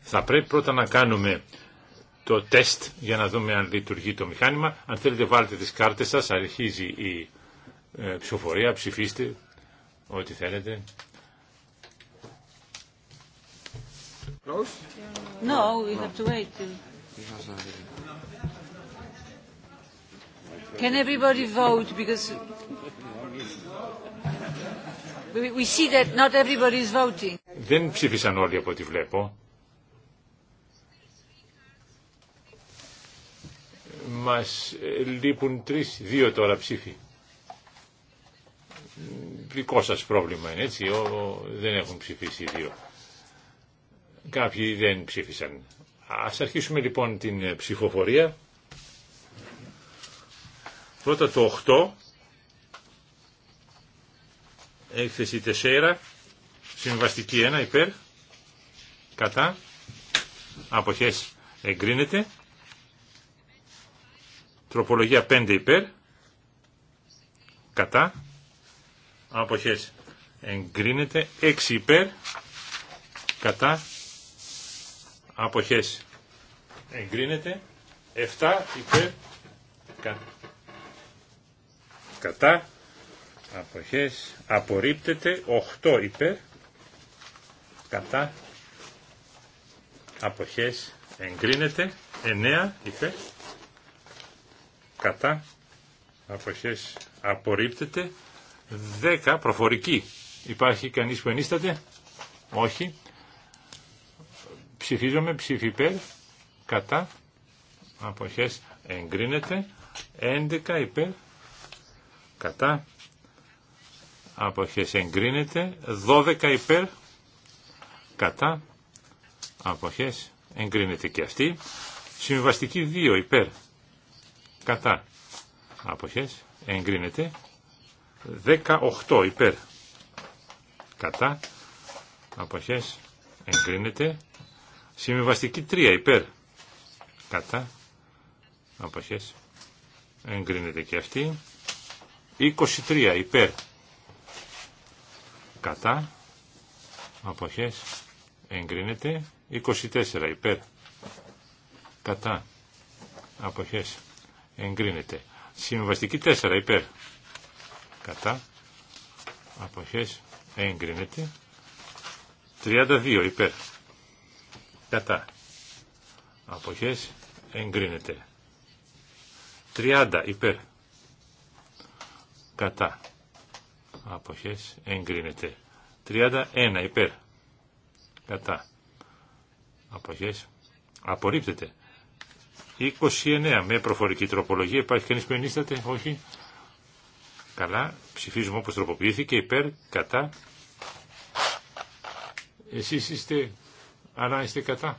Θα πρέπει πρώτα να κάνουμε το τεστ για να δούμε αν λειτουργεί το μηχάνημα. Αν θέλετε βάλτε τις κάρτες σας, αρχίζει η ε, ψηφοφορία, ψηφίστε ό,τι θέλετε. No, we have to wait. Can everybody vote because δεν ψήφισαν όλοι από ό,τι βλέπω. Μας ε, λείπουν τρεις, δύο τώρα ψήφοι. Δικό σας πρόβλημα είναι έτσι, δεν έχουν ψηφίσει οι δύο. Κάποιοι δεν ψήφισαν. Ας αρχίσουμε λοιπόν την ε, ψηφοφορία. Πρώτα το 8 Έκθεση 4, συμβαστική 1 υπέρ, κατά, αποχές εγκρίνεται. Τροπολογία 5 υπέρ, κατά, αποχές εγκρίνεται. 6 υπέρ, κατά, αποχές εγκρίνεται. 7 υπέρ, κατά, αποχές απορρίπτεται 8 υπέρ κατά αποχές εγκρίνεται 9 υπέρ κατά αποχές απορρίπτεται 10 προφορική υπάρχει κανείς που ενίσταται όχι ψηφίζομαι ψήφι υπέρ κατά αποχές εγκρίνεται 11 υπέρ κατά αποχές εγκρίνεται 12 υπέρ κατά αποχές εγκρίνεται και αυτή συμβαστική 2 υπέρ κατά αποχές εγκρίνεται 18 υπέρ κατά αποχές εγκρίνεται συμβαστική 3 υπέρ κατά αποχές εγκρίνεται και αυτή 23 υπέρ κατά, αποχές, εγκρίνεται, 24 υπέρ, κατά, αποχές, εγκρίνεται, συμβαστική 4 υπέρ, κατά, αποχές, εγκρίνεται, 32 υπέρ, κατά, αποχές, εγκρίνεται, 30 υπέρ, κατά, αποχές εγκρίνεται. 31 υπέρ κατά αποχές απορρίπτεται. 29 με προφορική τροπολογία. Υπάρχει κανείς που ενίσταται, όχι. Καλά, ψηφίζουμε όπως τροποποιήθηκε, υπέρ, κατά. Εσείς είστε, αλλά είστε κατά.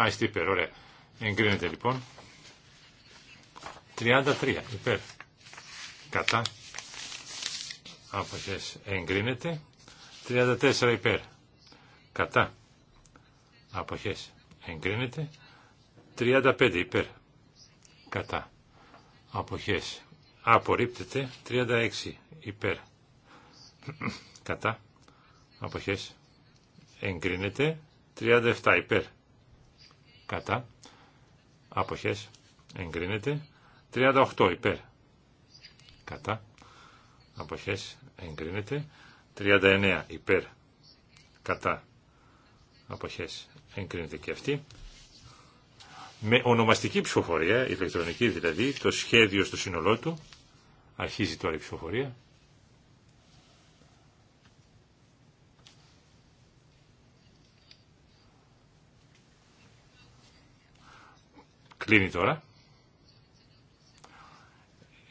Α, είστε υπέρ, ωραία. Εγκρίνεται λοιπόν. 33, υπέρ, κατά αποχές εγκρίνεται 34 υπέρ κατά αποχές εγκρίνεται 35 υπέρ κατά αποχές απορρίπτεται 36 υπέρ κατά αποχές εγκρίνεται 37 υπέρ κατά αποχές εγκρίνεται 38 υπέρ κατά αποχές εγκρίνεται. 39 υπέρ κατά αποχές εγκρίνεται και αυτή. Με ονομαστική ψηφοφορία, ηλεκτρονική δηλαδή, το σχέδιο στο σύνολό του, αρχίζει τώρα η ψηφοφορία. Κλείνει τώρα.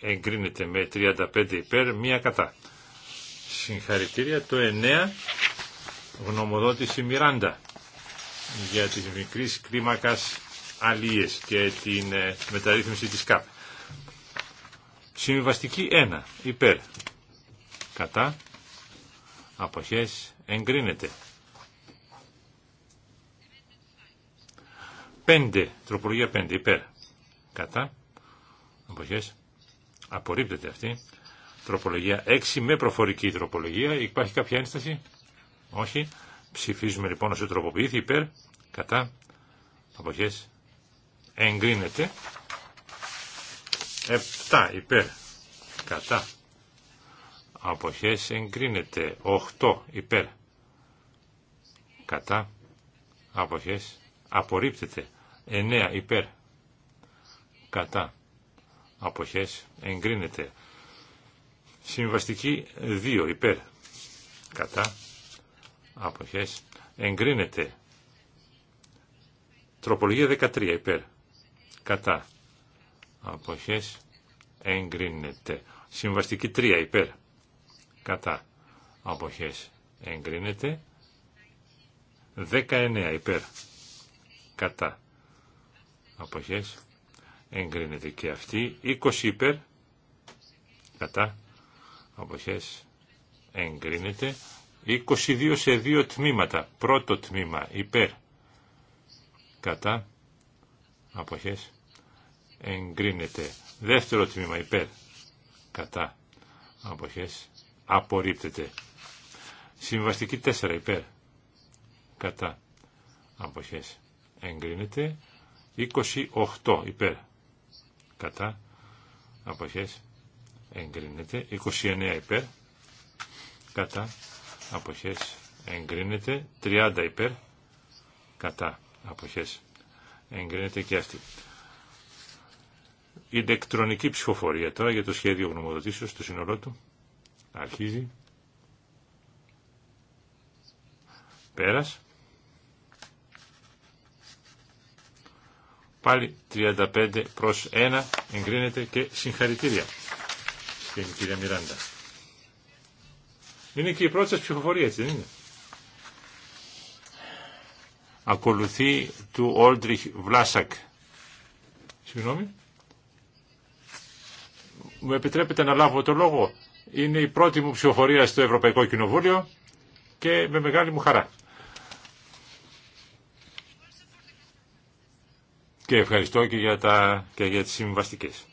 Εγκρίνεται με 35 υπέρ, μία κατά. Συγχαρητήρια. Το 9. Γνωμοδότηση Μιράντα για τις μικρής κλίμακας αλίες και την ε, μεταρρύθμιση της ΚΑΠ. Συμβαστική 1. Υπέρ. Κατά. Αποχές. Εγκρίνεται. 5. Τροπολογία 5. Υπέρ. Κατά. Αποχές. Απορρίπτεται αυτή. Τροπολογία 6 με προφορική τροπολογία. Υπάρχει κάποια ένσταση. Όχι. Ψηφίζουμε λοιπόν όσο τροποποιήθη υπέρ, κατά, αποχές, εγκρίνεται. 7 υπέρ, κατά, αποχές, εγκρίνεται. 8 υπέρ, κατά, αποχές, απορρίπτεται. 9 υπέρ, κατά, αποχές, εγκρίνεται. Συμβαστική 2 υπέρ κατά αποχές εγκρίνεται. Τροπολογία 13 υπέρ κατά αποχές εγκρίνεται. Συμβαστική 3 υπέρ κατά αποχές εγκρίνεται. 19 υπέρ κατά αποχές εγκρίνεται και αυτή. 20 υπέρ κατά αποχές εγκρίνεται 22 σε δύο τμήματα πρώτο τμήμα υπέρ κατά αποχές εγκρίνεται δεύτερο τμήμα υπέρ κατά αποχές απορρίπτεται συμβαστική 4 υπέρ κατά αποχές εγκρίνεται 28 υπέρ κατά αποχές εγκρίνεται. 29 υπέρ, κατά αποχές εγκρίνεται. 30 υπέρ, κατά αποχές εγκρίνεται και αυτή. Η ηλεκτρονική ψηφοφορία τώρα για το σχέδιο γνωμοδοτήσεως, στο σύνολό του, αρχίζει. Πέρας. Πάλι 35 προς 1 εγκρίνεται και συγχαρητήρια την Μιράντα. Είναι και η πρώτη σας ψηφοφορία, έτσι δεν είναι. Ακολουθεί του Όλτριχ Βλάσακ. Συγγνώμη. Μου επιτρέπετε να λάβω το λόγο. Είναι η πρώτη μου ψηφοφορία στο Ευρωπαϊκό Κοινοβούλιο και με μεγάλη μου χαρά. Και ευχαριστώ και για, τα, και για τις συμβαστικές.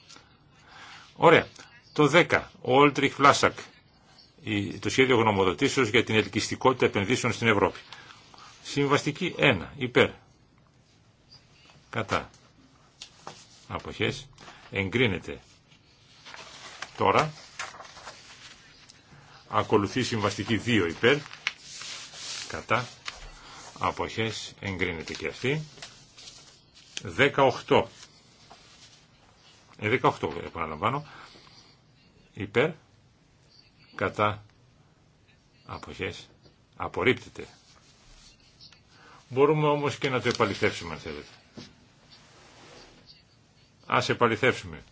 Ωραία. Το 10. Όλτριχ Φλάσακ. Το σχέδιο γνωμοδοτήσεω για την ελκυστικότητα επενδύσεων στην Ευρώπη. Συμβαστική 1. Υπέρ. Κατά. Αποχέ. Εγκρίνεται. Τώρα. Ακολουθεί συμβαστική 2 υπέρ. Κατά. Αποχέ. Εγκρίνεται και αυτή. 18. 18 ε, επαναλαμβάνω υπέρ κατά αποχές απορρίπτεται. Μπορούμε όμως και να το επαληθεύσουμε αν θέλετε. Ας επαληθεύσουμε.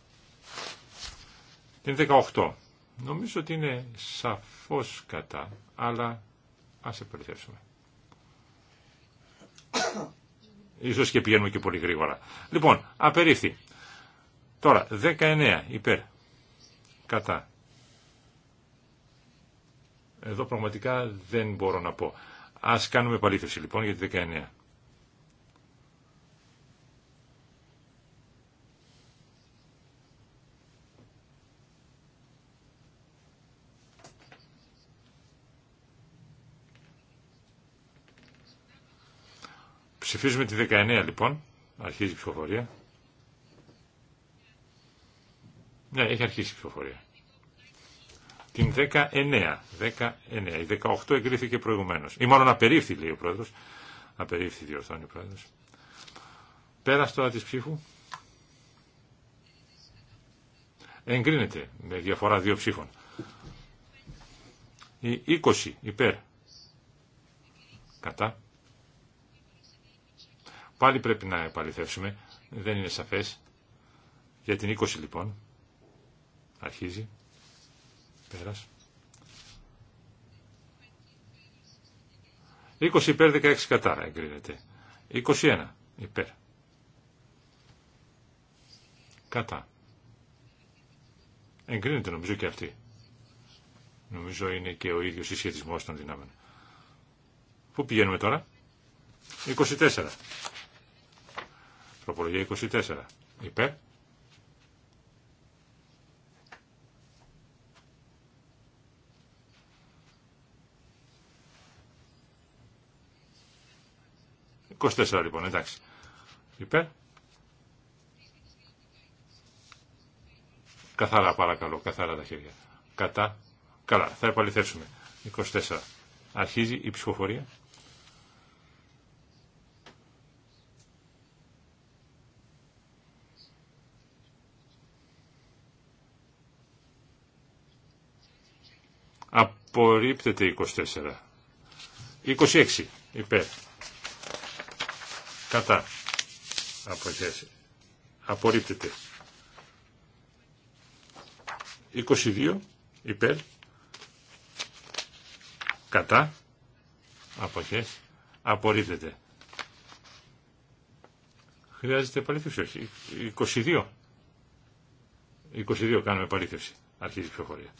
Την 18. Νομίζω ότι είναι σαφώς κατά, αλλά ας επαληθεύσουμε. Ίσως και πηγαίνουμε και πολύ γρήγορα. Λοιπόν, απερίφθη. Τώρα, 19 υπέρ κατά. Εδώ πραγματικά δεν μπορώ να πω. Ας κάνουμε παλήθευση λοιπόν για τη 19. Ψηφίζουμε τη 19 λοιπόν, αρχίζει η ψηφοφορία. Ναι, έχει αρχίσει η ψηφοφορία. Την 19. 19. Η 18 εγκρίθηκε προηγουμένω. Ή μάλλον απερίφθη, λέει ο πρόεδρο. Απερίφθη διορθώνει ο πρόεδρος. Πέρας τώρα τη ψήφου. Εγκρίνεται με διαφορά δύο ψήφων. Η 20 υπέρ. Κατά. Πάλι πρέπει να επαληθεύσουμε. Δεν είναι σαφές. Για την 20 λοιπόν. Αρχίζει. Πέρας. 20 υπέρ 16 κατά εγκρίνεται. 21 υπέρ. Κατά. Εγκρίνεται νομίζω και αυτή. Νομίζω είναι και ο ίδιος συσχετισμός των δυνάμεων. Πού πηγαίνουμε τώρα. 24. Προπολογία 24. Υπέρ. 24 λοιπόν, εντάξει. Είπε; Καθαρά παρακαλώ, καθαρά τα χέρια. Κατά. Καλά, θα επαληθεύσουμε. 24. Αρχίζει η ψηφοφορία. Απορρίπτεται 24. 26 υπέρ κατά αποχές απορρίπτεται 22 υπέρ κατά αποχές απορρίπτεται χρειάζεται παρήθευση, όχι 22 22 κάνουμε παρήθευση. αρχίζει η ψηφοφορία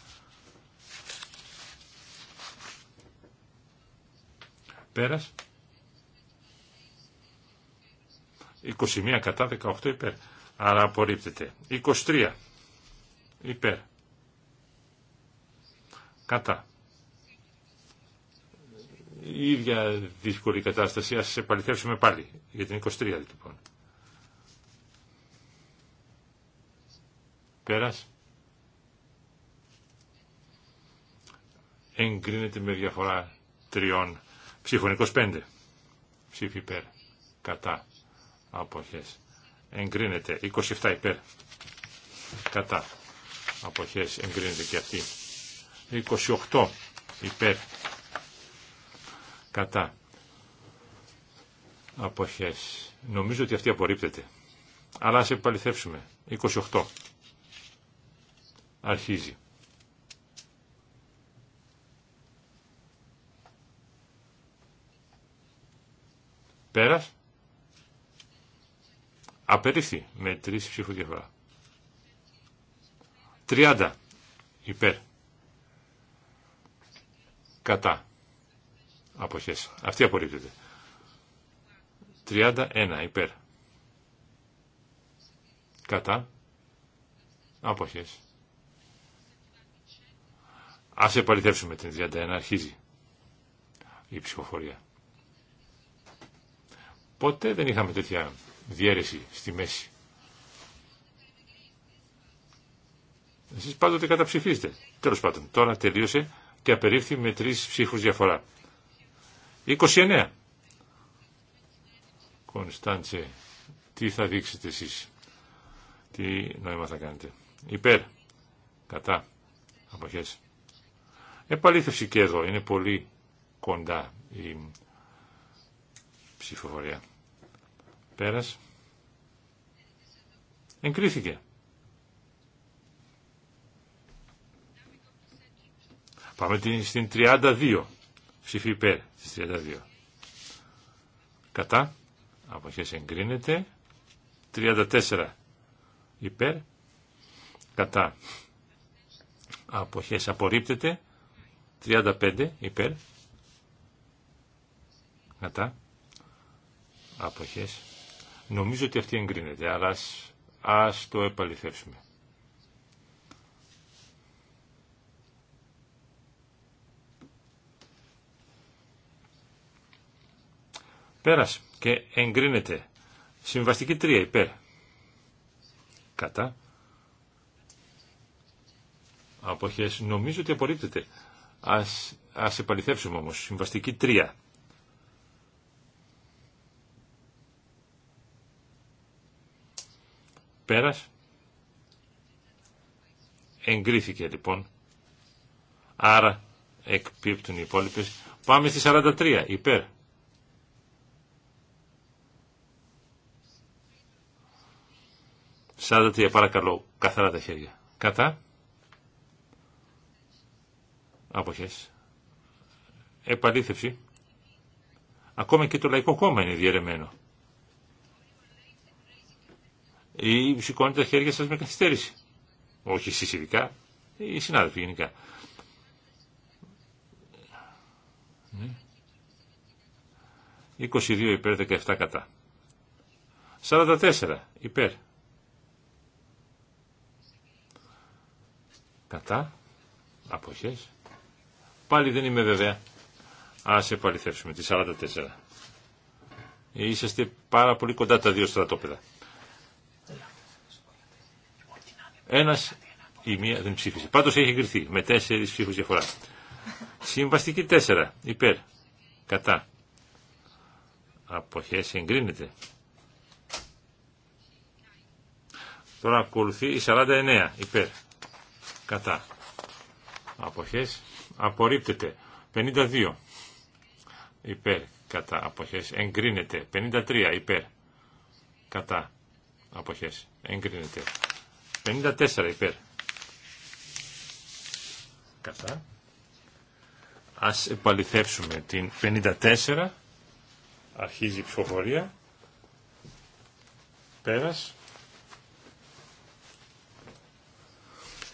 πέρας 21 κατά 18 υπέρ. Άρα απορρίπτεται. 23 υπέρ. Κατά. Η ίδια δύσκολη κατάσταση. Ας επαληθεύσουμε πάλι για την 23 λοιπόν. Πέρας. Εγκρίνεται με διαφορά τριών ψήφων 25. Ψήφι υπέρ. Κατά αποχές εγκρίνεται 27 υπέρ κατά αποχές εγκρίνεται και αυτή 28 υπέρ κατά αποχές νομίζω ότι αυτή απορρίπτεται αλλά ας επαληθεύσουμε 28 αρχίζει πέρας Απερίφθη με τρεις ψηφοδιαφόρα. 30 υπέρ. Κατά. Αποχές. Αυτή απορρίπτεται. 31 υπέρ. Κατά. Αποχές. Ας επαληθεύσουμε την 31. Αρχίζει η ψηφοφορία. Ποτέ δεν είχαμε τέτοια διέρεση στη μέση. Εσείς πάντοτε καταψηφίζετε. Τέλος πάντων, τώρα τελείωσε και απερίφθη με τρεις ψήφους διαφορά. 29. Κωνσταντσε, τι θα δείξετε εσείς. Τι νόημα θα κάνετε. Υπέρ. Κατά. Αποχές. Επαλήθευση και εδώ. Είναι πολύ κοντά η ψηφοφορία. Πέρας. Εγκρίθηκε. Πάμε στην 32. Ψηφί υπέρ στις 32. Κατά. Αποχές εγκρίνεται. 34 υπέρ. Κατά. Αποχές απορρίπτεται. 35 υπέρ. Κατά. Αποχές Νομίζω ότι αυτή εγκρίνεται, αλλά ας, το επαληθεύσουμε. Πέρας και εγκρίνεται. Συμβαστική 3 υπέρ. Κατά. Αποχές. Νομίζω ότι απορρίπτεται. Ας, ας επαληθεύσουμε όμως. Συμβαστική 3. Πέρας. Εγκρίθηκε λοιπόν. Άρα εκπίπτουν οι υπόλοιπε. Πάμε στη 43. Υπέρ. 43 παρακαλώ. Καθαρά τα χέρια. Κατά. Αποχές. Επαλήθευση. Ακόμα και το Λαϊκό Κόμμα είναι διαιρεμένο ή σηκώνετε τα χέρια σας με καθυστέρηση. Όχι εσείς ειδικά, οι συνάδελφοι γενικά. 22 ναι. υπέρ, 17 κατά. 44 υπέρ. Κατά. Αποχές. Πάλι δεν είμαι βέβαια. Ας επαληθεύσουμε τη 44. Είσαστε πάρα πολύ κοντά τα δύο στρατόπεδα. Ένα ή μία δεν ψήφισε. Πάντω έχει εγκριθεί με τέσσερις ψήφους διαφορά. Συμβαστική 4. Υπέρ. Κατά. Αποχές εγκρίνεται. Τώρα ακολουθεί η 49. Υπέρ. Κατά. Αποχές απορρίπτεται. 52. Υπέρ. Κατά. Αποχές εγκρίνεται. 53. Υπέρ. Κατά. αποχέ. εγκρίνεται. 54 υπέρ. Κατά. Ας επαληθεύσουμε την 54. Αρχίζει η ψηφοφορία. Πέρας.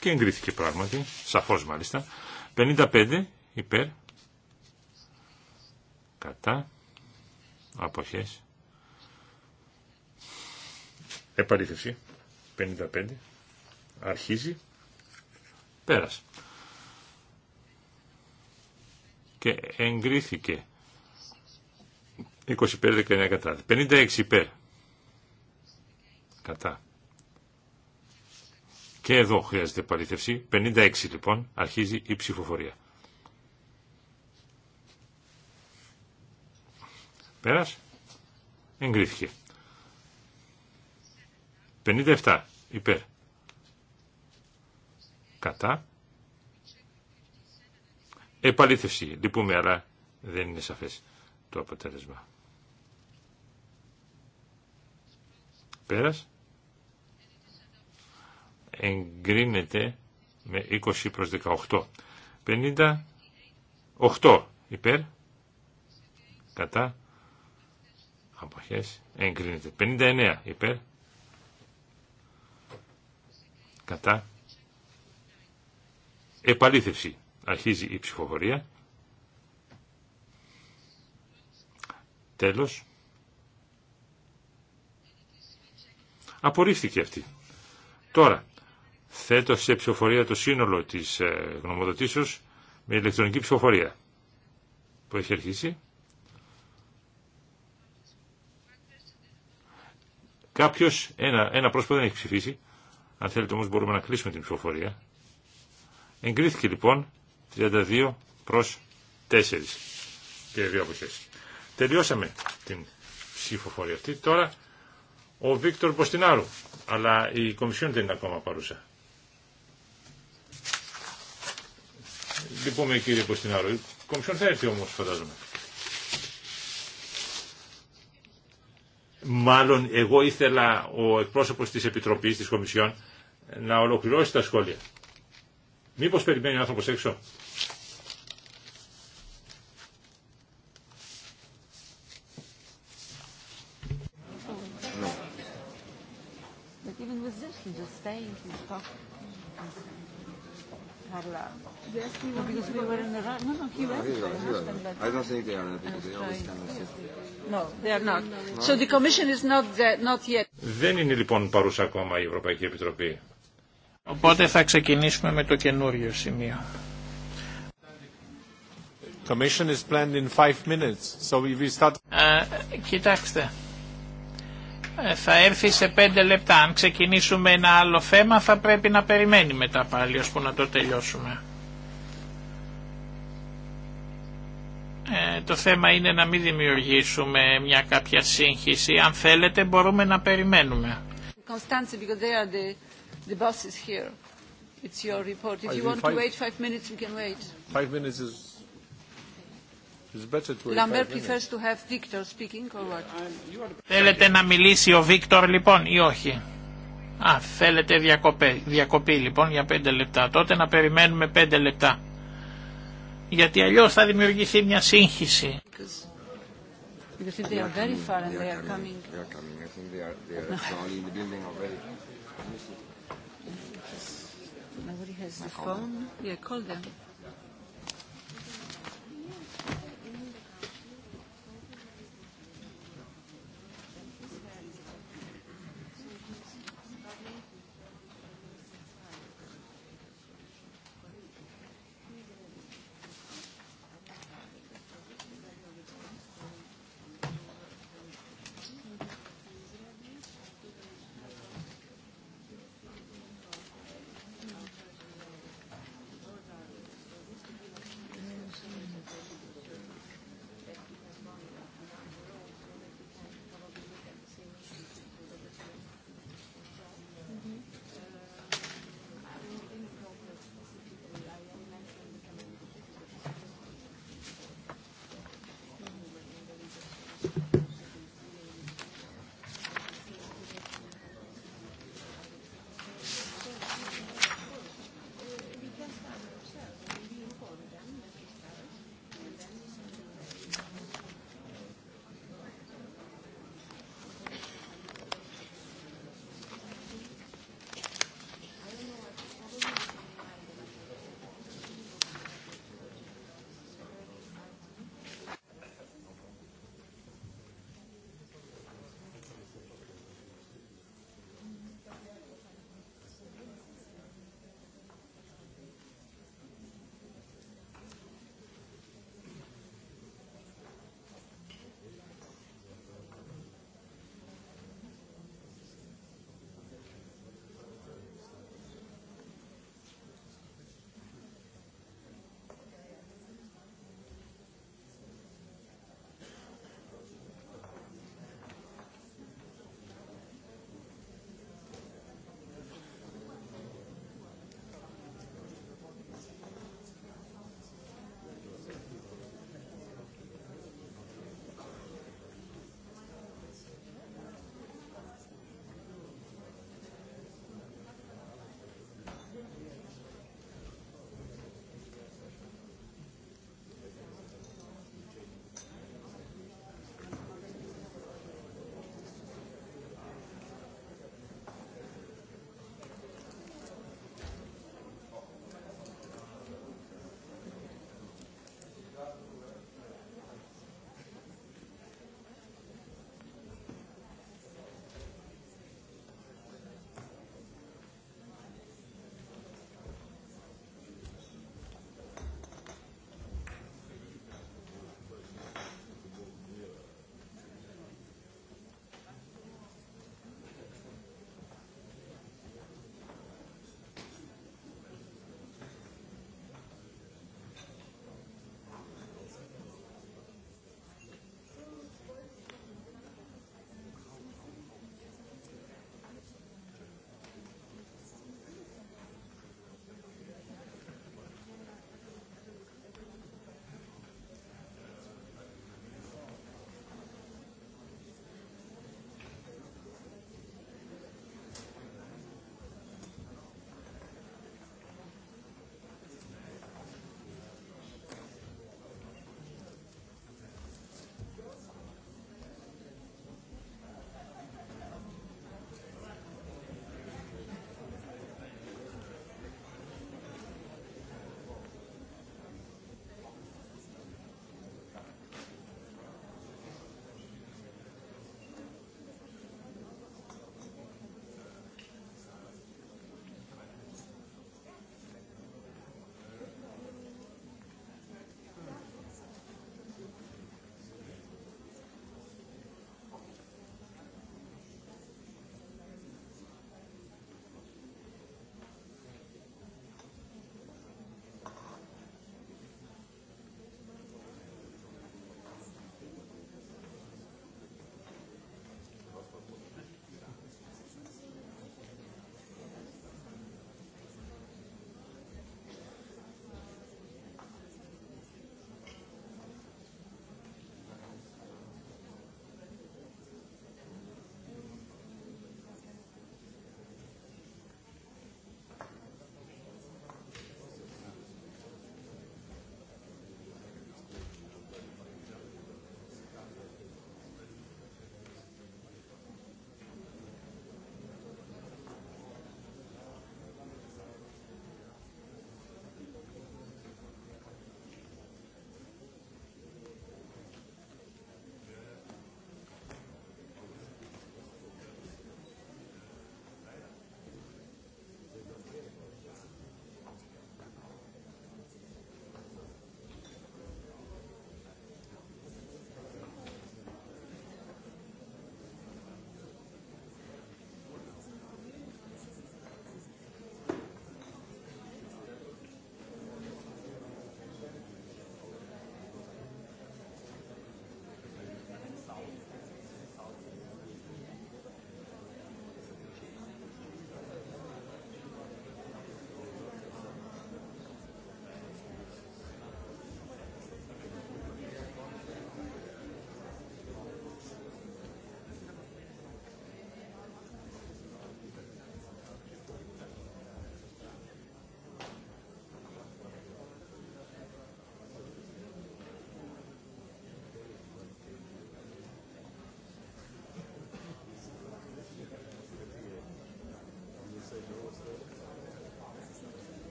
Και εγκρίθηκε πράγματι, σαφώς μάλιστα. 55 υπέρ. Κατά. Αποχές. Επαλήθευση. 55. Αρχίζει. πέρασε Και εγκρίθηκε. 25 19 κατά. 56 υπέρ. Κατά. Και εδώ χρειάζεται παρήθευση. 56 λοιπόν αρχίζει η ψηφοφορία. Πέρασε, Εγκρίθηκε. 57 υπέρ κατά. Επαλήθευση, λυπούμε, αλλά δεν είναι σαφές το αποτέλεσμα. Πέρας. Εγκρίνεται με 20 προς 18. 58 υπέρ, κατά, αποχές, εγκρίνεται. 59 υπέρ, κατά, Επαλήθευση. Αρχίζει η ψηφοφορία. Τέλος. Απορρίφθηκε αυτή. Τώρα, θέτω σε ψηφοφορία το σύνολο της ε, γνωμοδοτήσεως με ηλεκτρονική ψηφοφορία που έχει αρχίσει. Κάποιος, ένα, ένα πρόσωπο δεν έχει ψηφίσει. Αν θέλετε όμως μπορούμε να κλείσουμε την ψηφοφορία. Εγκρίθηκε λοιπόν 32 προς 4 και δύο Τελειώσαμε την ψηφοφορία αυτή. Τώρα ο Βίκτορ Ποστινάρου, αλλά η Κομισιόν δεν είναι ακόμα παρούσα. Λυπούμε κύριε Ποστινάρου, η Κομισιόν θα έρθει όμως φαντάζομαι. Μάλλον εγώ ήθελα ο εκπρόσωπος της Επιτροπής της Κομισιόν να ολοκληρώσει τα σχόλια. Μήπως περιμένει ο άνθρωπος έξω. Δεν είναι λοιπόν παρούσα ακόμα η Ευρωπαϊκή Επιτροπή. Οπότε θα ξεκινήσουμε με το καινούριο σημείο. in κοιτάξτε, θα έρθει σε πέντε λεπτά. Αν ξεκινήσουμε ένα άλλο θέμα θα πρέπει να περιμένει μετά πάλι ώσπου να το τελειώσουμε. Ε, το θέμα είναι να μην δημιουργήσουμε μια κάποια σύγχυση. Αν θέλετε μπορούμε να περιμένουμε. The bus is here. It's your report. If you want to wait five minutes, we can wait. Five minutes is. is better to Lambert prefers to have Victor speaking or what? Θέλετε να μιλήσει ο Victor λοιπόν ή όχι. Α, θέλετε διακοπή, διακοπή λοιπόν για πέντε λεπτά. Τότε να περιμένουμε πέντε λεπτά. Γιατί αλλιώς θα δημιουργηθεί μια σύγχυση. Because they are very far and they are coming. They are coming. I think they are, they are in the building already has the phone. Yeah, call them.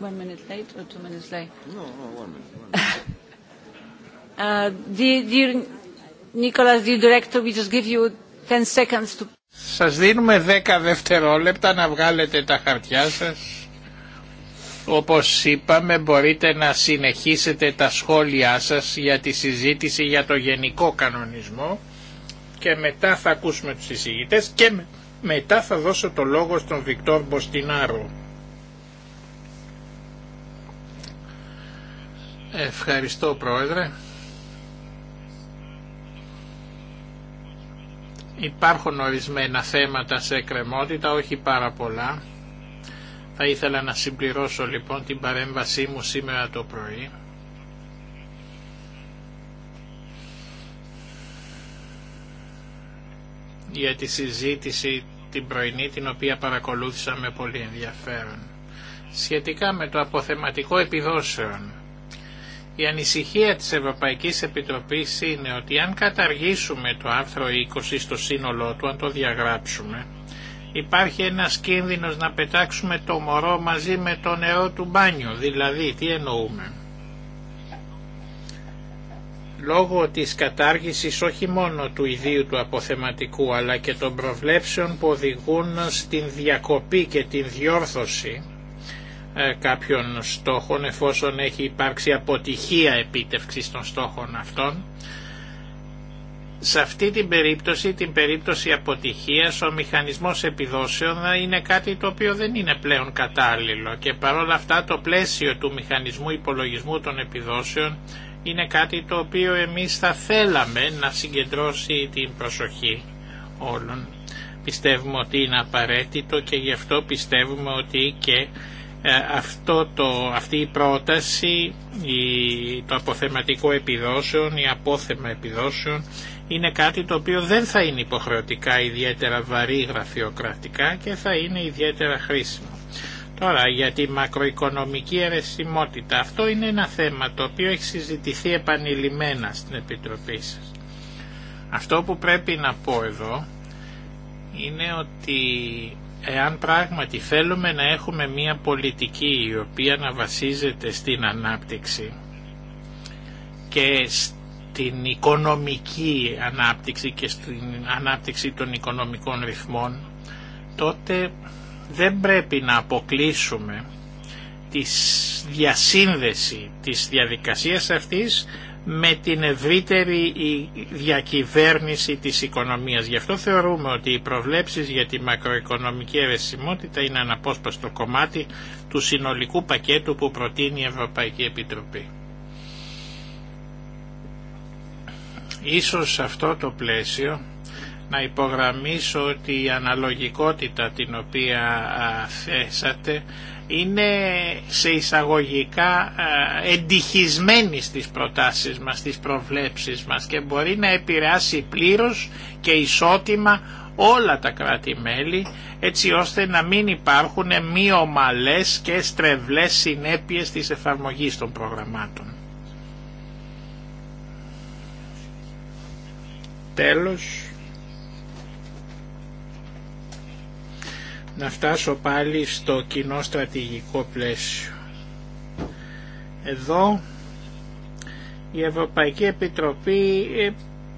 One minute late or two minutes late? No, no, one minute. One minute. uh, dear, dear Nicholas, dear director, we just give you 10 seconds to... Σας δίνουμε 10 δευτερόλεπτα να βγάλετε τα χαρτιά σας. Όπως είπαμε μπορείτε να συνεχίσετε τα σχόλιά σας για τη συζήτηση για το γενικό κανονισμό και μετά θα ακούσουμε τους συζητητές και μετά θα δώσω το λόγο στον Βικτόρ Μποστινάρο. Ευχαριστώ Πρόεδρε. Υπάρχουν ορισμένα θέματα σε εκκρεμότητα, όχι πάρα πολλά. Θα ήθελα να συμπληρώσω λοιπόν την παρέμβασή μου σήμερα το πρωί. για τη συζήτηση την πρωινή την οποία παρακολούθησα με πολύ ενδιαφέρον. Σχετικά με το αποθεματικό επιδόσεων η ανησυχία της Ευρωπαϊκής Επιτροπής είναι ότι αν καταργήσουμε το άρθρο 20 στο σύνολό του, αν το διαγράψουμε, υπάρχει ένας κίνδυνος να πετάξουμε το μωρό μαζί με το νερό του μπάνιο. δηλαδή τι εννοούμε. Λόγω της κατάργησης όχι μόνο του ιδίου του αποθεματικού αλλά και των προβλέψεων που οδηγούν στην διακοπή και την διόρθωση ε, κάποιων στόχων εφόσον έχει υπάρξει αποτυχία επίτευξης των στόχων αυτών. Σε αυτή την περίπτωση, την περίπτωση αποτυχίας, ο μηχανισμός επιδόσεων είναι κάτι το οποίο δεν είναι πλέον κατάλληλο και παρόλα αυτά το πλαίσιο του μηχανισμού υπολογισμού των επιδόσεων είναι κάτι το οποίο εμείς θα θέλαμε να συγκεντρώσει την προσοχή όλων. Πιστεύουμε ότι είναι απαραίτητο και γι' αυτό πιστεύουμε ότι και ε, αυτό το, αυτή η πρόταση, η, το αποθεματικό επιδόσεων, η απόθεμα επιδόσεων, είναι κάτι το οποίο δεν θα είναι υποχρεωτικά ιδιαίτερα βαρύ γραφειοκρατικά και θα είναι ιδιαίτερα χρήσιμο. Τώρα για τη μακροοικονομική αιρεσιμότητα, αυτό είναι ένα θέμα το οποίο έχει συζητηθεί επανειλημμένα στην Επιτροπή σας. Αυτό που πρέπει να πω εδώ είναι ότι Εάν πράγματι θέλουμε να έχουμε μια πολιτική η οποία να βασίζεται στην ανάπτυξη και στην οικονομική ανάπτυξη και στην ανάπτυξη των οικονομικών ρυθμών, τότε δεν πρέπει να αποκλείσουμε τη διασύνδεση της διαδικασίας αυτής με την ευρύτερη διακυβέρνηση της οικονομίας. Γι' αυτό θεωρούμε ότι οι προβλέψεις για τη μακροοικονομική αιρεσιμότητα είναι αναπόσπαστο κομμάτι του συνολικού πακέτου που προτείνει η Ευρωπαϊκή Επιτροπή. Ίσως σε αυτό το πλαίσιο να υπογραμμίσω ότι η αναλογικότητα την οποία θέσατε είναι σε εισαγωγικά εντυχισμένη στις προτάσεις μας, στις προβλέψεις μας και μπορεί να επηρεάσει πλήρως και ισότιμα όλα τα κράτη-μέλη έτσι ώστε να μην υπάρχουν μη ομαλές και στρεβλές συνέπειες της εφαρμογής των προγραμμάτων. Τέλος. να φτάσω πάλι στο κοινό στρατηγικό πλαίσιο. Εδώ η Ευρωπαϊκή Επιτροπή ε,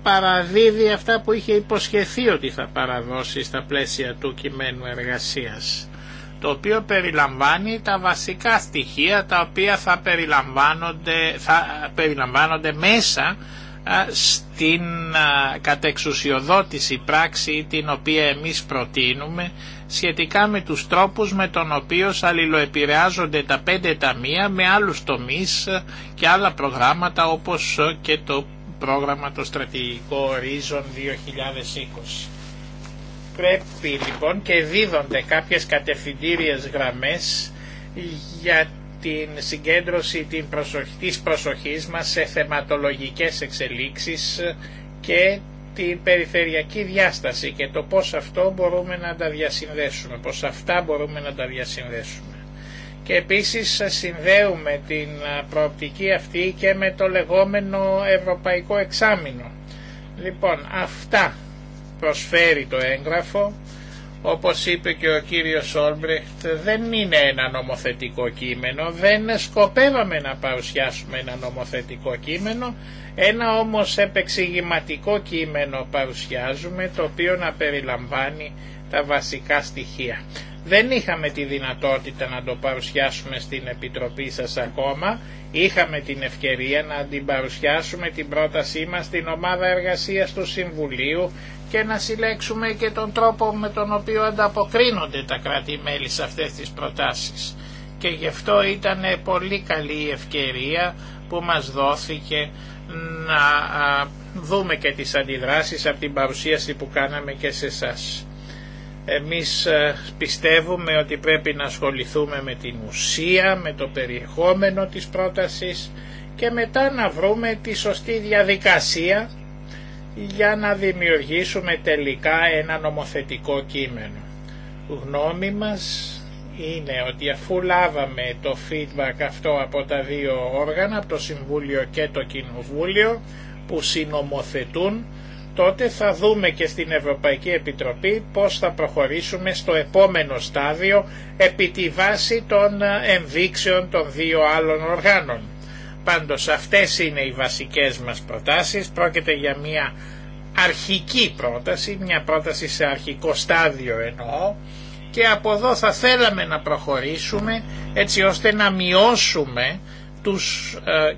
παραδίδει αυτά που είχε υποσχεθεί ότι θα παραδώσει στα πλαίσια του κειμένου εργασίας το οποίο περιλαμβάνει τα βασικά στοιχεία τα οποία θα περιλαμβάνονται, θα μέσα στην κατεξουσιοδότηση πράξη την οποία εμείς προτείνουμε σχετικά με τους τρόπους με τον οποίο αλληλοεπηρεάζονται τα πέντε ταμεία με άλλους τομείς και άλλα προγράμματα όπως και το πρόγραμμα το στρατηγικό Horizon 2020. Πρέπει λοιπόν και δίδονται κάποιες κατευθυντήριες γραμμές για την συγκέντρωση την προσοχ... της προσοχής μας σε θεματολογικές εξελίξεις και την περιφερειακή διάσταση και το πώς αυτό μπορούμε να τα διασυνδέσουμε, πώς αυτά μπορούμε να τα διασυνδέσουμε. Και επίσης ε, συνδέουμε την ε, προοπτική αυτή και με το λεγόμενο ευρωπαϊκό εξάμεινο. Λοιπόν, αυτά προσφέρει το έγγραφο όπως είπε και ο κύριος Όλμπρεχτ, δεν είναι ένα νομοθετικό κείμενο, δεν σκοπεύαμε να παρουσιάσουμε ένα νομοθετικό κείμενο, ένα όμως επεξηγηματικό κείμενο παρουσιάζουμε, το οποίο να περιλαμβάνει τα βασικά στοιχεία. Δεν είχαμε τη δυνατότητα να το παρουσιάσουμε στην Επιτροπή σας ακόμα. Είχαμε την ευκαιρία να την την πρότασή μας στην ομάδα εργασίας του Συμβουλίου και να συλλέξουμε και τον τρόπο με τον οποίο ανταποκρίνονται τα κράτη-μέλη σε αυτές τις προτάσεις. Και γι' αυτό ήταν πολύ καλή η ευκαιρία που μας δόθηκε να δούμε και τις αντιδράσεις από την παρουσίαση που κάναμε και σε εσάς. Εμείς ε, πιστεύουμε ότι πρέπει να ασχοληθούμε με την ουσία, με το περιεχόμενο της πρότασης και μετά να βρούμε τη σωστή διαδικασία για να δημιουργήσουμε τελικά ένα νομοθετικό κείμενο. Γνώμη μας είναι ότι αφού λάβαμε το feedback αυτό από τα δύο όργανα, από το Συμβούλιο και το Κοινοβούλιο, που συνομοθετούν, τότε θα δούμε και στην Ευρωπαϊκή Επιτροπή πώς θα προχωρήσουμε στο επόμενο στάδιο επί τη βάση των ε, ενδείξεων των δύο άλλων οργάνων. Πάντως αυτές είναι οι βασικές μας προτάσεις, πρόκειται για μια αρχική πρόταση, μια πρόταση σε αρχικό στάδιο εννοώ και από εδώ θα θέλαμε να προχωρήσουμε έτσι ώστε να μειώσουμε τους ε,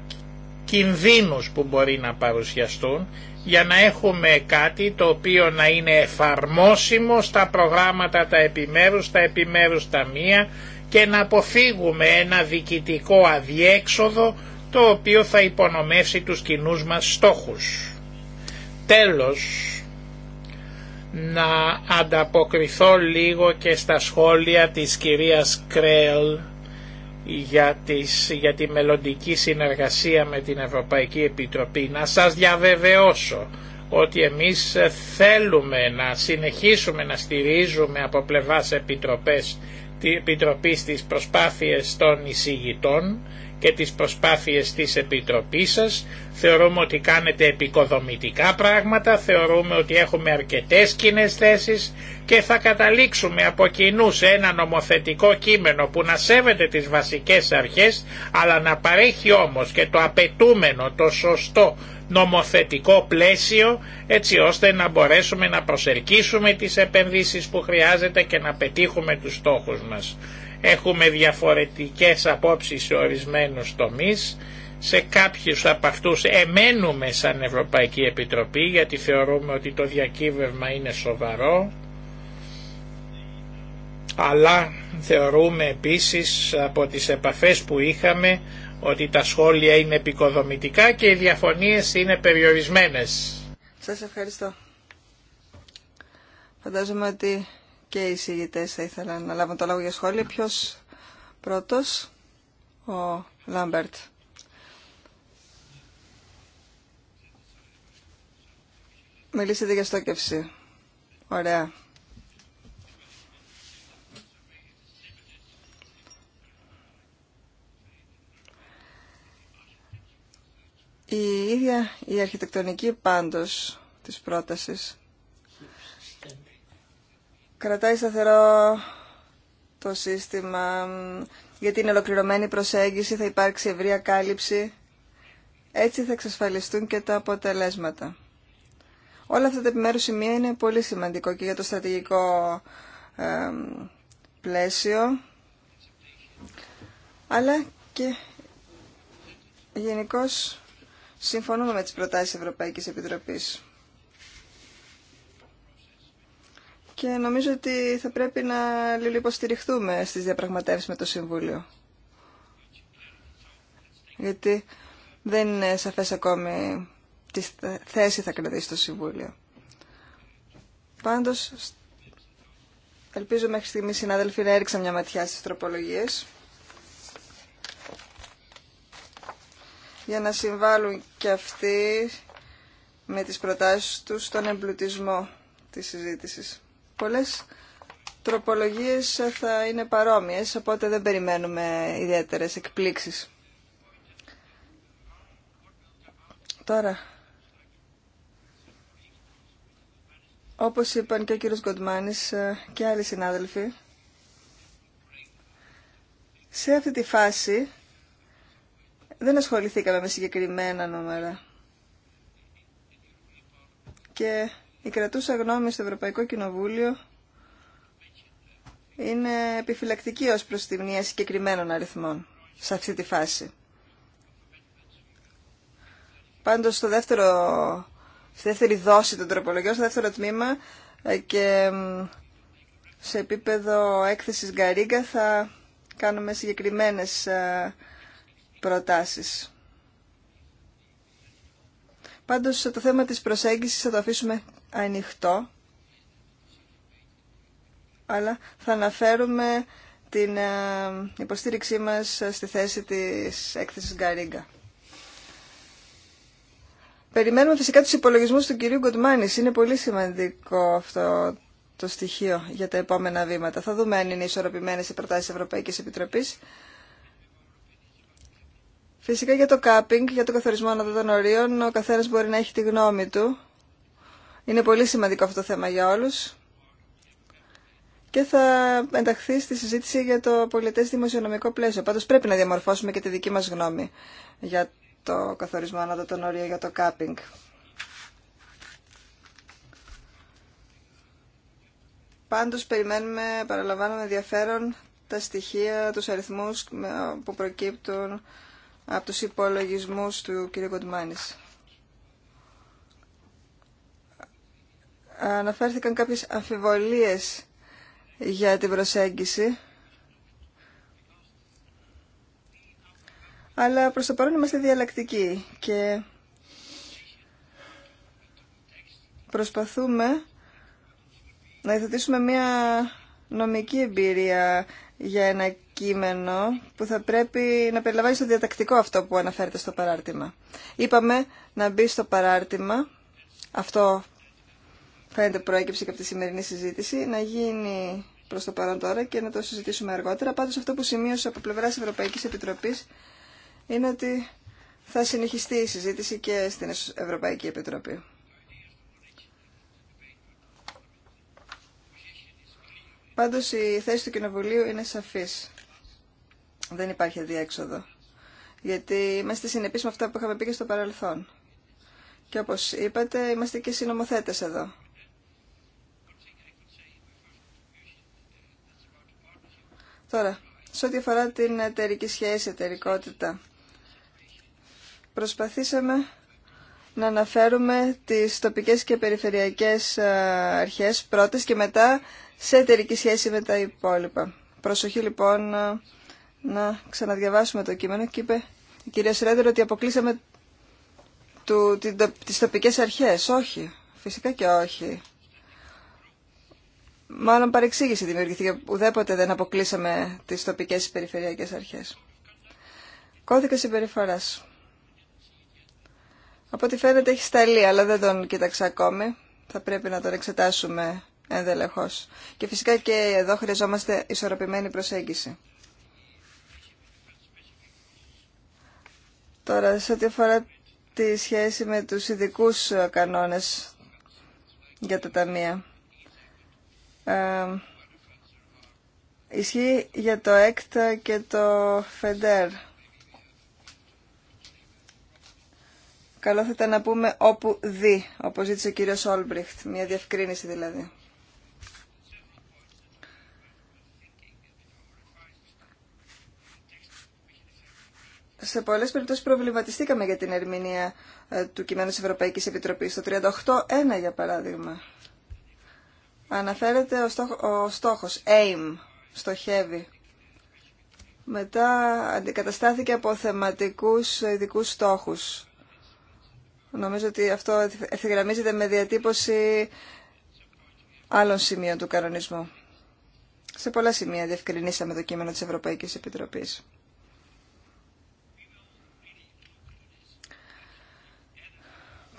κινδύνους που μπορεί να παρουσιαστούν για να έχουμε κάτι το οποίο να είναι εφαρμόσιμο στα προγράμματα τα επιμέρους, τα επιμέρους μία και να αποφύγουμε ένα διοικητικό αδιέξοδο το οποίο θα υπονομεύσει τους κοινού μας στόχους. Τέλος, να ανταποκριθώ λίγο και στα σχόλια της κυρίας Κρέλ για, τις, για τη μελλοντική συνεργασία με την Ευρωπαϊκή Επιτροπή. Να σας διαβεβαιώσω ότι εμείς θέλουμε να συνεχίσουμε να στηρίζουμε από πλευράς επιτροπές, επιτροπής τις προσπάθειες των εισηγητών και τις προσπάθειες της Επιτροπής σας. Θεωρούμε ότι κάνετε επικοδομητικά πράγματα, θεωρούμε ότι έχουμε αρκετές κοινέ θέσεις και θα καταλήξουμε από κοινού σε ένα νομοθετικό κείμενο που να σέβεται τις βασικές αρχές αλλά να παρέχει όμως και το απαιτούμενο, το σωστό νομοθετικό πλαίσιο έτσι ώστε να μπορέσουμε να προσελκύσουμε τις επενδύσεις που χρειάζεται και να πετύχουμε τους στόχους μας. Έχουμε διαφορετικές απόψεις σε ορισμένους τομείς. Σε κάποιους από αυτούς εμένουμε σαν Ευρωπαϊκή Επιτροπή γιατί θεωρούμε ότι το διακύβευμα είναι σοβαρό αλλά θεωρούμε επίσης από τις επαφές που είχαμε ότι τα σχόλια είναι επικοδομητικά και οι διαφωνίες είναι περιορισμένες. Σας ευχαριστώ. Φαντάζομαι ότι και οι συγητές θα ήθελαν να λάβουν το λόγο για σχόλια. Ποιος πρώτος, ο Λάμπερτ. Μιλήσετε για στόκευση. Ωραία. Η ίδια η αρχιτεκτονική πάντως της πρότασης κρατάει σταθερό το σύστημα για την ολοκληρωμένη προσέγγιση, θα υπάρξει ευρεία κάλυψη. Έτσι θα εξασφαλιστούν και τα αποτελέσματα. Όλα αυτά τα επιμέρους σημεία είναι πολύ σημαντικό και για το στρατηγικό πλαίσιο, αλλά και γενικώ συμφωνούμε με τις προτάσεις Ευρωπαϊκής Επιτροπής. και νομίζω ότι θα πρέπει να λιλιποστηριχθούμε στις διαπραγματεύσεις με το Συμβούλιο. Γιατί δεν είναι σαφές ακόμη τι θέση θα κρατήσει το Συμβούλιο. Πάντως, ελπίζω μέχρι στιγμή οι συνάδελφοι να έριξαν μια ματιά στις τροπολογίες για να συμβάλλουν και αυτοί με τις προτάσεις τους στον εμπλουτισμό της συζήτησης πολλές τροπολογίες θα είναι παρόμοιες, οπότε δεν περιμένουμε ιδιαίτερες εκπλήξεις. Τώρα, όπως είπαν και ο κύριος Γκοντμάνης ε, και άλλοι συνάδελφοι, σε αυτή τη φάση δεν ασχοληθήκαμε με συγκεκριμένα νούμερα. Και η κρατούσα γνώμη στο Ευρωπαϊκό Κοινοβούλιο είναι επιφυλακτική ως προς τη μνήμα συγκεκριμένων αριθμών σε αυτή τη φάση. Πάντως στο δεύτερο, στη δεύτερη δόση των τροπολογιών, στο δεύτερο τμήμα ε, και σε επίπεδο έκθεσης Γκαρίγκα θα κάνουμε συγκεκριμένες ε, προτάσεις. Πάντως το θέμα της προσέγγισης θα το αφήσουμε ανοιχτό, αλλά θα αναφέρουμε την ε, υποστήριξή μας στη θέση της έκθεσης Γκαρίγκα. Περιμένουμε φυσικά τους υπολογισμούς του κυρίου Γκοντμάνης. Είναι πολύ σημαντικό αυτό το στοιχείο για τα επόμενα βήματα. Θα δούμε αν είναι ισορροπημένες οι προτάσεις της Ευρωπαϊκής Επιτροπής. Φυσικά για το κάπινγκ, για το καθορισμό αναδοτών ορίων, ο καθένας μπορεί να έχει τη γνώμη του. Είναι πολύ σημαντικό αυτό το θέμα για όλους και θα ενταχθεί στη συζήτηση για το πολιτές δημοσιονομικό πλαίσιο. Πάντως πρέπει να διαμορφώσουμε και τη δική μας γνώμη για το καθορισμό ανά τον για το κάπινγκ. Πάντως περιμένουμε, παραλαμβάνουμε ενδιαφέρον τα στοιχεία, τους αριθμούς που προκύπτουν από τους υπολογισμούς του κ. Κοντμάνης. αναφέρθηκαν κάποιες αμφιβολίες για την προσέγγιση. Αλλά προς το παρόν είμαστε διαλλακτικοί και προσπαθούμε να υιοθετήσουμε μια νομική εμπειρία για ένα κείμενο που θα πρέπει να περιλαμβάνει στο διατακτικό αυτό που αναφέρεται στο παράρτημα. Είπαμε να μπει στο παράρτημα αυτό φαίνεται προέκυψε και από τη σημερινή συζήτηση, να γίνει προ το παρόν τώρα και να το συζητήσουμε αργότερα. Πάντω, αυτό που σημείωσα από πλευρά Ευρωπαϊκή Επιτροπή είναι ότι θα συνεχιστεί η συζήτηση και στην Ευρωπαϊκή Επιτροπή. Πάντως η θέση του Κοινοβουλίου είναι σαφή. Δεν υπάρχει αδιέξοδο. Γιατί είμαστε συνεπεί με αυτά που είχαμε πει και στο παρελθόν. Και όπως είπατε, είμαστε και συνομοθέτες εδώ. Τώρα, σε ό,τι αφορά την εταιρική σχέση, εταιρικότητα, προσπαθήσαμε να αναφέρουμε τις τοπικές και περιφερειακές ε, αρχές πρώτες και μετά σε εταιρική σχέση με τα υπόλοιπα. Προσοχή λοιπόν ε, να ξαναδιαβάσουμε το κείμενο και είπε η κυρία Σρέντερ ότι αποκλείσαμε του, την, τις τοπικές αρχές. Όχι, φυσικά και όχι μάλλον παρεξήγηση δημιουργήθηκε. Ουδέποτε δεν αποκλείσαμε τις τοπικές περιφερειακέ αρχέ. αρχές. Κώδικα συμπεριφορά. Από ό,τι φαίνεται έχει σταλεί, αλλά δεν τον κοίταξα ακόμη. Θα πρέπει να τον εξετάσουμε ενδελεχώ. Και φυσικά και εδώ χρειαζόμαστε ισορροπημένη προσέγγιση. Τώρα, σε ό,τι αφορά τη σχέση με τους ειδικού κανόνες για τα ταμεία. Ε, ισχύει για το ΕΚΤΑ και το ΦΕΝΤΕΡ. Καλό θα ήταν να πούμε όπου δει, όπως ζήτησε ο κύριος Όλμπριχτ, μια διευκρίνηση δηλαδή. σε πολλές περιπτώσεις προβληματιστήκαμε για την ερμηνεία ε, του κειμένου της Ευρωπαϊκής Επιτροπής, το 38.1 για παράδειγμα αναφέρεται ο, στόχο, στόχος, aim, στοχεύει. Μετά αντικαταστάθηκε από θεματικούς ειδικού στόχους. Νομίζω ότι αυτό ευθυγραμμίζεται με διατύπωση άλλων σημείων του κανονισμού. Σε πολλά σημεία διευκρινίσαμε το κείμενο της Ευρωπαϊκής Επιτροπής.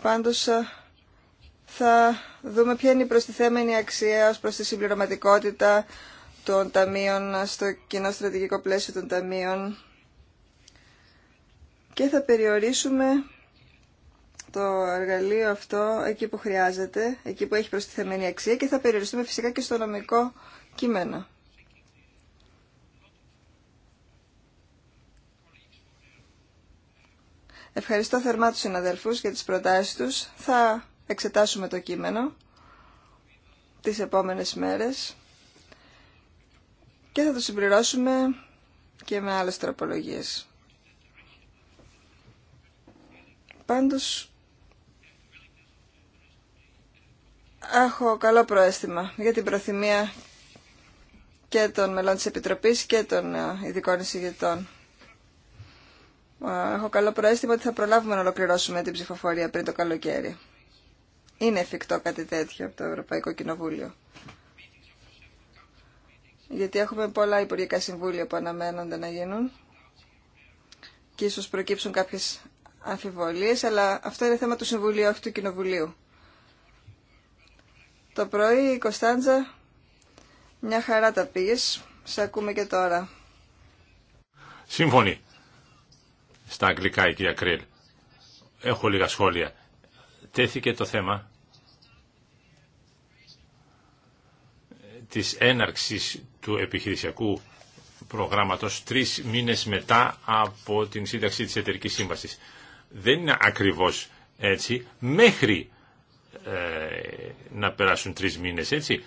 Πάντως θα δούμε ποια είναι η προστιθέμενη αξία ως προς τη συμπληρωματικότητα των ταμείων στο κοινό στρατηγικό πλαίσιο των ταμείων και θα περιορίσουμε το εργαλείο αυτό εκεί που χρειάζεται, εκεί που έχει προστιθεμένη αξία και θα περιοριστούμε φυσικά και στο νομικό κείμενο. Ευχαριστώ θερμά τους συναδελφούς για τις προτάσεις τους. Θα εξετάσουμε το κείμενο τις επόμενες μέρες και θα το συμπληρώσουμε και με άλλες τροπολογίες. Πάντως, έχω καλό προέστημα για την προθυμία και των μελών της Επιτροπής και των ε, ειδικών εισηγητών. Ε, έχω καλό προέστημα ότι θα προλάβουμε να ολοκληρώσουμε την ψηφοφορία πριν το καλοκαίρι είναι εφικτό κάτι τέτοιο από το Ευρωπαϊκό Κοινοβούλιο. Γιατί έχουμε πολλά υπουργικά συμβούλια που αναμένονται να γίνουν και ίσως προκύψουν κάποιες αμφιβολίες, αλλά αυτό είναι θέμα του Συμβουλίου, όχι του Κοινοβουλίου. Το πρωί η Κωνσταντζα μια χαρά τα πήγες, σε ακούμε και τώρα. Σύμφωνοι. Στα αγγλικά η κυρία Κρέλ. Έχω λίγα σχόλια. Τέθηκε το θέμα της έναρξης του επιχειρησιακού προγράμματος τρεις μήνες μετά από την σύνταξη της εταιρική σύμβασης. Δεν είναι ακριβώς έτσι μέχρι ε, να περάσουν τρεις μήνες έτσι.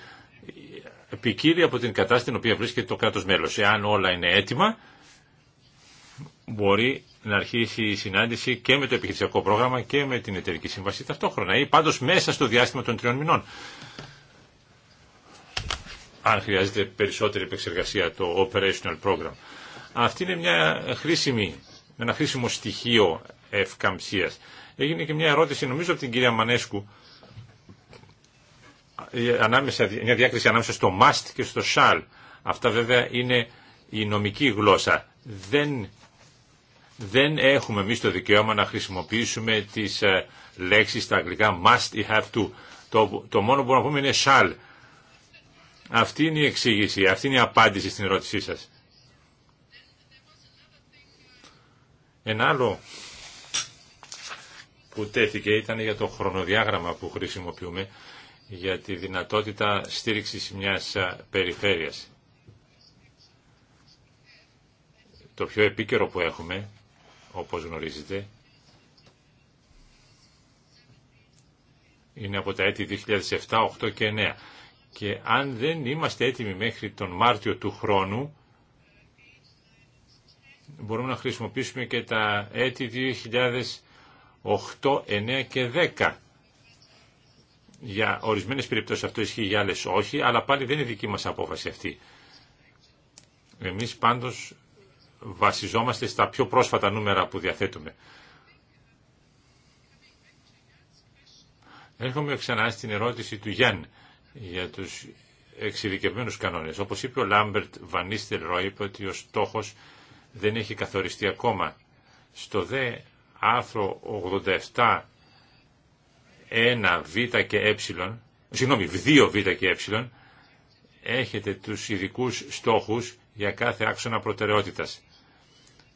Επικύρει από την κατάσταση την οποία βρίσκεται το κράτος μέλος. Εάν όλα είναι έτοιμα μπορεί να αρχίσει η συνάντηση και με το επιχειρησιακό πρόγραμμα και με την εταιρική σύμβαση ταυτόχρονα ή πάντως μέσα στο διάστημα των τριών μηνών αν χρειάζεται περισσότερη επεξεργασία το operational program. Αυτή είναι μια χρήσιμη, ένα χρήσιμο στοιχείο ευκαμψίας. Έγινε και μια ερώτηση νομίζω από την κυρία Μανέσκου ανάμεσα, μια διάκριση ανάμεσα στο must και στο shall. Αυτά βέβαια είναι η νομική γλώσσα. Δεν, δεν έχουμε εμεί το δικαίωμα να χρησιμοποιήσουμε τις ε, λέξεις στα αγγλικά must ή have to. Το, το μόνο που μπορούμε να πούμε είναι shall. Αυτή είναι η εξήγηση, αυτή είναι η απάντηση στην ερώτησή σας. Ένα άλλο που τέθηκε ήταν για το χρονοδιάγραμμα που χρησιμοποιούμε για τη δυνατότητα στήριξης μιας περιφέρειας. Το πιο επίκαιρο που έχουμε, όπως γνωρίζετε, είναι από τα έτη 2007, 2008 και 9. Και αν δεν είμαστε έτοιμοι μέχρι τον Μάρτιο του χρόνου, μπορούμε να χρησιμοποιήσουμε και τα έτη 2008, 9 και 10. Για ορισμένες περιπτώσεις αυτό ισχύει, για άλλες όχι, αλλά πάλι δεν είναι δική μας απόφαση αυτή. Εμείς πάντως βασιζόμαστε στα πιο πρόσφατα νούμερα που διαθέτουμε. Έρχομαι ξανά στην ερώτηση του Γιάννη για τους εξειδικευμένους κανόνες. Όπως είπε ο Λάμπερτ Βανίστερ Ρο, είπε ότι ο στόχος δεν έχει καθοριστεί ακόμα. Στο δε άρθρο 87 1 β και ε, συγγνώμη, 2 β και ε, έχετε τους ειδικού στόχους για κάθε άξονα προτεραιότητας.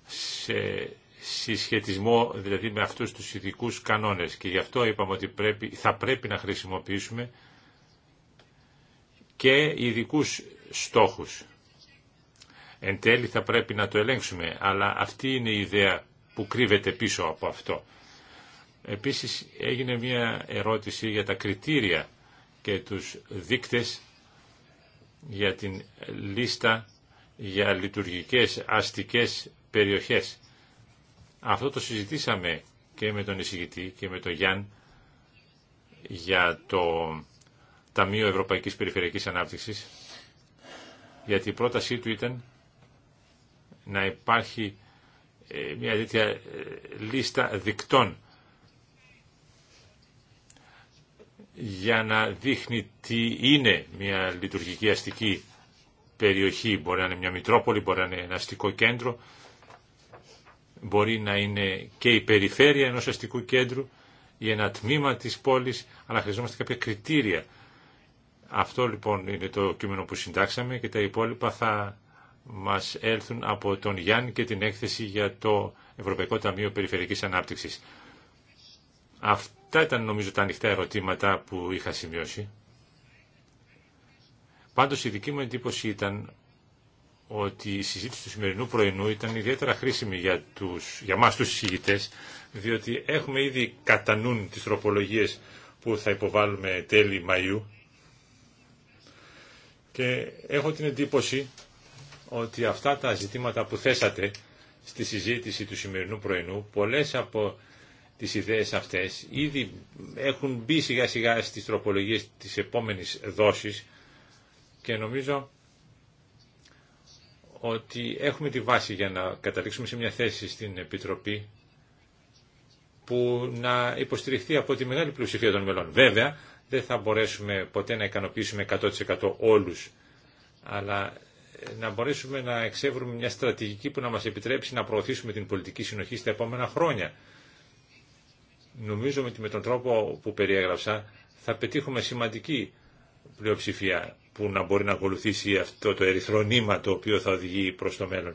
Σε συσχετισμό δηλαδή με αυτούς τους ειδικού κανόνες και γι' αυτό είπαμε ότι πρέπει, θα πρέπει να χρησιμοποιήσουμε και ειδικού στόχους. Εν τέλει θα πρέπει να το ελέγξουμε, αλλά αυτή είναι η ιδέα που κρύβεται πίσω από αυτό. Επίσης έγινε μια ερώτηση για τα κριτήρια και τους δείκτες για την λίστα για λειτουργικές αστικές περιοχές. Αυτό το συζητήσαμε και με τον εισηγητή και με τον Γιάν για το Ταμείο Ευρωπαϊκής Περιφερειακής Ανάπτυξης, γιατί η πρότασή του ήταν να υπάρχει ε, μια τέτοια ε, λίστα δικτών για να δείχνει τι είναι μια λειτουργική αστική περιοχή. Μπορεί να είναι μια Μητρόπολη, μπορεί να είναι ένα αστικό κέντρο, μπορεί να είναι και η περιφέρεια ενός αστικού κέντρου ή ένα τμήμα της πόλης, αλλά χρειαζόμαστε κάποια κριτήρια αυτό λοιπόν είναι το κείμενο που συντάξαμε και τα υπόλοιπα θα μας έλθουν από τον Γιάννη και την έκθεση για το Ευρωπαϊκό Ταμείο Περιφερειακής Ανάπτυξης. Αυτά ήταν νομίζω τα ανοιχτά ερωτήματα που είχα σημειώσει. Πάντως η δική μου εντύπωση ήταν ότι η συζήτηση του σημερινού πρωινού ήταν ιδιαίτερα χρήσιμη για, τους, για μας τους συζητητές, διότι έχουμε ήδη κατά νου τις τροπολογίες που θα υποβάλουμε τέλη Μαΐου και έχω την εντύπωση ότι αυτά τα ζητήματα που θέσατε στη συζήτηση του σημερινού πρωινού, πολλές από τις ιδέες αυτές ήδη έχουν μπει σιγά σιγά στις τροπολογίες της επόμενης δόσης και νομίζω ότι έχουμε τη βάση για να καταλήξουμε σε μια θέση στην Επιτροπή που να υποστηριχθεί από τη μεγάλη πλειοψηφία των μελών. Βέβαια, δεν θα μπορέσουμε ποτέ να ικανοποιήσουμε 100% όλους, αλλά ε, να μπορέσουμε να εξεύρουμε μια στρατηγική που να μας επιτρέψει να προωθήσουμε την πολιτική συνοχή στα επόμενα χρόνια. Νομίζω ότι με τον τρόπο που περιέγραψα θα πετύχουμε σημαντική πλειοψηφία που να μπορεί να ακολουθήσει αυτό το ερυθρό νήμα το οποίο θα οδηγεί προς το μέλλον.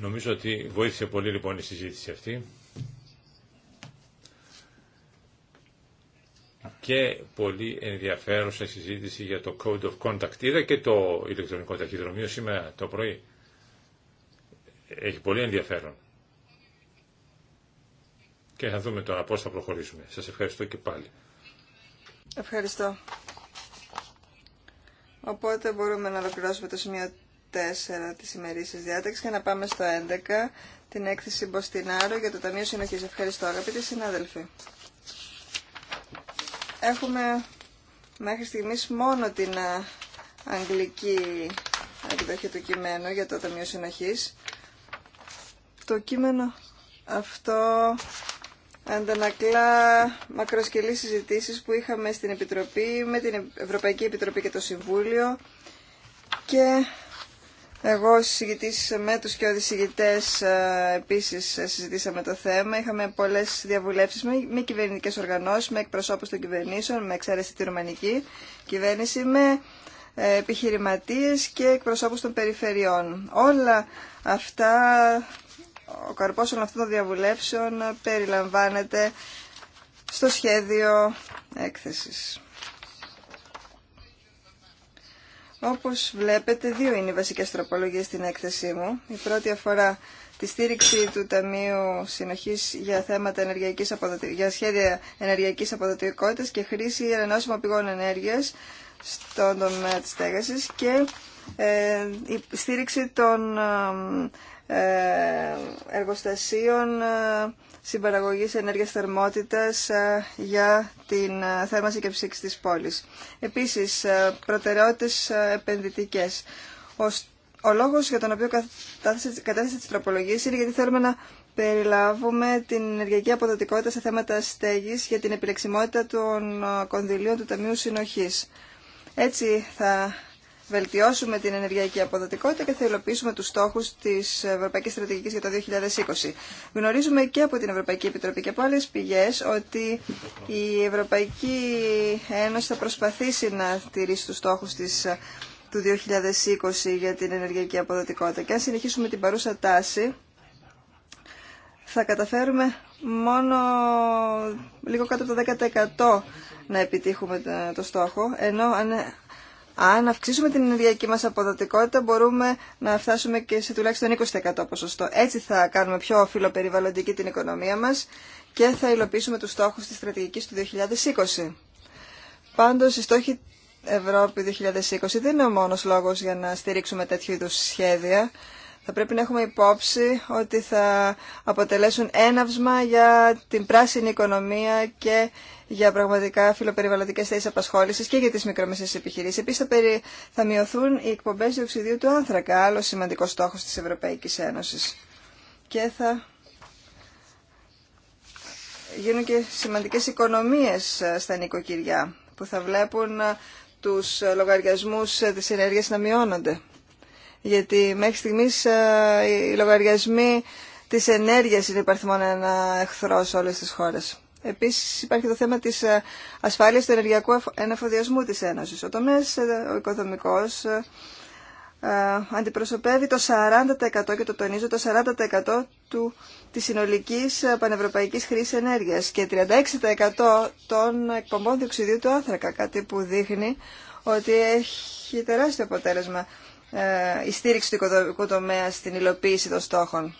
Νομίζω ότι βοήθησε πολύ λοιπόν η συζήτηση αυτή. και πολύ ενδιαφέρον ενδιαφέρουσα συζήτηση για το Code of Contact. Είδα και το ηλεκτρονικό ταχυδρομείο σήμερα το πρωί. Έχει πολύ ενδιαφέρον. Και θα δούμε τώρα πώς θα προχωρήσουμε. Σας ευχαριστώ και πάλι. Ευχαριστώ. Οπότε μπορούμε να ολοκληρώσουμε το σημείο 4 της ημερήσης διάταξης και να πάμε στο 11, την έκθεση Μποστινάρου για το Ταμείο Συνοχής. Ευχαριστώ αγαπητοί συνάδελφοι. Έχουμε μέχρι στιγμής μόνο την αγγλική εκδοχή του κειμένου για το Ταμείο Συνοχής. Το κείμενο αυτό αντανακλά μακροσκελή συζητήσεις που είχαμε στην Επιτροπή, με την Ευρωπαϊκή Επιτροπή και το Συμβούλιο και εγώ ως με τους και οδησηγητές ε, επίσης ε, συζητήσαμε το θέμα. Είχαμε πολλές διαβουλεύσεις με, με κυβερνητικές οργανώσεις, με εκπροσώπους των κυβερνήσεων, με εξαίρεση τη ρουμανική κυβέρνηση, με ε, επιχειρηματίες και εκπροσώπους των περιφερειών. Όλα αυτά, ο καρπός όλων αυτών των διαβουλεύσεων περιλαμβάνεται στο σχέδιο έκθεσης. Όπως βλέπετε, δύο είναι οι βασικές τροπολογίες στην έκθεσή μου. Η πρώτη αφορά τη στήριξη του Ταμείου Συνοχής για, θέματα ενεργειακής για σχέδια ενεργειακής αποδοτικότητας και χρήση ενώσιμων πηγών ενέργειας στον τομέα της στέγασης και ε, η στήριξη των ε, ε, εργοστασίων συμπαραγωγής ενέργειας θερμότητας ε, για την ε, θέρμανση και ψήξη της πόλης. Επίσης, ε, προτεραιότητες επενδυτικές. Ο λόγος για τον οποίο κατέθεσα τις τροπολογίες είναι γιατί θέλουμε να περιλάβουμε την ενεργειακή αποδοτικότητα σε θέματα στέγης για την επιλεξιμότητα των κονδυλίων του Ταμείου Συνοχής. Έτσι θα βελτιώσουμε την ενεργειακή αποδοτικότητα και θα υλοποιήσουμε τους στόχους της Ευρωπαϊκής Στρατηγικής για το 2020. Γνωρίζουμε και από την Ευρωπαϊκή Επιτροπή και από άλλες πηγές ότι η Ευρωπαϊκή Ένωση θα προσπαθήσει να τηρήσει τους στόχους της του 2020 για την ενεργειακή αποδοτικότητα. Και αν συνεχίσουμε την παρούσα τάση, θα καταφέρουμε μόνο λίγο κάτω από το 10% να επιτύχουμε το στόχο, ενώ αν αν αυξήσουμε την ενεργειακή μας αποδοτικότητα μπορούμε να φτάσουμε και σε τουλάχιστον 20% ποσοστό. Έτσι θα κάνουμε πιο φιλοπεριβαλλοντική την οικονομία μας και θα υλοποιήσουμε τους στόχους της στρατηγικής του 2020. Πάντως, οι στόχοι Ευρώπη 2020 δεν είναι ο μόνος λόγος για να στηρίξουμε τέτοιου είδους σχέδια θα πρέπει να έχουμε υπόψη ότι θα αποτελέσουν έναυσμα για την πράσινη οικονομία και για πραγματικά φιλοπεριβαλλοντικές θέσεις απασχόλησης και για τις μικρομεσαίες επιχειρήσεις. Επίσης θα, μειωθούν οι εκπομπές διοξιδίου του άνθρακα, άλλο σημαντικό στόχος της Ευρωπαϊκής Ένωσης. Και θα γίνουν και σημαντικές οικονομίες ε, στα νοικοκυριά που θα βλέπουν ε, τους λογαριασμούς ε, της ενέργειας να μειώνονται γιατί μέχρι στιγμής ε, οι λογαριασμοί της ενέργειας είναι υπαρθμόν ένα εχθρό σε όλες τις χώρες. Επίσης υπάρχει το θέμα της ε, ασφάλειας του ενεργειακού ενεφοδιασμού της Ένωσης. Ο τομέας ε, ο οικοδομικός αντιπροσωπεύει το 40% και το τονίζω το 40% του, της συνολικής πανευρωπαϊκής χρήσης ενέργειας και 36% των εκπομπών διοξιδίου του άνθρακα, κάτι που δείχνει ότι έχει τεράστιο αποτέλεσμα ε, η στήριξη του οικοδομικού τομέα στην υλοποίηση των στόχων.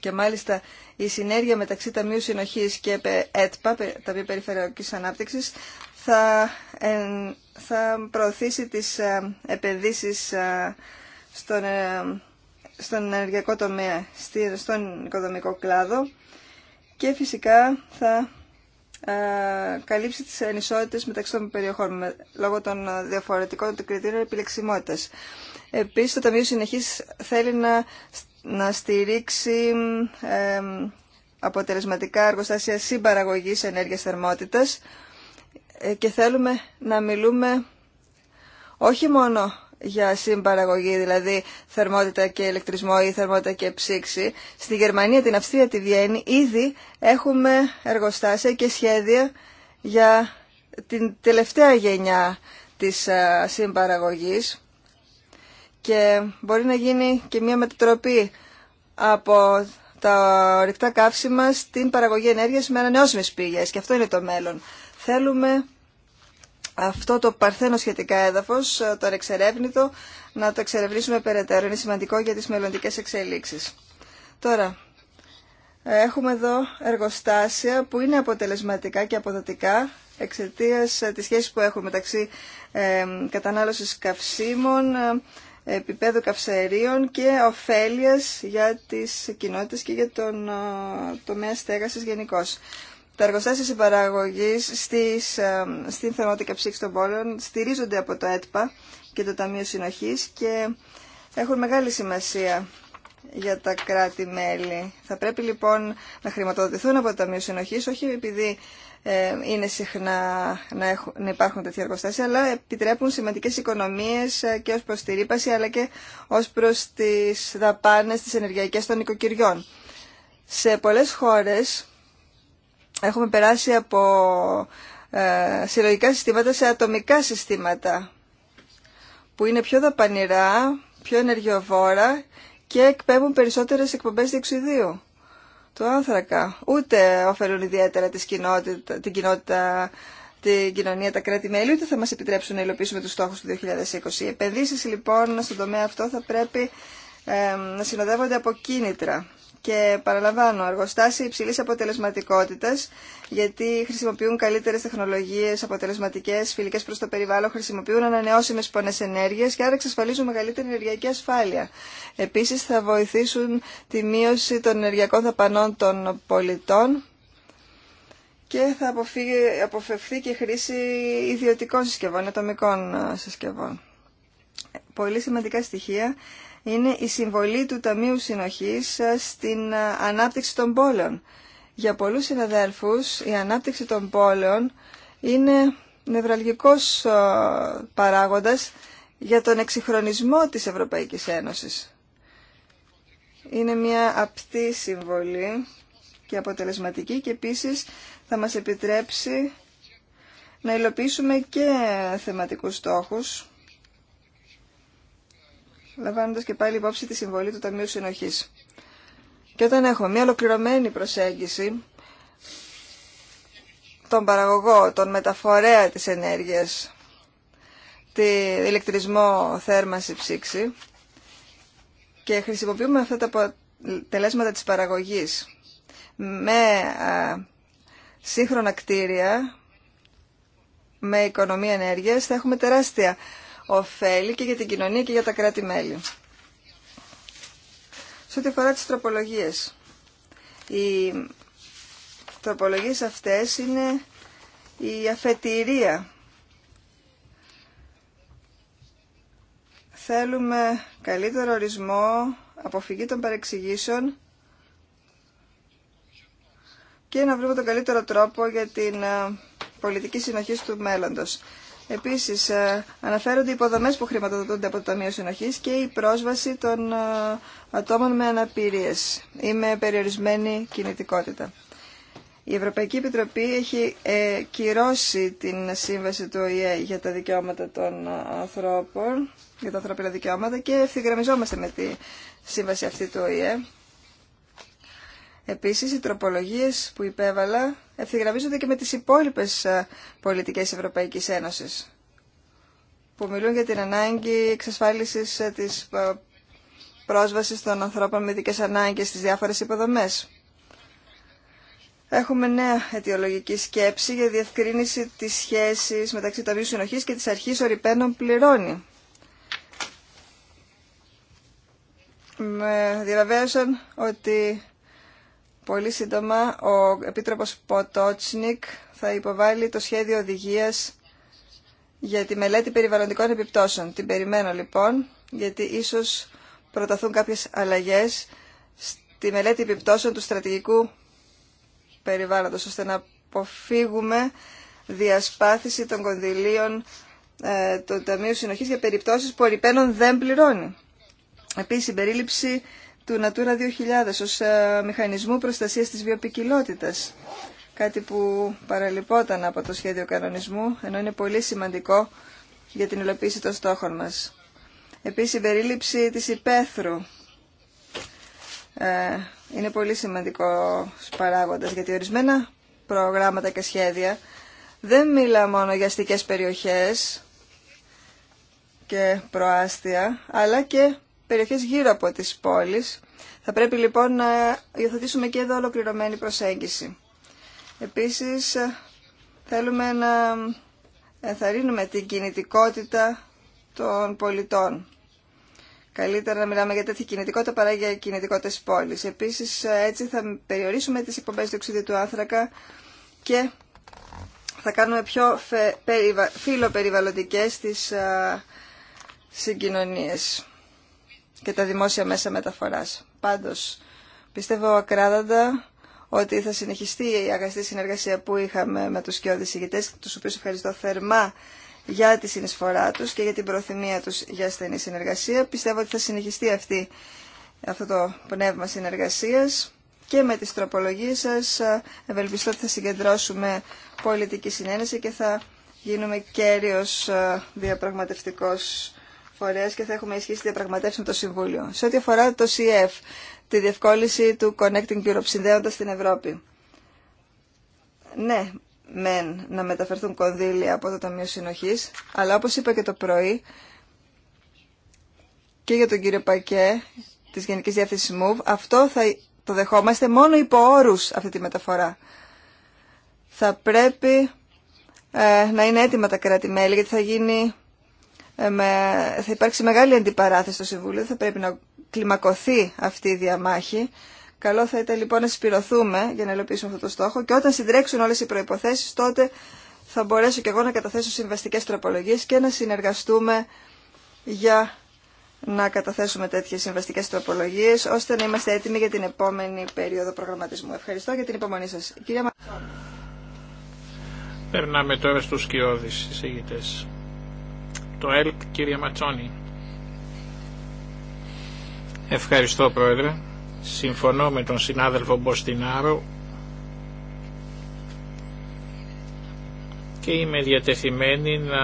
Και μάλιστα η συνέργεια μεταξύ Ταμείου Συνοχής και ΕΤΠΑ, Ταμείου Περιφερειακή Ανάπτυξης, θα, θα προωθήσει τις ε, επενδύσεις ε, στον, στον ενεργειακό τομέα, στον οικοδομικό κλάδο και φυσικά θα καλύψει τις ανισότητες μεταξύ των περιοχών λόγω των διαφορετικών κριτήριων επιλεξιμότητας. Επίσης, το Ταμείο Συνεχής θέλει να, να στηρίξει ε, αποτελεσματικά εργοστάσια συμπαραγωγής ενέργειας θερμότητας ε, και θέλουμε να μιλούμε όχι μόνο για συμπαραγωγή, δηλαδή θερμότητα και ηλεκτρισμό ή θερμότητα και ψήξη. Στη Γερμανία, την Αυστρία, τη Βιέννη, ήδη έχουμε εργοστάσια και σχέδια για την τελευταία γενιά της ε, συμπαραγωγής και μπορεί να γίνει και μια μετατροπή από τα ορυκτά καύσιμα στην παραγωγή ενέργειας με ανανεώσιμες πηγές και αυτό είναι το μέλλον. Θέλουμε αυτό το παρθένο σχετικά έδαφος, το εξερεύνητο, να το εξερευνήσουμε περαιτέρω. Είναι σημαντικό για τις μελλοντικέ εξελίξεις. Τώρα, έχουμε εδώ εργοστάσια που είναι αποτελεσματικά και αποδοτικά εξαιτία ε, της σχέσης που έχουμε μεταξύ ε, κατανάλωσης καυσίμων, επίπεδου καυσαερίων και ωφέλειας για τις κοινότητες και για τον τομέα στέγασης γενικώ. Τα εργοστάσια συμπαραγωγή στην θερμότητα ψήξη των πόλεων στηρίζονται από το ΕΤΠΑ και το Ταμείο Συνοχής και έχουν μεγάλη σημασία για τα κράτη-μέλη. Θα πρέπει λοιπόν να χρηματοδοτηθούν από το Ταμείο Συνοχή, όχι επειδή ε, είναι συχνά να, έχουν, να υπάρχουν τέτοια εργοστάσια, αλλά επιτρέπουν σημαντικέ οικονομίε ε, και ω προ τη ρήπαση, αλλά και ω προ τι δαπάνε τι ενεργειακέ των οικοκυριών. Σε πολλέ χώρες έχουμε περάσει από ε, συλλογικά συστήματα σε ατομικά συστήματα, που είναι πιο δαπανηρά, πιο ενεργειοβόρα και εκπέμπουν περισσότερες εκπομπές διεξιδίου, του άνθρακα. Ούτε ωφελούν ιδιαίτερα κοινότητα, την κοινότητα, την κοινωνία, τα κράτη-μέλη, ούτε θα μας επιτρέψουν να υλοποιήσουμε του στόχου του 2020. Οι επενδύσει λοιπόν στον τομέα αυτό θα πρέπει να συνοδεύονται από κίνητρα. Και παραλαμβάνω, εργοστάσια υψηλής αποτελεσματικότητας, γιατί χρησιμοποιούν καλύτερες τεχνολογίες, αποτελεσματικές, φιλικές προς το περιβάλλον, χρησιμοποιούν ανανεώσιμες πόνες ενέργειας και άρα εξασφαλίζουν μεγαλύτερη ενεργειακή ασφάλεια. Επίσης θα βοηθήσουν τη μείωση των ενεργειακών δαπανών των πολιτών και θα αποφευθεί και η χρήση ιδιωτικών συσκευών, ατομικών ε, συσκευών. Πολύ σημαντικά στοιχεία είναι η συμβολή του Ταμείου Συνοχής ε, στην ε, ανάπτυξη των πόλεων. Για πολλούς συναδέλφους η ανάπτυξη των πόλεων είναι νευραλγικός ε, παράγοντας για τον εξυγχρονισμό της Ευρωπαϊκής Ένωσης. Είναι μια απτή συμβολή και αποτελεσματική και επίσης θα μας επιτρέψει να υλοποιήσουμε και θεματικούς στόχους Λαμβάνοντα και πάλι υπόψη τη συμβολή του Ταμείου συνοχή. Και όταν έχουμε μια ολοκληρωμένη προσέγγιση τον παραγωγό, τον μεταφορέα της ενέργειας, τη ηλεκτρισμό, θέρμανση, ψήξη και χρησιμοποιούμε αυτά τα τελέσματα της παραγωγής με σύγχρονα κτίρια, με οικονομία ενέργειας, θα έχουμε τεράστια ωφέλη και για την κοινωνία και για τα κράτη-μέλη. Σε ό,τι αφορά τις τροπολογίες. Οι τροπολογίες αυτές είναι η αφετηρία. Θέλουμε καλύτερο ορισμό, αποφυγή των παρεξηγήσεων και να βρούμε τον καλύτερο τρόπο για την ε, πολιτική συνοχή του μέλλοντος. Επίσης, ε, αναφέρονται οι υποδομές που χρηματοδοτούνται από το Ταμείο Συνοχής και η πρόσβαση των ε, ατόμων με αναπηρίες ή με περιορισμένη κινητικότητα. Η Ευρωπαϊκή Επιτροπή έχει ε, κυρώσει την σύμβαση του ΟΗΕ για τα δικαιώματα των ανθρώπων, για τα ανθρώπινα δικαιώματα και ευθυγραμμιζόμαστε με τη σύμβαση αυτή του ΟΗΕ Επίσης, οι τροπολογίες που υπέβαλα ευθυγραμμίζονται και με τις υπόλοιπες ε, πολιτικές Ευρωπαϊκής Ένωσης, που μιλούν για την ανάγκη εξασφάλισης ε, της ε, πρόσβασης των ανθρώπων με ειδικές ανάγκες στις διάφορες υποδομές. Έχουμε νέα αιτιολογική σκέψη για διευκρίνηση της σχέσης μεταξύ Ταμείου συνοχή και της αρχή ορυπαίνων πληρώνει. Με διαβεβαίωσαν ότι Πολύ σύντομα ο Επίτροπος Ποτότσνικ θα υποβάλει το σχέδιο οδηγίας για τη μελέτη περιβαλλοντικών επιπτώσεων. Την περιμένω λοιπόν, γιατί ίσως προταθούν κάποιες αλλαγές στη μελέτη επιπτώσεων του στρατηγικού περιβάλλοντος, ώστε να αποφύγουμε διασπάθηση των κονδυλίων ε, του Ταμείου Συνοχής για περιπτώσεις που ο δεν πληρώνει. Επίσης, η του Natura 2000 ως ε, μηχανισμού προστασίας της βιοπικιλότητας. Κάτι που παραλυπόταν από το σχέδιο κανονισμού, ενώ είναι πολύ σημαντικό για την υλοποίηση των στόχων μας. Επίσης, η περίληψη της υπαίθρου ε, είναι πολύ σημαντικό παράγοντας, γιατί ορισμένα προγράμματα και σχέδια δεν μιλά μόνο για αστικές περιοχές και προάστια, αλλά και περιοχές γύρω από τις πόλεις. Θα πρέπει λοιπόν να υιοθετήσουμε και εδώ ολοκληρωμένη προσέγγιση. Επίσης, θέλουμε να ενθαρρύνουμε την κινητικότητα των πολιτών. Καλύτερα να μιλάμε για τέτοια κινητικότητα παρά για κινητικότητα της πόλης. Επίσης, έτσι θα περιορίσουμε τις εκπομπές διοξιδίου του άνθρακα και θα κάνουμε πιο φιλοπεριβαλλοντικές τις συγκοινωνίες και τα δημόσια μέσα μεταφοράς. Πάντως, πιστεύω ακράδαντα ότι θα συνεχιστεί η αγαστή συνεργασία που είχαμε με τους κοιόδης ηγητές, τους οποίους ευχαριστώ θερμά για τη συνεισφορά τους και για την προθυμία τους για στενή συνεργασία. Πιστεύω ότι θα συνεχιστεί αυτή, αυτό το πνεύμα συνεργασίας και με τις τροπολογίες σας ευελπιστώ ότι θα συγκεντρώσουμε πολιτική συνένεση και θα γίνουμε κέριος ε, διαπραγματευτικός και θα έχουμε ισχύσει διαπραγματεύσει με το Συμβούλιο. Σε ό,τι αφορά το CF, τη διευκόλυνση του Connecting Europe, συνδέοντα την Ευρώπη. Ναι, μεν να μεταφερθούν κονδύλια από το Ταμείο συνοχή. αλλά όπω είπα και το πρωί και για τον κύριο Πακέ τη Γενική Διεύθυνση MOVE, αυτό θα το δεχόμαστε μόνο υπό όρου αυτή τη μεταφορά. Θα πρέπει ε, να είναι έτοιμα τα κράτη-μέλη, γιατί θα γίνει ε, θα υπάρξει μεγάλη αντιπαράθεση στο Συμβούλιο, θα πρέπει να κλιμακωθεί αυτή η διαμάχη. Καλό θα ήταν λοιπόν να συμπληρωθούμε για να ελοπίσουμε αυτό το στόχο και όταν συντρέξουν όλες οι προϋποθέσεις τότε θα μπορέσω και εγώ να καταθέσω συμβαστικές τροπολογίες και να συνεργαστούμε για να καταθέσουμε τέτοιες συμβαστικές τροπολογίες ώστε να είμαστε έτοιμοι για την επόμενη περίοδο προγραμματισμού. Ευχαριστώ για την υπομονή σας. Κυρία Περνάμε τώρα στους κοιόδης εισηγητές το ΕΛΚ, κύριε Ματσόνη. Ευχαριστώ, Πρόεδρε. Συμφωνώ με τον συνάδελφο Μποστινάρο και είμαι διατεθειμένη να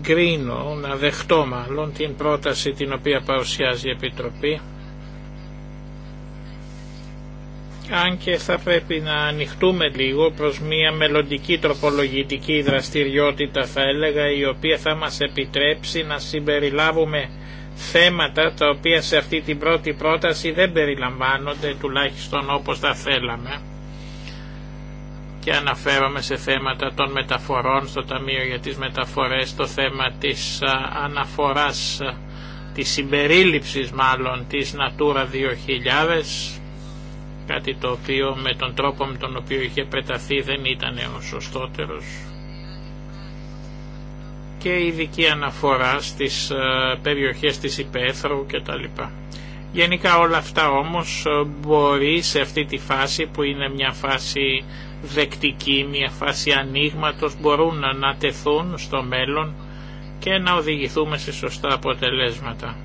γκρίνω, να δεχτώ μάλλον την πρόταση την οποία παρουσιάζει η Επιτροπή αν και θα πρέπει να ανοιχτούμε λίγο προς μια μελλοντική τροπολογητική δραστηριότητα θα έλεγα η οποία θα μας επιτρέψει να συμπεριλάβουμε θέματα τα οποία σε αυτή την πρώτη πρόταση δεν περιλαμβάνονται τουλάχιστον όπως τα θέλαμε και αναφέρομαι σε θέματα των μεταφορών στο Ταμείο για τις Μεταφορές το θέμα της αναφοράς της συμπερίληψης μάλλον της Natura 2000 κάτι το οποίο με τον τρόπο με τον οποίο είχε πεταθεί δεν ήταν ο σωστότερος και ειδική αναφορά στις ε, περιοχές της τα κτλ. Γενικά όλα αυτά όμως ε, μπορεί σε αυτή τη φάση που είναι μια φάση δεκτική, μια φάση ανοίγματο μπορούν να τεθούν στο μέλλον και να οδηγηθούμε σε σωστά αποτελέσματα.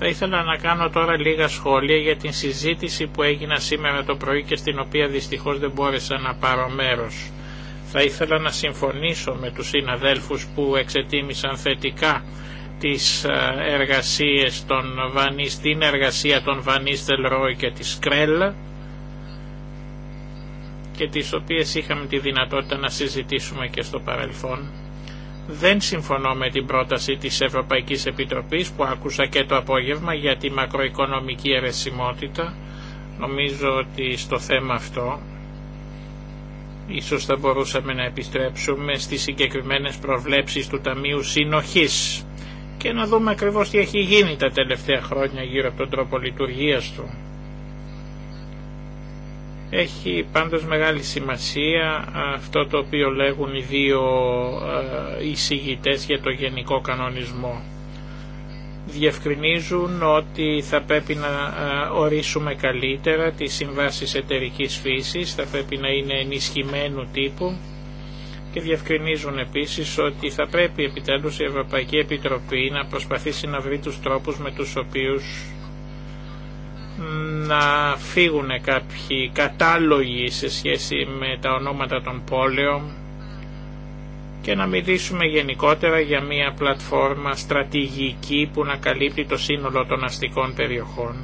Θα ήθελα να κάνω τώρα λίγα σχόλια για την συζήτηση που έγινα σήμερα το πρωί και στην οποία δυστυχώς δεν μπόρεσα να πάρω μέρος. Θα ήθελα να συμφωνήσω με τους συναδέλφους που εξετίμησαν θετικά τις ε, εργασίες των την εργασία των Βανίς ρόι και της Κρέλα και τις οποίες είχαμε τη δυνατότητα να συζητήσουμε και στο παρελθόν δεν συμφωνώ με την πρόταση της Ευρωπαϊκής Επιτροπής που άκουσα και το απόγευμα για τη μακροοικονομική αιρεσιμότητα. Νομίζω ότι στο θέμα αυτό ίσως θα μπορούσαμε να επιστρέψουμε στις συγκεκριμένες προβλέψεις του Ταμείου Συνοχής και να δούμε ακριβώς τι έχει γίνει τα τελευταία χρόνια γύρω από τον τρόπο λειτουργίας του. Έχει πάντως μεγάλη σημασία αυτό το οποίο λέγουν οι δύο εισηγητές για το γενικό κανονισμό. Διευκρινίζουν ότι θα πρέπει να ορίσουμε καλύτερα τις συμβάσεις εταιρικής φύσης, θα πρέπει να είναι ενισχυμένου τύπου και διευκρινίζουν επίσης ότι θα πρέπει επιτέλους η Ευρωπαϊκή Επιτροπή να προσπαθήσει να βρει τους τρόπους με τους οποίους να φύγουν κάποιοι κατάλογοι σε σχέση με τα ονόματα των πόλεων και να μιλήσουμε γενικότερα για μια πλατφόρμα στρατηγική που να καλύπτει το σύνολο των αστικών περιοχών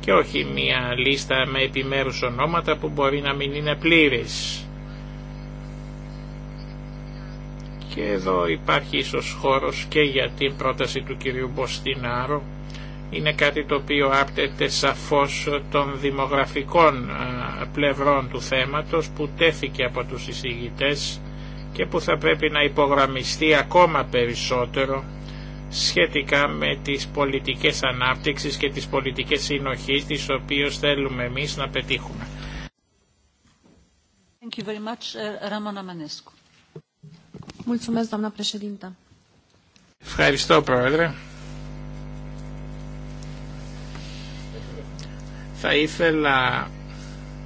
και όχι μια λίστα με επιμέρους ονόματα που μπορεί να μην είναι πλήρης. Και εδώ υπάρχει ίσως χώρος και για την πρόταση του κυρίου Μποστινάρου είναι κάτι το οποίο άπτεται σαφώς των δημογραφικών πλευρών του θέματος που τέθηκε από τους εισηγητές και που θα πρέπει να υπογραμμιστεί ακόμα περισσότερο σχετικά με τις πολιτικές ανάπτυξης και τις πολιτικές συνοχής τις οποίες θέλουμε εμείς να πετύχουμε. Ε, Ευχαριστώ, Πρόεδρε. Θα ήθελα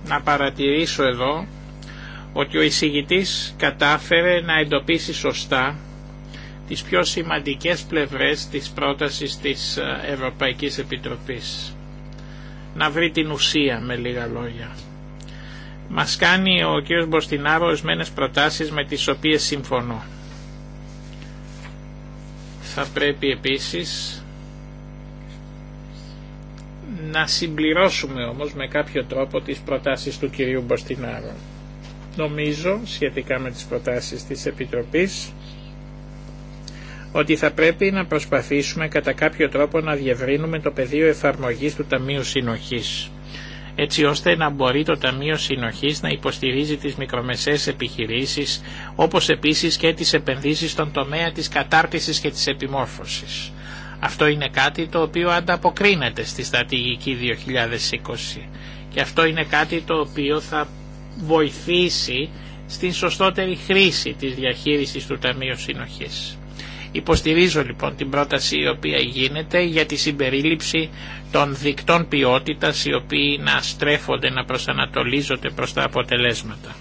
να παρατηρήσω εδώ ότι ο εισηγητής κατάφερε να εντοπίσει σωστά τις πιο σημαντικές πλευρές της πρότασης της Ευρωπαϊκής Επιτροπής. Να βρει την ουσία με λίγα λόγια. Μας κάνει ο κ. Μποστινάρο ορισμένε προτάσεις με τις οποίες συμφωνώ. Θα πρέπει επίσης να συμπληρώσουμε όμως με κάποιο τρόπο τις προτάσεις του κυρίου Μποστινάρου. Νομίζω σχετικά με τις προτάσεις της Επιτροπής ότι θα πρέπει να προσπαθήσουμε κατά κάποιο τρόπο να διευρύνουμε το πεδίο εφαρμογής του Ταμείου Συνοχής έτσι ώστε να μπορεί το Ταμείο Συνοχής να υποστηρίζει τις μικρομεσαίες επιχειρήσεις όπως επίσης και τις επενδύσεις στον τομέα της κατάρτισης και της επιμόρφωσης. Αυτό είναι κάτι το οποίο ανταποκρίνεται στη στρατηγική 2020 και αυτό είναι κάτι το οποίο θα βοηθήσει στην σωστότερη χρήση της διαχείρισης του Ταμείου Συνοχής. Υποστηρίζω λοιπόν την πρόταση η οποία γίνεται για τη συμπερίληψη των δικτών ποιότητας οι οποίοι να στρέφονται, να προσανατολίζονται προς τα αποτελέσματα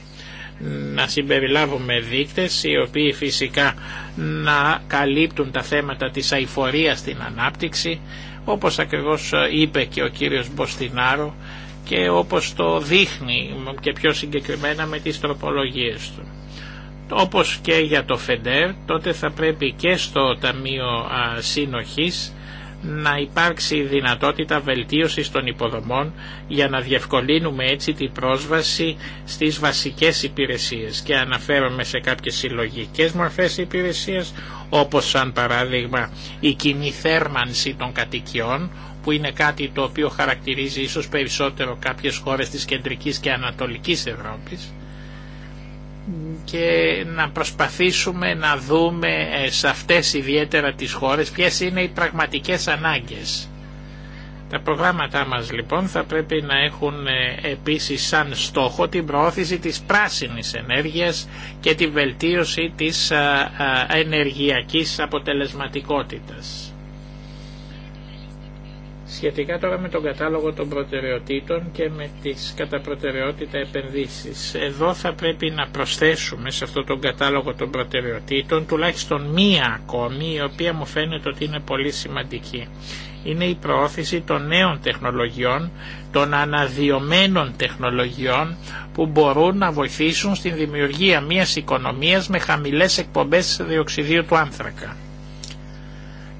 να συμπεριλάβουμε δείκτες οι οποίοι φυσικά να καλύπτουν τα θέματα της αηφορίας στην ανάπτυξη όπως ακριβώς είπε και ο κύριος Μποστινάρο και όπως το δείχνει και πιο συγκεκριμένα με τις τροπολογίες του. Όπως και για το ΦΕΝΤΕΡ τότε θα πρέπει και στο Ταμείο Σύνοχης να υπάρξει δυνατότητα βελτίωσης των υποδομών για να διευκολύνουμε έτσι την πρόσβαση στις βασικές υπηρεσίες και αναφέρομαι σε κάποιες συλλογικές μορφές υπηρεσίες όπως σαν παράδειγμα η κοινή θέρμανση των κατοικιών που είναι κάτι το οποίο χαρακτηρίζει ίσως περισσότερο κάποιες χώρες της κεντρικής και ανατολικής Ευρώπης και να προσπαθήσουμε να δούμε ε, σε αυτές ιδιαίτερα τις χώρες ποιες είναι οι πραγματικές ανάγκες. Τα προγράμματά μας λοιπόν θα πρέπει να έχουν ε, επίσης σαν στόχο την προώθηση της πράσινης ενέργειας και την βελτίωση της ενεργειακής αποτελεσματικότητας. Σχετικά τώρα με τον κατάλογο των προτεραιοτήτων και με τις κατά προτεραιότητα επενδύσεις. Εδώ θα πρέπει να προσθέσουμε σε αυτό τον κατάλογο των προτεραιοτήτων τουλάχιστον μία ακόμη η οποία μου φαίνεται ότι είναι πολύ σημαντική. Είναι η προώθηση των νέων τεχνολογιών, των αναδιωμένων τεχνολογιών που μπορούν να βοηθήσουν στην δημιουργία μιας οικονομίας με χαμηλές εκπομπές διοξιδίου του άνθρακα.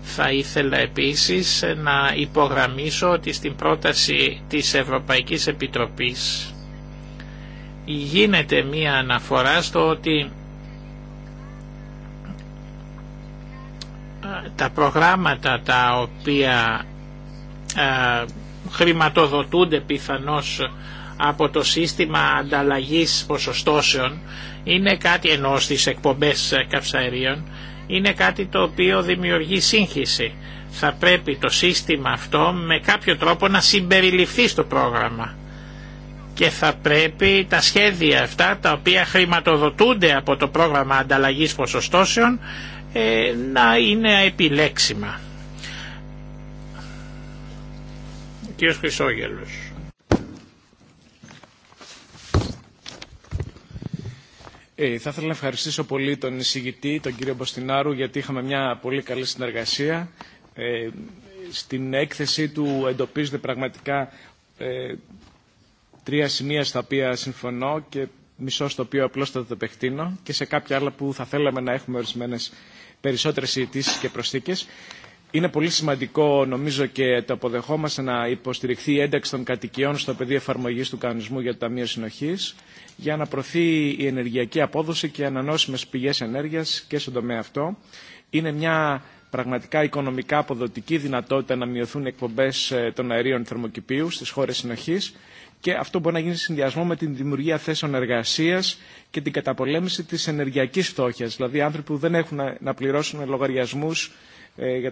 Θα ήθελα επίσης να υπογραμμίσω ότι στην πρόταση της Ευρωπαϊκής Επιτροπής γίνεται μία αναφορά στο ότι ε, τα προγράμματα τα οποία ε, χρηματοδοτούνται πιθανώς από το σύστημα ανταλλαγής ποσοστώσεων είναι κάτι ενός στις εκπομπές καυσαερίων είναι κάτι το οποίο δημιουργεί σύγχυση. Θα πρέπει το σύστημα αυτό με κάποιο τρόπο να συμπεριληφθεί στο πρόγραμμα και θα πρέπει τα σχέδια αυτά τα οποία χρηματοδοτούνται από το πρόγραμμα ανταλλαγής ποσοστώσεων ε, να είναι επιλέξιμα. Ο κύριος Χρυσόγελος. Ε, θα ήθελα να ευχαριστήσω πολύ τον εισηγητή, τον κύριο Μποστινάρου, γιατί είχαμε μια πολύ καλή συνεργασία. Ε, στην έκθεσή του εντοπίζονται πραγματικά ε, τρία σημεία στα οποία συμφωνώ και μισό στο οποίο απλώς θα το επεκτείνω και σε κάποια άλλα που θα θέλαμε να έχουμε ορισμένες περισσότερες συζητήσει και προσθήκες. Είναι πολύ σημαντικό, νομίζω, και το αποδεχόμαστε να υποστηριχθεί η ένταξη των κατοικιών στο πεδίο εφαρμογή του κανονισμού για το Ταμείο Συνοχή, για να προωθεί η ενεργειακή απόδοση και ανανόσιμε πηγέ ενέργεια και στον τομέα αυτό. Είναι μια πραγματικά οικονομικά αποδοτική δυνατότητα να μειωθούν οι εκπομπέ ε, των αερίων θερμοκηπίου στι χώρε συνοχή και αυτό μπορεί να γίνει σε συνδυασμό με την δημιουργία θέσεων εργασία και την καταπολέμηση τη ενεργειακή φτώχεια. Δηλαδή, άνθρωποι που δεν έχουν να πληρώσουν λογαριασμού ε,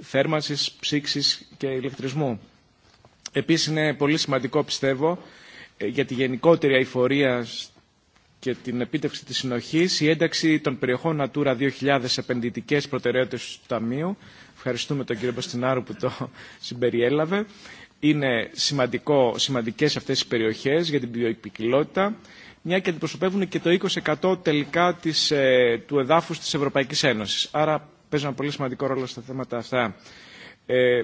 θέρμανσης, ψήξης και ηλεκτρισμού. Επίσης είναι πολύ σημαντικό πιστεύω ε, για τη γενικότερη αηφορία και την επίτευξη της συνοχής η ένταξη των περιοχών Natura 2000 επενδυτικές προτεραιότητες του Ταμείου. Ευχαριστούμε τον κύριο Παστινάρου που το συμπεριέλαβε. Είναι σημαντικό, σημαντικές αυτές οι περιοχές για την ποιοποικιλότητα μια και αντιπροσωπεύουν και το 20% τελικά της, ε, του εδάφους της Ευρωπαϊκής Ένωσης. Άρα παίζουν πολύ σημαντικό ρόλο στα θέματα αυτά. Ε,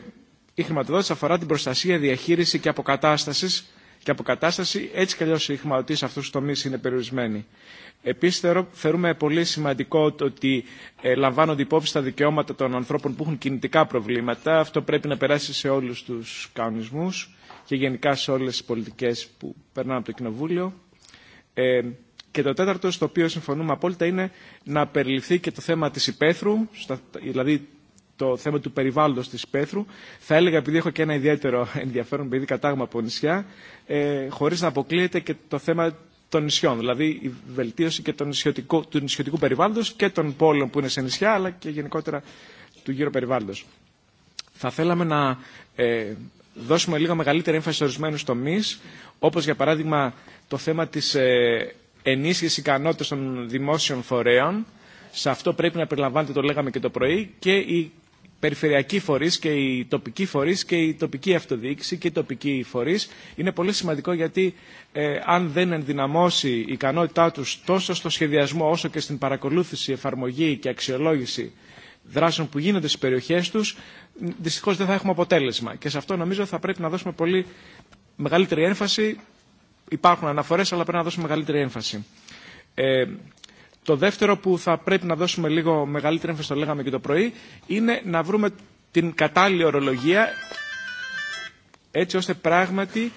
η χρηματοδότηση αφορά την προστασία, διαχείριση και αποκατάσταση. Και αποκατάσταση έτσι κι αλλιώ η χρηματοδότηση σε αυτού του τομεί είναι περιορισμένη. Επίση, θεωρούμε πολύ σημαντικό ότι ε, λαμβάνονται υπόψη τα δικαιώματα των ανθρώπων που έχουν κινητικά προβλήματα. Αυτό πρέπει να περάσει σε όλου του κανονισμού και γενικά σε όλε τι πολιτικέ που περνάνε από το Κοινοβούλιο. Ε, και το τέταρτο, στο οποίο συμφωνούμε απόλυτα, είναι να περιληφθεί και το θέμα της υπαίθρου, δηλαδή το θέμα του περιβάλλοντος της υπαίθρου. Θα έλεγα, επειδή έχω και ένα ιδιαίτερο ενδιαφέρον, επειδή κατάγμα από νησιά, ε, χωρίς να αποκλείεται και το θέμα των νησιών. Δηλαδή η βελτίωση και του νησιωτικού, του νησιωτικού περιβάλλοντος και των πόλεων που είναι σε νησιά, αλλά και γενικότερα του γύρω περιβάλλοντος. Θα θέλαμε να ε, δώσουμε λίγο μεγαλύτερη έμφαση σε ορισμένου τομεί, όπω για παράδειγμα το θέμα τη. ε, ενίσχυση ικανότητα των δημόσιων φορέων. Σε αυτό πρέπει να περιλαμβάνεται, το λέγαμε και το πρωί, και οι περιφερειακή φορείς και οι τοπικοί φορείς και η τοπική αυτοδιοίκηση και οι τοπικοί φορείς. Είναι πολύ σημαντικό γιατί ε, αν δεν ενδυναμώσει η ικανότητά τους τόσο στο σχεδιασμό όσο και στην παρακολούθηση, εφαρμογή και αξιολόγηση δράσεων που γίνονται στις περιοχές τους, δυστυχώς δεν θα έχουμε αποτέλεσμα. Και σε αυτό νομίζω θα πρέπει να δώσουμε πολύ μεγαλύτερη έμφαση υπάρχουν αναφορές, αλλά πρέπει να δώσουμε μεγαλύτερη έμφαση. Ε, το δεύτερο που θα πρέπει να δώσουμε λίγο μεγαλύτερη έμφαση, το λέγαμε και το πρωί, είναι να βρούμε την κατάλληλη ορολογία έτσι ώστε πράγματι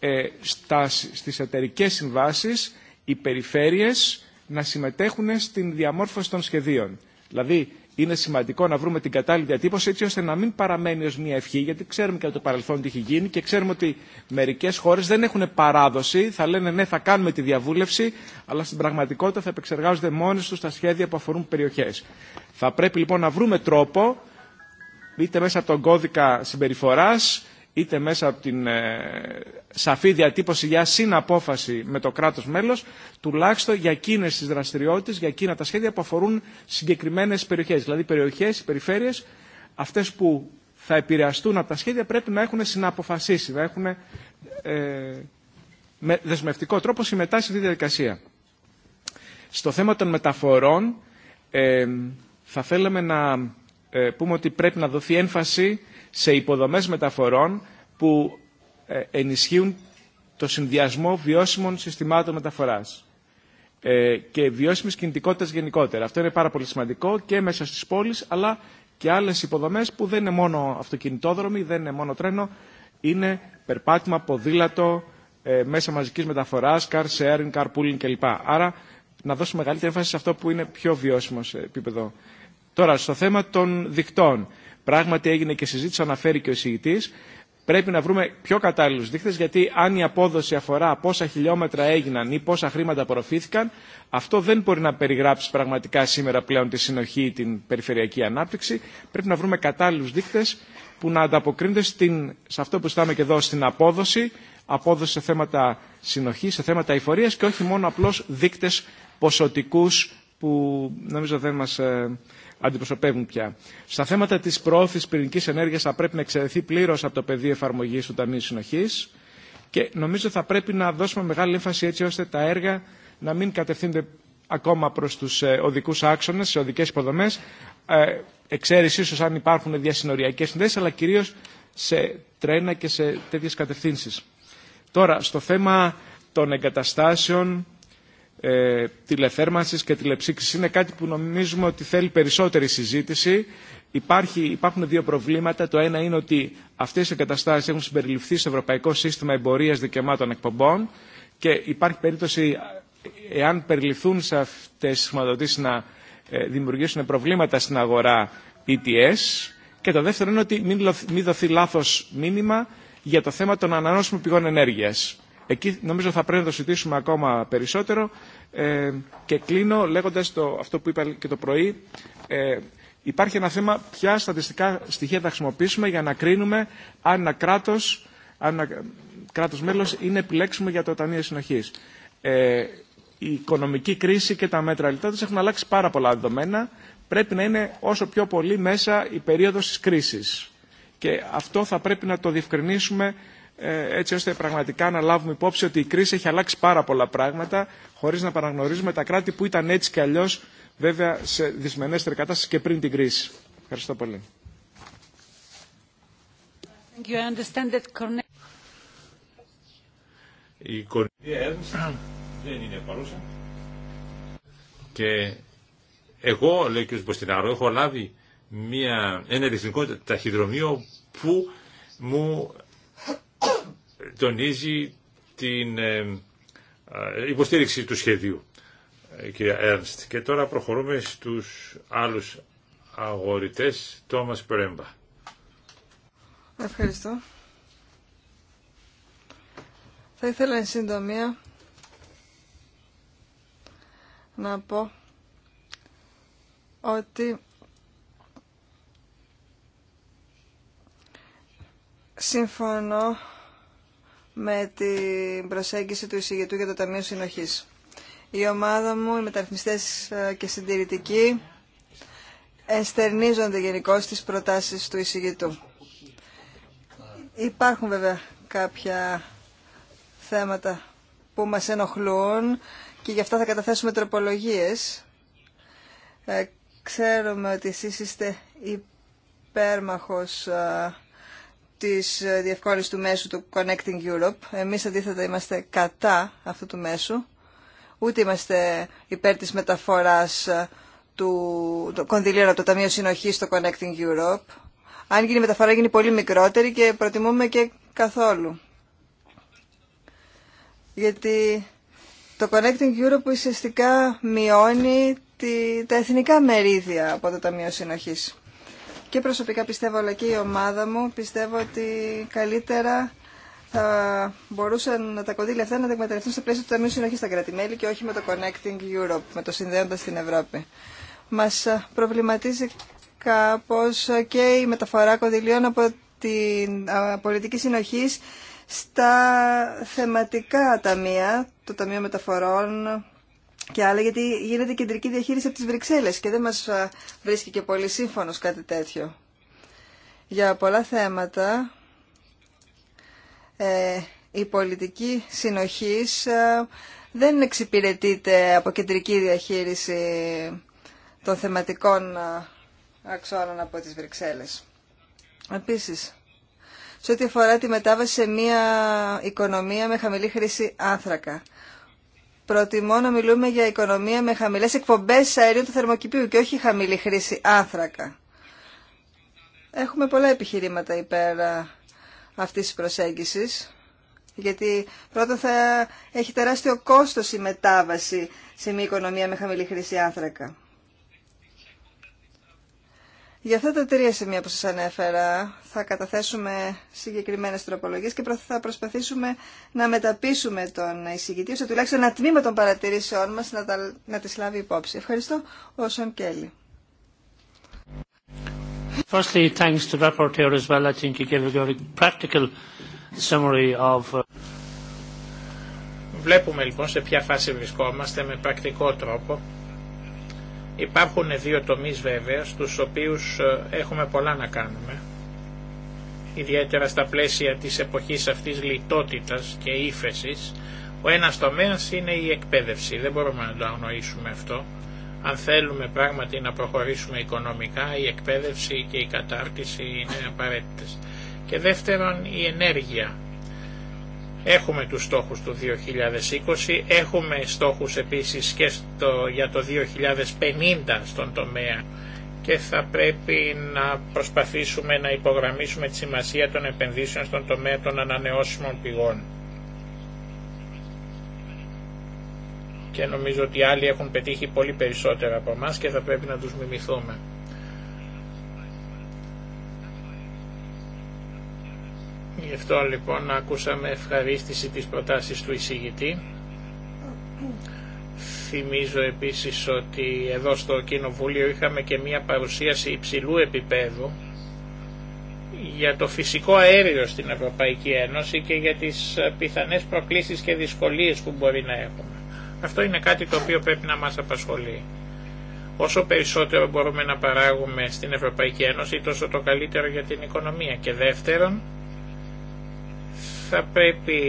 ε, στα, στις εταιρικές συμβάσεις οι περιφέρειες να συμμετέχουν στην διαμόρφωση των σχεδίων. Δηλαδή είναι σημαντικό να βρούμε την κατάλληλη διατύπωση έτσι ώστε να μην παραμένει ω μια ευχή, γιατί ξέρουμε και από το παρελθόν τι έχει γίνει και ξέρουμε ότι μερικέ χώρε δεν έχουν παράδοση, θα λένε ναι, θα κάνουμε τη διαβούλευση, αλλά στην πραγματικότητα θα επεξεργάζονται μόνε του τα σχέδια που αφορούν περιοχέ. Θα πρέπει λοιπόν να βρούμε τρόπο, είτε μέσα από τον κώδικα συμπεριφορά, είτε μέσα από την ε, σαφή διατύπωση για συναπόφαση με το κράτος μέλος, τουλάχιστον για εκείνες τις δραστηριότητες, για εκείνα τα σχέδια που αφορούν συγκεκριμένες περιοχές. Δηλαδή περιοχές, περιφέρειες, αυτές που θα επηρεαστούν από τα σχέδια πρέπει να έχουν συναποφασίσει, να έχουν ε, με δεσμευτικό τρόπο συμμετάσχει στη διαδικασία. Στο θέμα των μεταφορών ε, θα θέλαμε να ε, πούμε ότι πρέπει να δοθεί έμφαση σε υποδομές μεταφορών που ε, ενισχύουν το συνδυασμό βιώσιμων συστημάτων μεταφοράς ε, και βιώσιμης κινητικότητας γενικότερα. Αυτό είναι πάρα πολύ σημαντικό και μέσα στις πόλεις αλλά και άλλες υποδομές που δεν είναι μόνο αυτοκινητόδρομοι, δεν είναι μόνο τρένο, είναι περπάτημα, ποδήλατο, μέσα μαζικής μεταφοράς, car sharing, pooling κλπ. Άρα να δώσουμε μεγαλύτερη έμφαση σε αυτό που είναι πιο βιώσιμο σε επίπεδο Τώρα, στο θέμα των δικτών, πράγματι έγινε και συζήτηση, αναφέρει και ο εισηγητή. Πρέπει να βρούμε πιο κατάλληλου δείκτε, γιατί αν η απόδοση αφορά πόσα χιλιόμετρα έγιναν ή πόσα χρήματα απορροφήθηκαν, αυτό δεν μπορεί να περιγράψει πραγματικά σήμερα πλέον τη συνοχή ή την περιφερειακή ανάπτυξη. Πρέπει να βρούμε κατάλληλου δείκτε που να ανταποκρίνονται σε αυτό που στάμε και εδώ, στην απόδοση, απόδοση σε θέματα συνοχή, σε θέματα εφορία και όχι μόνο απλώ δείκτε ποσοτικού που νομίζω δεν μα ε, αντιπροσωπεύουν πια. Στα θέματα τη προώθηση πυρηνική ενέργεια θα πρέπει να εξαιρεθεί πλήρω από το πεδίο εφαρμογή του Ταμείου Συνοχή και νομίζω θα πρέπει να δώσουμε μεγάλη έμφαση έτσι ώστε τα έργα να μην κατευθύνονται ακόμα προ του ε, οδικού άξονε, σε οδικέ υποδομέ, ε, εξαίρεση ίσω αν υπάρχουν διασυνοριακέ συνδέσει, αλλά κυρίω σε τρένα και σε τέτοιε κατευθύνσει. Τώρα, στο θέμα των εγκαταστάσεων ε, τηλεθέρμανσης και τηλεψήξης είναι κάτι που νομίζουμε ότι θέλει περισσότερη συζήτηση. Υπάρχει, υπάρχουν δύο προβλήματα. Το ένα είναι ότι αυτές οι εγκαταστάσεις έχουν συμπεριληφθεί στο Ευρωπαϊκό Σύστημα Εμπορίας Δικαιωμάτων Εκπομπών και υπάρχει περίπτωση, εάν περιληφθούν σε αυτές τις χρηματοδοτήσεις, να ε, δημιουργήσουν προβλήματα στην αγορά ETS. Και το δεύτερο είναι ότι μην δοθεί λάθος μήνυμα για το θέμα των ανανώσιμων πηγών ενέργειας Εκεί νομίζω θα πρέπει να το συζητήσουμε ακόμα περισσότερο ε, και κλείνω λέγοντας αυτό που είπα και το πρωί. Ε, υπάρχει ένα θέμα ποια στατιστικά στοιχεία θα χρησιμοποιήσουμε για να κρίνουμε αν ένα κράτος, αν ένα κράτος μέλος είναι επιλέξιμο για το Ταμείο Συνοχής. Ε, η οικονομική κρίση και τα μέτρα λιτότητας έχουν αλλάξει πάρα πολλά δεδομένα. Πρέπει να είναι όσο πιο πολύ μέσα η περίοδος της κρίσης. Και αυτό θα πρέπει να το διευκρινίσουμε ε, έτσι ώστε πραγματικά να λάβουμε υπόψη ότι η κρίση έχει αλλάξει πάρα πολλά πράγματα χωρίς να παραγνωρίζουμε τα κράτη που ήταν έτσι και αλλιώ, βέβαια σε δυσμενέστερη κατάσταση και πριν την κρίση. Ευχαριστώ πολύ. Η Κορνίδια δεν είναι παρούσα. Και εγώ, λέει ο έχω λάβει μια, ένα ταχυδρομείο που μου τονίζει την ε, ε, υποστήριξη του σχεδίου, ε, κυρία Έρνστ. Και τώρα προχωρούμε στους άλλους αγορητές, Τόμας Πρέμπα. Ευχαριστώ. Θα ήθελα εν συντομία να πω ότι Συμφωνώ με την προσέγγιση του εισηγητού για το Ταμείο Συνοχής. Η ομάδα μου, οι μεταρρυθμιστές ε, και συντηρητικοί, ενστερνίζονται γενικώ στις προτάσεις του εισηγητού. Υπάρχουν βέβαια κάποια θέματα που μας ενοχλούν και γι' αυτά θα καταθέσουμε τροπολογίες. Ε, ξέρουμε ότι εσείς είστε υπέρμαχος ε, της ε, διευκόλυνση του μέσου του Connecting Europe. Εμείς αντίθετα είμαστε κατά αυτού του μέσου. Ούτε είμαστε υπέρ της μεταφοράς ε, του το κονδυλίων από το Ταμείο Συνοχής στο Connecting Europe. Αν γίνει μεταφορά γίνει πολύ μικρότερη και προτιμούμε και καθόλου. Γιατί το Connecting Europe ουσιαστικά μειώνει τη, τα εθνικά μερίδια από το Ταμείο Συνοχής και προσωπικά πιστεύω αλλά και η ομάδα μου πιστεύω ότι καλύτερα θα μπορούσαν τα κονδύλια αυτά να τα εκμεταλλευτούν στο πλαίσιο του Ταμείου Συνοχή στα κρατημέλη και όχι με το Connecting Europe, με το Συνδέοντα την Ευρώπη. Μα προβληματίζει κάπω και η μεταφορά κονδυλίων από την πολιτική συνοχή στα θεματικά ταμεία, το Ταμείο Μεταφορών, και άλλα γιατί γίνεται κεντρική διαχείριση από τις Βρυξέλλες και δεν μας ε, βρίσκει και πολύ σύμφωνος κάτι τέτοιο. Για πολλά θέματα ε, η πολιτική συνοχής ε, δεν εξυπηρετείται από κεντρική διαχείριση των θεματικών αξώνων από τις Βρυξέλλες. Επίσης, σε ό,τι αφορά τη μετάβαση σε μια οικονομία με χαμηλή χρήση άνθρακα. Προτιμώ να μιλούμε για οικονομία με χαμηλές εκπομπές αερίου του θερμοκηπίου και όχι χαμηλή χρήση άνθρακα. Έχουμε πολλά επιχειρήματα υπέρ αυτής της προσέγγισης, γιατί πρώτα θα έχει τεράστιο κόστος η μετάβαση σε μια οικονομία με χαμηλή χρήση άνθρακα. Για αυτά τα τρία σημεία που σας ανέφερα θα καταθέσουμε συγκεκριμένες τροπολογίες και θα προσπαθήσουμε να μεταπίσουμε τον εισηγητή, ώστε τουλάχιστον ένα τμήμα των παρατηρήσεών μας να, τα, να τις λάβει υπόψη. Ευχαριστώ, ο Σον Κέλλη. Firstly, thanks to the rapporteur as well. I think he gave a very practical summary of... Uh, Βλέπουμε λοιπόν σε ποια φάση βρισκόμαστε με πρακτικό τρόπο Υπάρχουν δύο τομείς βέβαια στους οποίους ε, έχουμε πολλά να κάνουμε ιδιαίτερα στα πλαίσια της εποχής αυτής λιτότητας και ύφεση. Ο ένας τομέας είναι η εκπαίδευση, δεν μπορούμε να το αγνοήσουμε αυτό. Αν θέλουμε πράγματι να προχωρήσουμε οικονομικά, η εκπαίδευση και η κατάρτιση είναι απαραίτητες. Και δεύτερον η ενέργεια, Έχουμε τους στόχους του 2020, έχουμε στόχους επίσης και στο, για το 2050 στον τομέα και θα πρέπει να προσπαθήσουμε να υπογραμμίσουμε τη σημασία των επενδύσεων στον τομέα των ανανεώσιμων πηγών. Και νομίζω ότι άλλοι έχουν πετύχει πολύ περισσότερα από εμά και θα πρέπει να τους μιμηθούμε. Γι' αυτό λοιπόν ακούσαμε ευχαρίστηση της προτάσεις του εισηγητή. Θυμίζω επίσης ότι εδώ στο Κοινοβούλιο είχαμε και μία παρουσίαση υψηλού επίπεδου για το φυσικό αέριο στην Ευρωπαϊκή Ένωση και για τις πιθανές προκλήσεις και δυσκολίες που μπορεί να έχουμε. Αυτό είναι κάτι το οποίο πρέπει να μας απασχολεί. Όσο περισσότερο μπορούμε να παράγουμε στην Ευρωπαϊκή Ένωση, τόσο το καλύτερο για την οικονομία. Και δεύτερον, θα πρέπει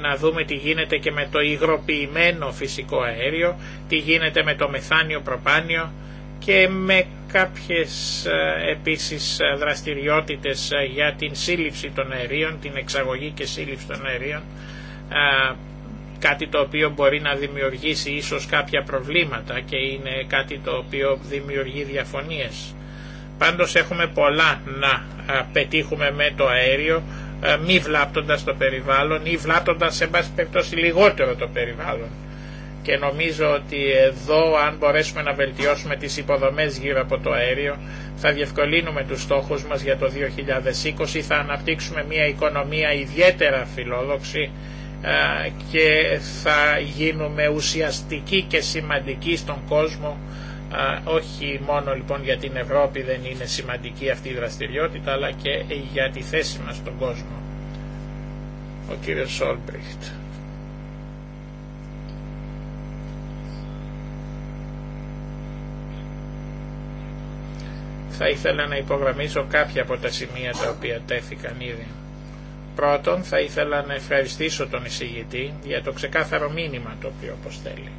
να δούμε τι γίνεται και με το υγροποιημένο φυσικό αέριο, τι γίνεται με το μεθάνιο προπάνιο και με κάποιες ε, επίσης ε, δραστηριότητες ε, για την σύλληψη των αερίων, την εξαγωγή και σύλληψη των αερίων, κάτι το οποίο μπορεί να δημιουργήσει ίσως κάποια προβλήματα και είναι κάτι το οποίο δημιουργεί διαφωνίες. Πάντως έχουμε πολλά να πετύχουμε με το αέριο ε, μη βλάπτοντας το περιβάλλον ή βλάπτοντας σε πάση περιπτώσει λιγότερο το περιβάλλον. Και νομίζω ότι εδώ αν μπορέσουμε να βελτιώσουμε τις υποδομές γύρω από το αέριο θα διευκολύνουμε τους στόχους μας για το 2020, θα αναπτύξουμε μια οικονομία ιδιαίτερα φιλόδοξη ε, και θα γίνουμε ουσιαστικοί και σημαντικοί στον κόσμο όχι μόνο λοιπόν για την Ευρώπη δεν είναι σημαντική αυτή η δραστηριότητα αλλά και για τη θέση μας στον κόσμο. Ο κύριος Σόλμπριχτ. Θα ήθελα να υπογραμμίσω κάποια από τα σημεία τα οποία τέθηκαν ήδη. Πρώτον, θα ήθελα να ευχαριστήσω τον εισηγητή για το ξεκάθαρο μήνυμα το οποίο αποστέλει.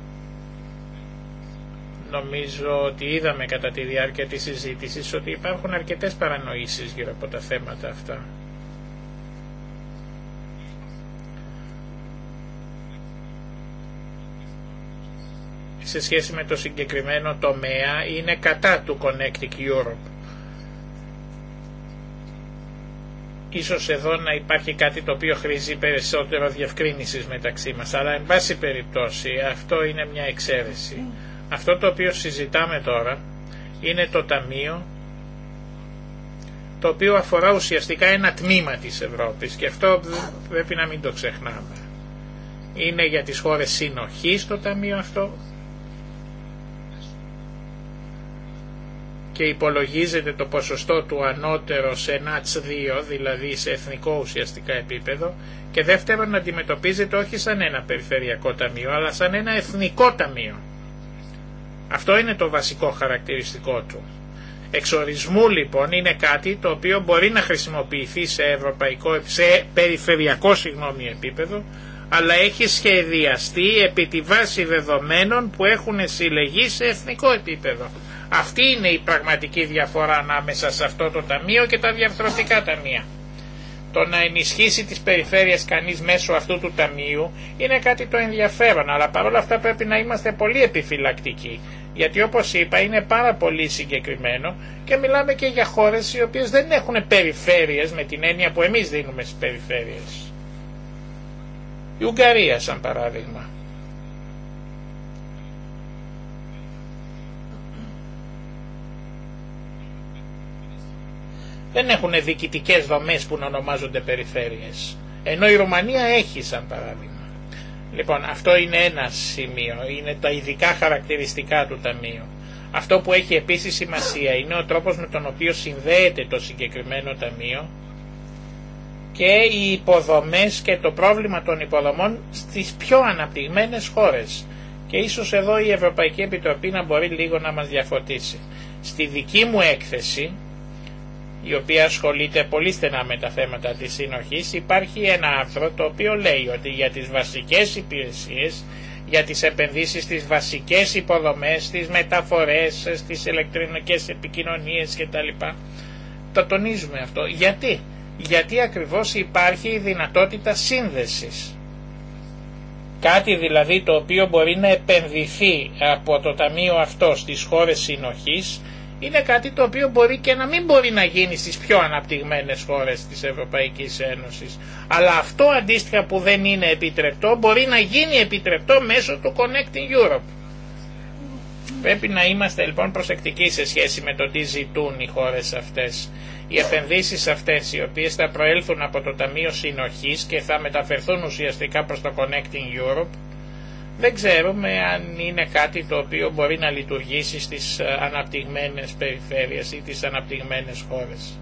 Νομίζω ότι είδαμε κατά τη διάρκεια της συζήτησης ότι υπάρχουν αρκετές παρανοήσεις γύρω από τα θέματα αυτά. σε σχέση με το συγκεκριμένο τομέα είναι κατά του Connecting Europe. Ίσως εδώ να υπάρχει κάτι το οποίο χρήζει περισσότερο διευκρίνησης μεταξύ μας, αλλά εν πάση περιπτώσει αυτό είναι μια εξαίρεση. Αυτό το οποίο συζητάμε τώρα είναι το Ταμείο το οποίο αφορά ουσιαστικά ένα τμήμα της Ευρώπης και αυτό πρέπει να μην το ξεχνάμε. Είναι για τις χώρες συνοχής το Ταμείο αυτό και υπολογίζεται το ποσοστό του ανώτερο σε ΝΑΤΣ2, δηλαδή σε εθνικό ουσιαστικά επίπεδο, και δεύτερον αντιμετωπίζεται όχι σαν ένα περιφερειακό ταμείο, αλλά σαν ένα εθνικό ταμείο. Αυτό είναι το βασικό χαρακτηριστικό του. Εξορισμού λοιπόν είναι κάτι το οποίο μπορεί να χρησιμοποιηθεί σε, ευρωπαϊκό, περιφερειακό συγγνώμη, επίπεδο αλλά έχει σχεδιαστεί επί τη βάση δεδομένων που έχουν συλλεγεί σε εθνικό επίπεδο. Αυτή είναι η πραγματική διαφορά ανάμεσα σε αυτό το ταμείο και τα διαφθορτικά ταμεία. Το να ενισχύσει τις περιφέρειες κανείς μέσω αυτού του ταμείου είναι κάτι το ενδιαφέρον, αλλά παρόλα αυτά πρέπει να είμαστε πολύ επιφυλακτικοί γιατί όπως είπα είναι πάρα πολύ συγκεκριμένο και μιλάμε και για χώρες οι οποίες δεν έχουν περιφέρειες με την έννοια που εμείς δίνουμε στις περιφέρειες. Η Ουγγαρία σαν παράδειγμα. Δεν έχουν διοικητικές δομές που να ονομάζονται περιφέρειες. Ενώ η Ρουμανία έχει σαν παράδειγμα. Λοιπόν, αυτό είναι ένα σημείο, είναι τα ειδικά χαρακτηριστικά του Ταμείου. Αυτό που έχει επίσης σημασία είναι ο τρόπος με τον οποίο συνδέεται το συγκεκριμένο Ταμείο και οι υποδομές και το πρόβλημα των υποδομών στις πιο αναπτυγμένες χώρες. Και ίσως εδώ η Ευρωπαϊκή Επιτροπή να μπορεί λίγο να μας διαφωτίσει. Στη δική μου έκθεση η οποία ασχολείται πολύ στενά με τα θέματα της συνοχής, υπάρχει ένα άρθρο το οποίο λέει ότι για τις βασικές υπηρεσίες, για τις επενδύσεις στις βασικές υποδομές, στις μεταφορές, στις ηλεκτρονικές επικοινωνίες κτλ. Το τονίζουμε αυτό. Γιατί? Γιατί ακριβώς υπάρχει η δυνατότητα σύνδεσης. Κάτι δηλαδή το οποίο μπορεί να επενδυθεί από το Ταμείο αυτό στις χώρες συνοχής είναι κάτι το οποίο μπορεί και να μην μπορεί να γίνει στις πιο αναπτυγμένες χώρες της Ευρωπαϊκής Ένωσης. Αλλά αυτό αντίστοιχα που δεν είναι επιτρεπτό μπορεί να γίνει επιτρεπτό μέσω του Connecting Europe. Πρέπει να είμαστε λοιπόν προσεκτικοί σε σχέση με το τι ζητούν οι χώρες αυτές. Οι επενδύσεις αυτές οι οποίες θα προέλθουν από το Ταμείο Συνοχής και θα μεταφερθούν ουσιαστικά προς το Connecting Europe δεν ξέρουμε αν είναι κάτι το οποίο μπορεί να λειτουργήσει στις ε, αναπτυγμένες περιφέρειες ή τις αναπτυγμένες χώρες.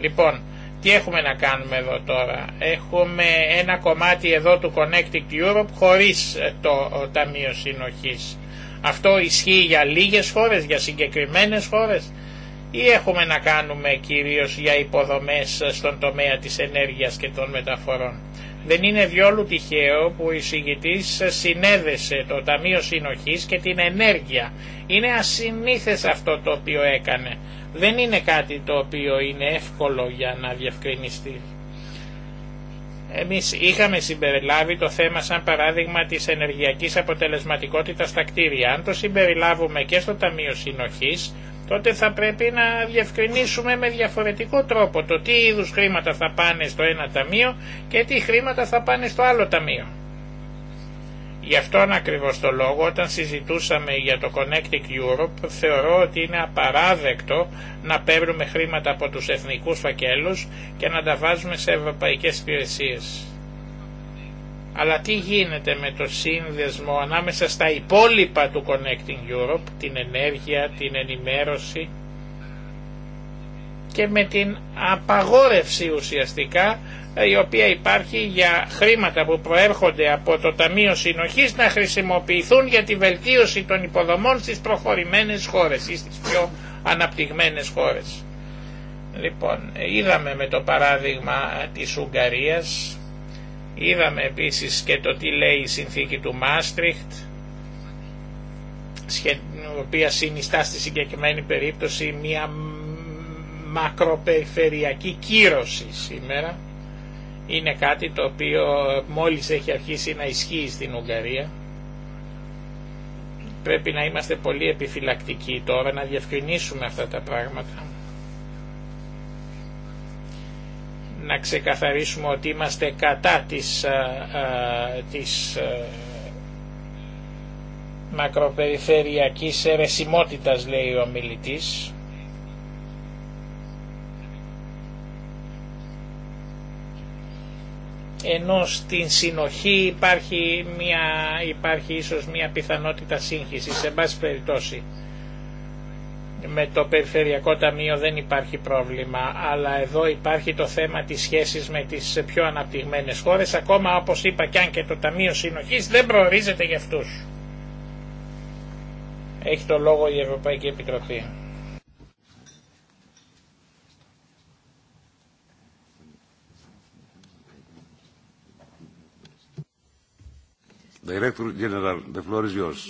Λοιπόν, τι έχουμε να κάνουμε εδώ τώρα. Έχουμε ένα κομμάτι εδώ του Connected Europe χωρίς ε, το Ταμείο Συνοχής. Αυτό ισχύει για λίγες χώρες, για συγκεκριμένες χώρες ή έχουμε να κάνουμε κυρίως για υποδομές ε, στον τομέα της ενέργειας και των μεταφορών. Δεν είναι διόλου τυχαίο που ο εισηγητής συνέδεσε το Ταμείο Συνοχής και την ενέργεια. Είναι ασυνήθες αυτό το οποίο έκανε. Δεν είναι κάτι το οποίο είναι εύκολο για να διευκρινιστεί. Εμείς είχαμε συμπεριλάβει το θέμα σαν παράδειγμα της ενεργειακής αποτελεσματικότητας στα κτίρια. Αν το συμπεριλάβουμε και στο Ταμείο Συνοχής, τότε θα πρέπει να διευκρινίσουμε με διαφορετικό τρόπο το τι είδους χρήματα θα πάνε στο ένα ταμείο και τι χρήματα θα πάνε στο άλλο ταμείο. Γι' αυτόν ακριβώς το λόγο όταν συζητούσαμε για το Connecting Europe θεωρώ ότι είναι απαράδεκτο να παίρνουμε χρήματα από τους εθνικούς φακέλους και να τα βάζουμε σε ευρωπαϊκές υπηρεσίες. Αλλά τι γίνεται με το σύνδεσμο ανάμεσα στα υπόλοιπα του Connecting Europe, την ενέργεια, την ενημέρωση και με την απαγόρευση ουσιαστικά ε, η οποία υπάρχει για χρήματα που προέρχονται από το Ταμείο Συνοχής να χρησιμοποιηθούν για τη βελτίωση των υποδομών στις προχωρημένες χώρες ή στις πιο αναπτυγμένες χώρες. Λοιπόν, ε, είδαμε με το παράδειγμα ε, της Ουγγαρίας Είδαμε επίσης και το τι λέει η συνθήκη του Μάστριχτ, η οποία συνιστά στη συγκεκριμένη περίπτωση μια μακροπεριφερειακή κύρωση σήμερα. Είναι κάτι το οποίο μόλις έχει αρχίσει να ισχύει στην Ουγγαρία. Πρέπει να είμαστε πολύ επιφυλακτικοί τώρα να διευκρινίσουμε αυτά τα πράγματα να ξεκαθαρίσουμε ότι είμαστε κατά της, α, ε, α, ε, της ε, μακροπεριφερειακής αιρεσιμότητας λέει ο μιλητής ενώ στην συνοχή υπάρχει, μια, υπάρχει ίσως μια πιθανότητα σύγχυσης σε πάση περιπτώσει με το Περιφερειακό Ταμείο δεν υπάρχει πρόβλημα, αλλά εδώ υπάρχει το θέμα της σχέσης με τις πιο αναπτυγμένες χώρες, ακόμα όπως είπα και αν και το Ταμείο Συνοχής δεν προορίζεται για αυτούς. Έχει το λόγο η Ευρωπαϊκή Επιτροπή. Director General, the floor is yours.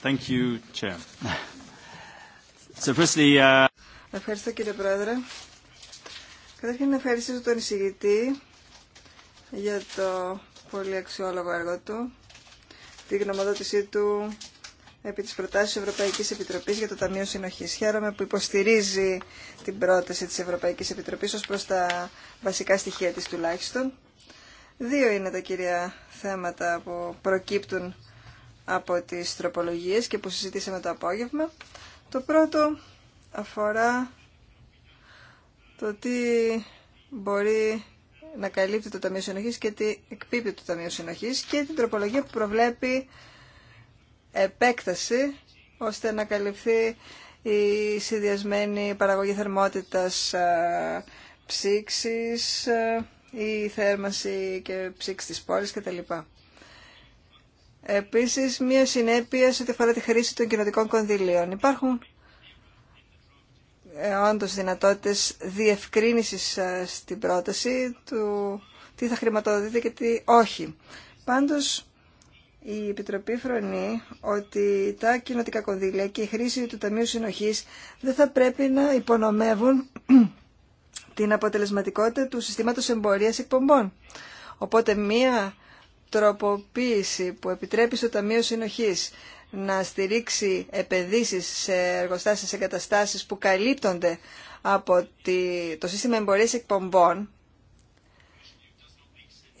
Uh, Ευχαριστώ κύριε Πρόεδρε. Καταρχήν να ευχαριστήσω τον εισηγητή για το πολύ αξιόλογο έργο του, τη γνωμοδότησή του επί της προτάσεως της Ευρωπαϊκής Επιτροπής για το Ταμείο Συνοχής. Χαίρομαι που υποστηρίζει την πρόταση της Ευρωπαϊκής Επιτροπής ως προς τα βασικά στοιχεία της τουλάχιστον. Δύο είναι τα κυρία θέματα που προκύπτουν από τις τροπολογίες και που συζητήσαμε το απόγευμα. Το πρώτο αφορά το τι μπορεί να καλύπτει το Ταμείο Συνοχής και τι εκπίπτει το Ταμείο Συνοχής και την τροπολογία που προβλέπει επέκταση ώστε να καλυφθεί η συνδυασμένη παραγωγή θερμότητας ψήξης, η θέρμανση και ψήξη της πόλης κτλ. Επίση μία συνέπεια σε ό,τι αφορά τη χρήση των κοινοτικών κονδυλίων. Υπάρχουν ε, δυνατότητε διευκρίνηση διευκρίνησης ε, στην πρόταση του τι θα χρηματοδοτείτε και τι όχι. Πάντως, η Επιτροπή φρονεί ότι τα κοινοτικά κονδύλια και η χρήση του Ταμείου Συνοχής δεν θα πρέπει να υπονομεύουν την αποτελεσματικότητα του συστήματος εμπορίας εκπομπών. Οπότε μία τροποποίηση που επιτρέπει στο Ταμείο Συνοχής να στηρίξει επενδύσεις σε εργοστάσεις, σε εγκαταστάσεις που καλύπτονται από το σύστημα εμπορίας εκπομπών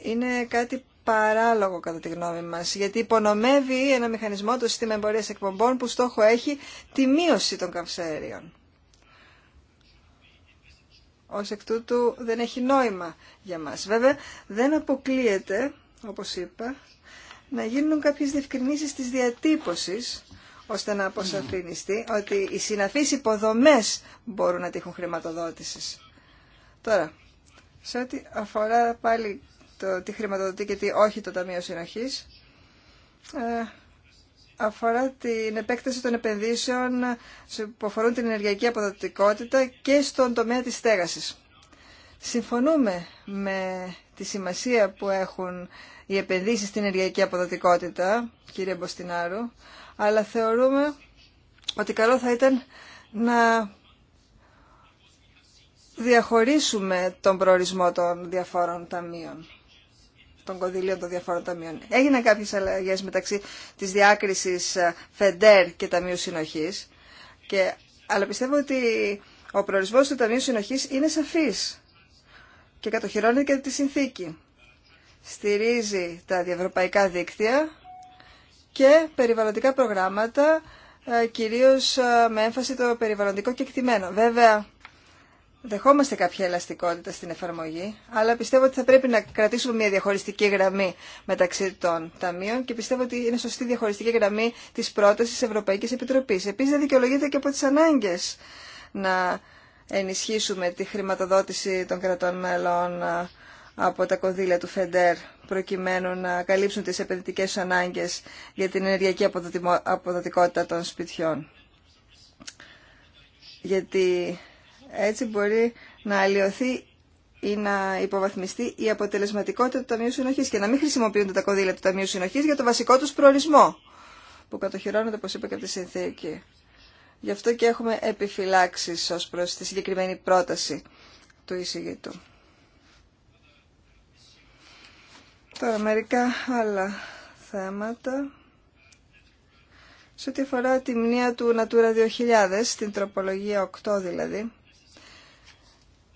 είναι κάτι παράλογο κατά τη γνώμη μας γιατί υπονομεύει ένα μηχανισμό το σύστημα εμπορίας εκπομπών που στόχο έχει τη μείωση των καυσαέριων. Ως εκ τούτου δεν έχει νόημα για μας. Βέβαια δεν αποκλείεται όπως είπα, να γίνουν κάποιες διευκρινήσεις της διατύπωσης, ώστε να αποσαφινιστεί ότι οι συναφείς υποδομές μπορούν να τύχουν χρηματοδότησης. Τώρα, σε ό,τι αφορά πάλι το τι χρηματοδοτεί και τι όχι το Ταμείο Συνοχής, ε, αφορά την επέκταση των επενδύσεων που αφορούν την ενεργειακή αποδοτικότητα και στον τομέα της στέγασης. Συμφωνούμε με τη σημασία που έχουν οι επενδύσεις στην ενεργειακή αποδοτικότητα, κύριε Μποστινάρου, αλλά θεωρούμε ότι καλό θα ήταν να διαχωρίσουμε τον προορισμό των διαφόρων ταμείων, των κονδυλίων των διαφόρων ταμείων. Έγιναν κάποιες αλλαγές μεταξύ της διάκρισης ε, ΦΕΝΤΕΡ και Ταμείου Συνοχής, και, αλλά πιστεύω ότι ο προορισμός του Ταμείου Συνοχής είναι σαφής και κατοχυρώνει και τη συνθήκη. Στηρίζει τα διευρωπαϊκά δίκτυα και περιβαλλοντικά προγράμματα, ε, κυρίως ε, με έμφαση το περιβαλλοντικό κεκτημένο. Βέβαια, δεχόμαστε κάποια ελαστικότητα στην εφαρμογή, αλλά πιστεύω ότι θα πρέπει να κρατήσουμε μια διαχωριστική γραμμή μεταξύ των ταμείων και πιστεύω ότι είναι σωστή διαχωριστική γραμμή της πρότασης Ευρωπαϊκής Επιτροπής. Επίσης, δεν δικαιολογείται και από τις ανάγκες να ενισχύσουμε τη χρηματοδότηση των κρατών μελών ε, από τα κονδύλια του ΦΕΝΤΕΡ προκειμένου να καλύψουν τις επενδυτικές ανάγκες για την ενεργειακή αποδοτικότητα των σπιτιών. Γιατί έτσι μπορεί να αλλοιωθεί ή να υποβαθμιστεί η αποτελεσματικότητα του Ταμείου συνοχή και να μην χρησιμοποιούνται τα κονδύλια του Ταμείου συνοχή για το βασικό του προορισμό που κατοχυρώνεται, όπω είπα, και από τη συνθήκη. Γι' αυτό και έχουμε επιφυλάξεις ως προς τη συγκεκριμένη πρόταση του εισηγήτου. Τώρα μερικά άλλα θέματα. Σε ό,τι αφορά τη μνήα του Natura 2000, στην τροπολογία 8 δηλαδή,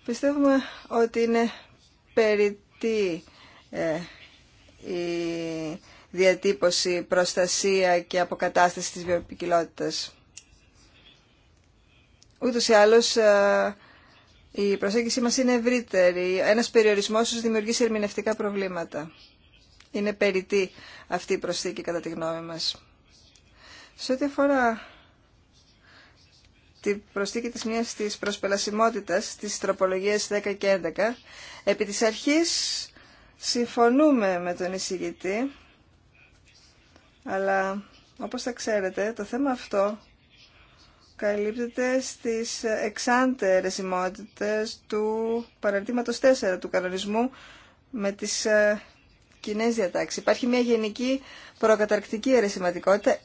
πιστεύουμε ότι είναι περιττή ε, η διατύπωση, προστασία και αποκατάσταση της βιοποικιλότητας. Ούτως ή άλλως ε, η προσέγγιση μας είναι ευρύτερη. Ένας περιορισμός τους δημιουργεί σε ερμηνευτικά προβλήματα. Είναι περιττή αυτή η προσεγγιση μας ειναι ευρυτερη ενας περιορισμος τους δημιουργει κατά τη γνώμη μας. Σε ό,τι αφορά την προσθήκη της μίας της προσπελασιμότητας, της τροπολογίας 10 και 11, επί της αρχής συμφωνούμε με τον εισηγητή, αλλά όπως θα ξέρετε το θέμα αυτό καλύπτεται στις εξάντε ρεσιμότητες του παραρτήματος 4 του κανονισμού με τις ε, κοινέ διατάξει. Υπάρχει μια γενική προκαταρκτική αιρεσιματικότητα,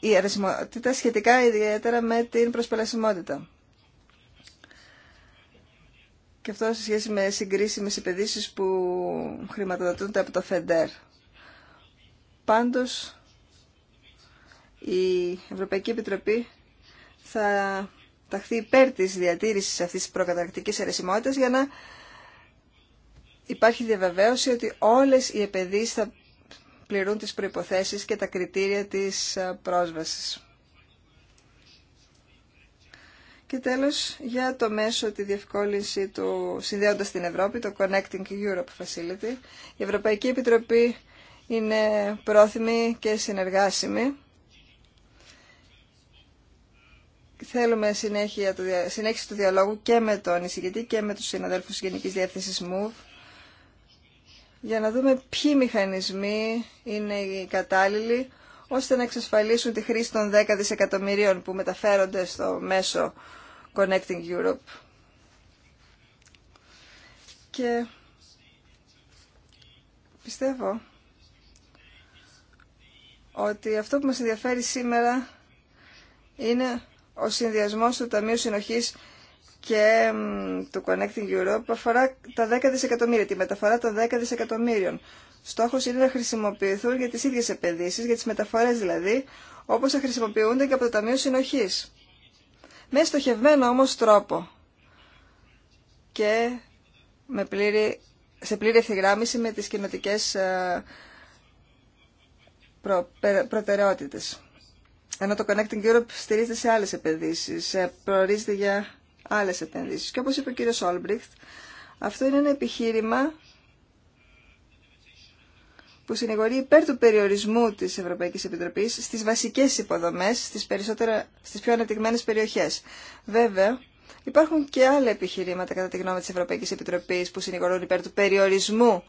η αιρεσιμότητα σχετικά ιδιαίτερα με την προσπελασιμότητα. Και αυτό σε σχέση με συγκρίσιμες επενδύσεις που χρηματοδοτούνται από το ΦΕΝΤΕΡ. Πάντως, η Ευρωπαϊκή Επιτροπή θα ταχθεί υπέρ τη διατήρησης αυτής τη προκαταρκτική αιρεσιμότητα για να υπάρχει διαβεβαίωση ότι όλες οι επενδύσει θα πληρούν τις προϋποθέσεις και τα κριτήρια της ε, πρόσβασης. Και τέλος, για το μέσο τη διευκόλυνση του συνδέοντας την Ευρώπη, το Connecting Europe Facility, η Ευρωπαϊκή Επιτροπή είναι πρόθυμη και συνεργάσιμη θέλουμε συνέχεια του, συνέχιση του διαλόγου και με τον εισηγητή και με τους συναδέλφους της Γενικής Διεύθυνσης MOVE για να δούμε ποιοι μηχανισμοί είναι οι κατάλληλοι ώστε να εξασφαλίσουν τη χρήση των 10 δισεκατομμυρίων που μεταφέρονται στο μέσο Connecting Europe. Και πιστεύω ότι αυτό που μας ενδιαφέρει σήμερα είναι ο συνδυασμός του Ταμείου Συνοχής και του Connecting Europe αφορά τα 10 δισεκατομμύρια, τη μεταφορά των 10 δισεκατομμύριων. Στόχος είναι να χρησιμοποιηθούν για τις ίδιες επενδύσεις, για τις μεταφορές δηλαδή, όπως θα χρησιμοποιούνται και από το Ταμείο Συνοχής. Με στοχευμένο όμως τρόπο και με πλήρη, σε πλήρη ευθυγράμμιση με τις κοινοτικές ε, προ, προτεραιότητες. Ενώ το Connecting Europe στηρίζεται σε άλλες επενδύσεις, ε, προορίζεται για άλλες επενδύσεις. Και όπως είπε ο κύριος Όλμπριχτ, αυτό είναι ένα επιχείρημα που συνηγορεί υπέρ του περιορισμού της Ευρωπαϊκής Επιτροπής στις βασικές υποδομές, στις, περισσότερα, στις πιο ανεπτυγμένες περιοχές. Βέβαια, υπάρχουν και άλλα επιχειρήματα κατά τη γνώμη της Ευρωπαϊκής Επιτροπής που συνηγορούν υπέρ του περιορισμού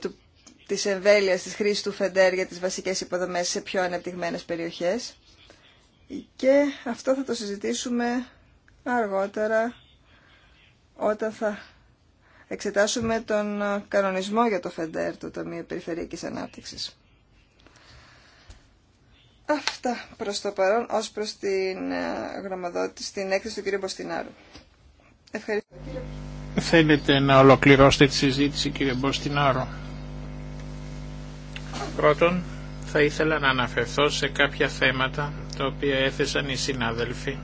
του της εμβέλειας της χρήση του ΦΕΝΤΕΡ για τις βασικές υποδομές σε πιο ανεπτυγμένες περιοχές. Και αυτό θα το συζητήσουμε αργότερα όταν θα εξετάσουμε τον κανονισμό για το ΦΕΝΤΕΡ, το Ταμείο Περιφερειακής Ανάπτυξης. Αυτά προς το παρόν ως προς την ε, την έκθεση του κ. Μποστινάρου. Ευχαριστώ. Θέλετε να ολοκληρώσετε τη συζήτηση κύριε Μποστινάρο. Πρώτον, θα ήθελα να αναφερθώ σε κάποια θέματα τα οποία έθεσαν οι συνάδελφοι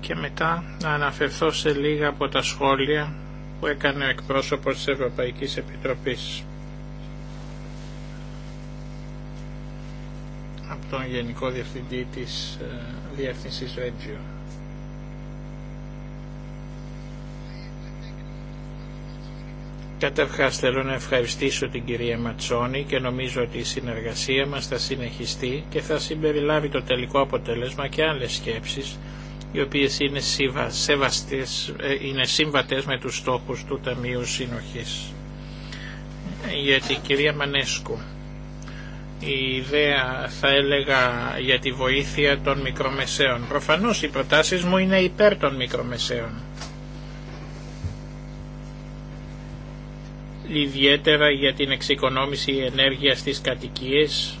και μετά να αναφερθώ σε λίγα από τα σχόλια που έκανε ο εκπρόσωπος της Ευρωπαϊκής Επιτροπής. από τον Γενικό Διευθυντή της ε, Διεύθυνσης Ρέντζιου. Καταρχάς θέλω να ευχαριστήσω την κυρία Ματσόνη και νομίζω ότι η συνεργασία μας θα συνεχιστεί και θα συμπεριλάβει το τελικό αποτέλεσμα και άλλες σκέψεις οι οποίες είναι, σεβαστές, ε, είναι σύμβατες με τους στόχους του Ταμείου Συνοχής. Για την κυρία Μανέσκου, η ιδέα θα έλεγα για τη βοήθεια των μικρομεσαίων. Προφανώς οι προτάσεις μου είναι υπέρ των μικρομεσαίων ιδιαίτερα για την εξοικονόμηση ενέργειας στις κατοικίες,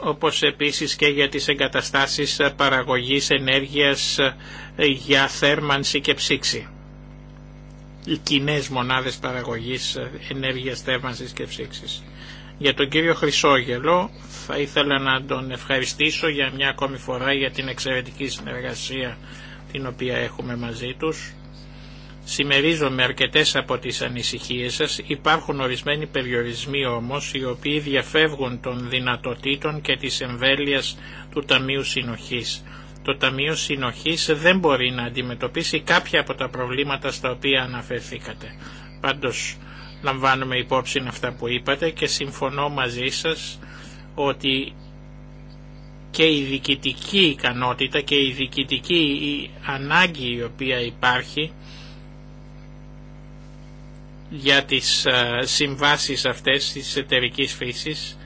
όπως επίσης και για τις εγκαταστάσεις παραγωγής ενέργειας για θέρμανση και ψήξη. Οι κοινέ μονάδες παραγωγής ενέργειας θέρμανσης και ψήξης. Για τον κύριο Χρυσόγελο θα ήθελα να τον ευχαριστήσω για μια ακόμη φορά για την εξαιρετική συνεργασία την οποία έχουμε μαζί τους Συμμερίζομαι αρκετέ από τις ανησυχίες σας, υπάρχουν ορισμένοι περιορισμοί όμως οι οποίοι διαφεύγουν των δυνατοτήτων και τη εμβέλειας του Ταμείου Συνοχής. Το Ταμείο Συνοχής δεν μπορεί να αντιμετωπίσει κάποια από τα προβλήματα στα οποία αναφερθήκατε. Πάντως λαμβάνουμε υπόψη αυτά που είπατε και συμφωνώ μαζί σα ότι και η διοικητική ικανότητα και η διοικητική ανάγκη η οποία υπάρχει για τις ε, συμβάσεις αυτές της εταιρική φύσης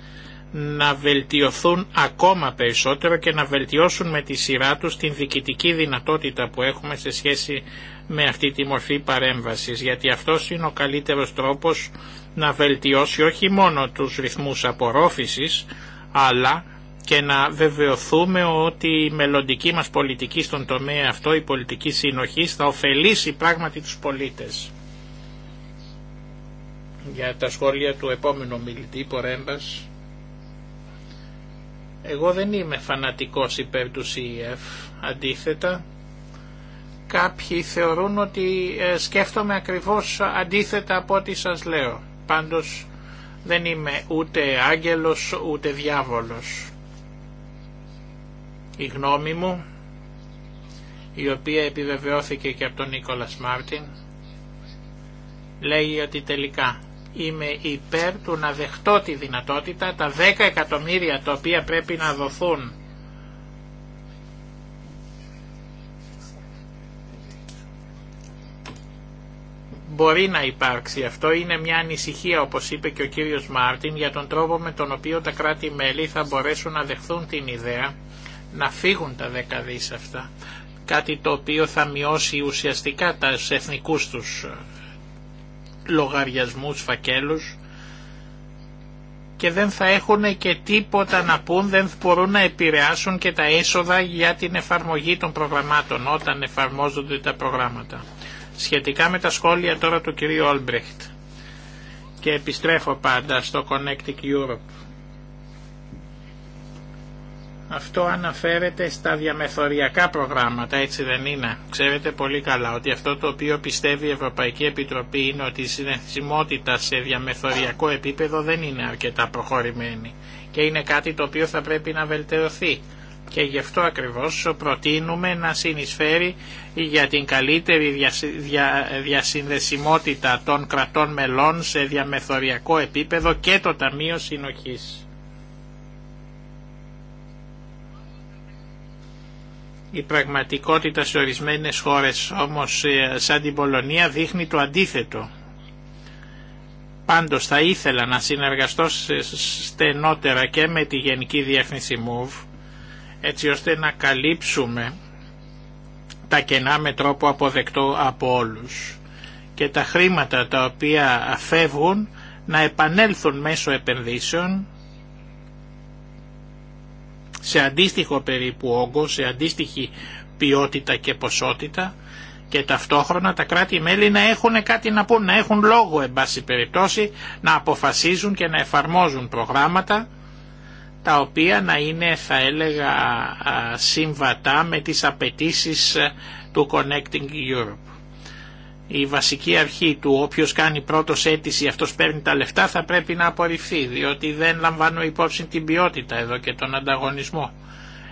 να βελτιωθούν ακόμα περισσότερο και να βελτιώσουν με τη σειρά τους την διοικητική δυνατότητα που έχουμε σε σχέση με αυτή τη μορφή παρέμβασης γιατί αυτός είναι ο καλύτερος τρόπος να βελτιώσει όχι μόνο τους ρυθμούς απορρόφησης αλλά και να βεβαιωθούμε ότι η μελλοντική μας πολιτική στον τομέα αυτό, η πολιτική συνοχή, θα ωφελήσει πράγματι τους πολίτες για τα σχόλια του επόμενου μιλητή Πορέμπας. Εγώ δεν είμαι φανατικός υπέρ του ΣΥΕΦ. E αντίθετα, κάποιοι θεωρούν ότι ε, σκέφτομαι ακριβώς αντίθετα από ό,τι σας λέω. Πάντως δεν είμαι ούτε άγγελος ούτε διάβολος. Η γνώμη μου, η οποία επιβεβαιώθηκε και από τον Νίκολας Μάρτιν, λέει ότι τελικά είμαι υπέρ του να δεχτώ τη δυνατότητα τα 10 εκατομμύρια τα οποία πρέπει να δοθούν μπορεί να υπάρξει αυτό. Είναι μια ανησυχία όπως είπε και ο κύριος Μάρτιν για τον τρόπο με τον οποίο τα κράτη-μέλη θα μπορέσουν να δεχθούν την ιδέα να φύγουν τα δεκαδίς αυτά. Κάτι το οποίο θα μειώσει ουσιαστικά τα εθνικούς τους λογαριασμούς, φακέλους και δεν θα έχουν και τίποτα να πούν, δεν μπορούν να επηρεάσουν και τα έσοδα για την εφαρμογή των προγραμμάτων όταν εφαρμόζονται τα προγράμματα. Σχετικά με τα σχόλια τώρα του κυρίου Όλμπρεχτ και επιστρέφω πάντα στο Connecting Europe. Αυτό αναφέρεται στα διαμεθοριακά προγράμματα, έτσι δεν είναι. Ξέρετε πολύ καλά ότι αυτό το οποίο πιστεύει η Ευρωπαϊκή Επιτροπή είναι ότι η συνεχισμότητα σε διαμεθοριακό επίπεδο δεν είναι αρκετά προχωρημένη και είναι κάτι το οποίο θα πρέπει να βελτιωθεί. Και γι' αυτό ακριβώς προτείνουμε να συνεισφέρει για την καλύτερη διασυνδεσιμότητα των κρατών μελών σε διαμεθοριακό επίπεδο και το Ταμείο Συνοχής. Η πραγματικότητα σε ορισμένες χώρες όμως ε, σαν την Πολωνία δείχνει το αντίθετο. Πάντως θα ήθελα να συνεργαστώ στενότερα και με τη Γενική Διεύθυνση MOVE έτσι ώστε να καλύψουμε τα κενά με τρόπο αποδεκτό από όλους και τα χρήματα τα οποία φεύγουν να επανέλθουν μέσω επενδύσεων σε αντίστοιχο περίπου όγκο, σε αντίστοιχη ποιότητα και ποσότητα και ταυτόχρονα τα κράτη-μέλη να έχουν κάτι να πούν, να έχουν λόγο εν περιπτώσει να αποφασίζουν και να εφαρμόζουν προγράμματα τα οποία να είναι θα έλεγα σύμβατα με τις απαιτήσεις ε, του Connecting Europe η βασική αρχή του όποιος κάνει πρώτος αίτηση αυτός παίρνει τα λεφτά θα πρέπει να απορριφθεί διότι δεν λαμβάνω υπόψη την ποιότητα εδώ και τον ανταγωνισμό.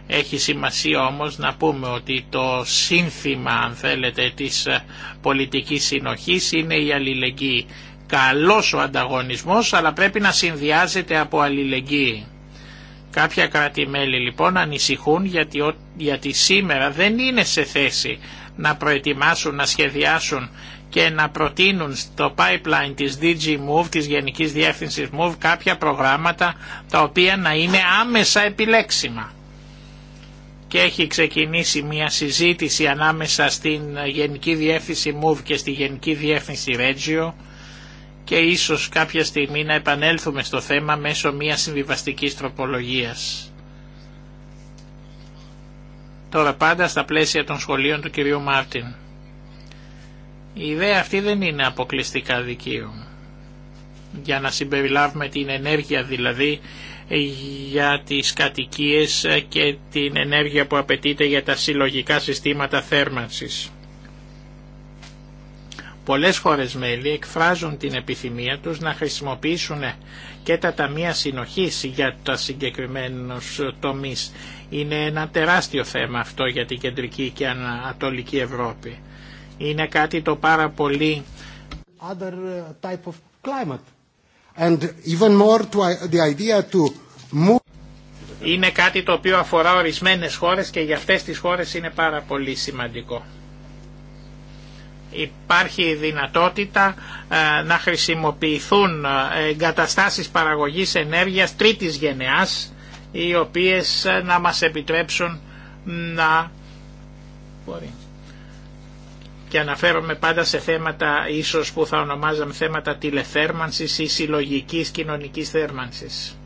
Έχει σημασία όμως να πούμε ότι το σύνθημα αν θέλετε της ε, πολιτικής συνοχής είναι η αλληλεγγύη. Καλός ο ανταγωνισμός αλλά πρέπει να συνδυάζεται από αλληλεγγύη. Κάποια κράτη-μέλη λοιπόν ανησυχούν γιατί, γιατί σήμερα δεν είναι σε θέση να προετοιμάσουν, να σχεδιάσουν και να προτείνουν στο pipeline της DG Move, της Γενικής Διεύθυνσης Move, κάποια προγράμματα τα οποία να είναι άμεσα επιλέξιμα. Και έχει ξεκινήσει μια συζήτηση ανάμεσα στην Γενική Διεύθυνση Move και στη Γενική Διεύθυνση Regio και ίσως κάποια στιγμή να επανέλθουμε στο θέμα μέσω μιας συμβιβαστικής τροπολογίας. Τώρα πάντα στα πλαίσια των σχολείων του κυρίου Μάρτιν. Η ιδέα αυτή δεν είναι αποκλειστικά δικείου. Για να συμπεριλάβουμε την ενέργεια δηλαδή για τις κατοικίες και την ενέργεια που απαιτείται για τα συλλογικά συστήματα θέρμανσης. Πολλές χώρες μέλη εκφράζουν την επιθυμία τους να χρησιμοποιήσουν και τα ταμεία συνοχής για τα συγκεκριμένους τομείς. Είναι ένα τεράστιο θέμα αυτό για την κεντρική και ανατολική Ευρώπη. Είναι κάτι το πάρα πολύ... Other uh, type of And even more uh, Είναι κάτι το οποίο αφορά ορισμένες χώρες και για αυτές τις χώρες είναι πάρα πολύ σημαντικό. Υπάρχει δυνατότητα ε, να χρησιμοποιηθούν ε, εγκαταστάσεις παραγωγής ενέργειας τρίτης γενεάς οι οποίες ε, να μας επιτρέψουν να... Και αναφέρομαι πάντα σε θέματα ίσως που θα ονομάζαμε θέματα τηλεθέρμανσης ή συλλογικής κοινωνικής θέρμανσης.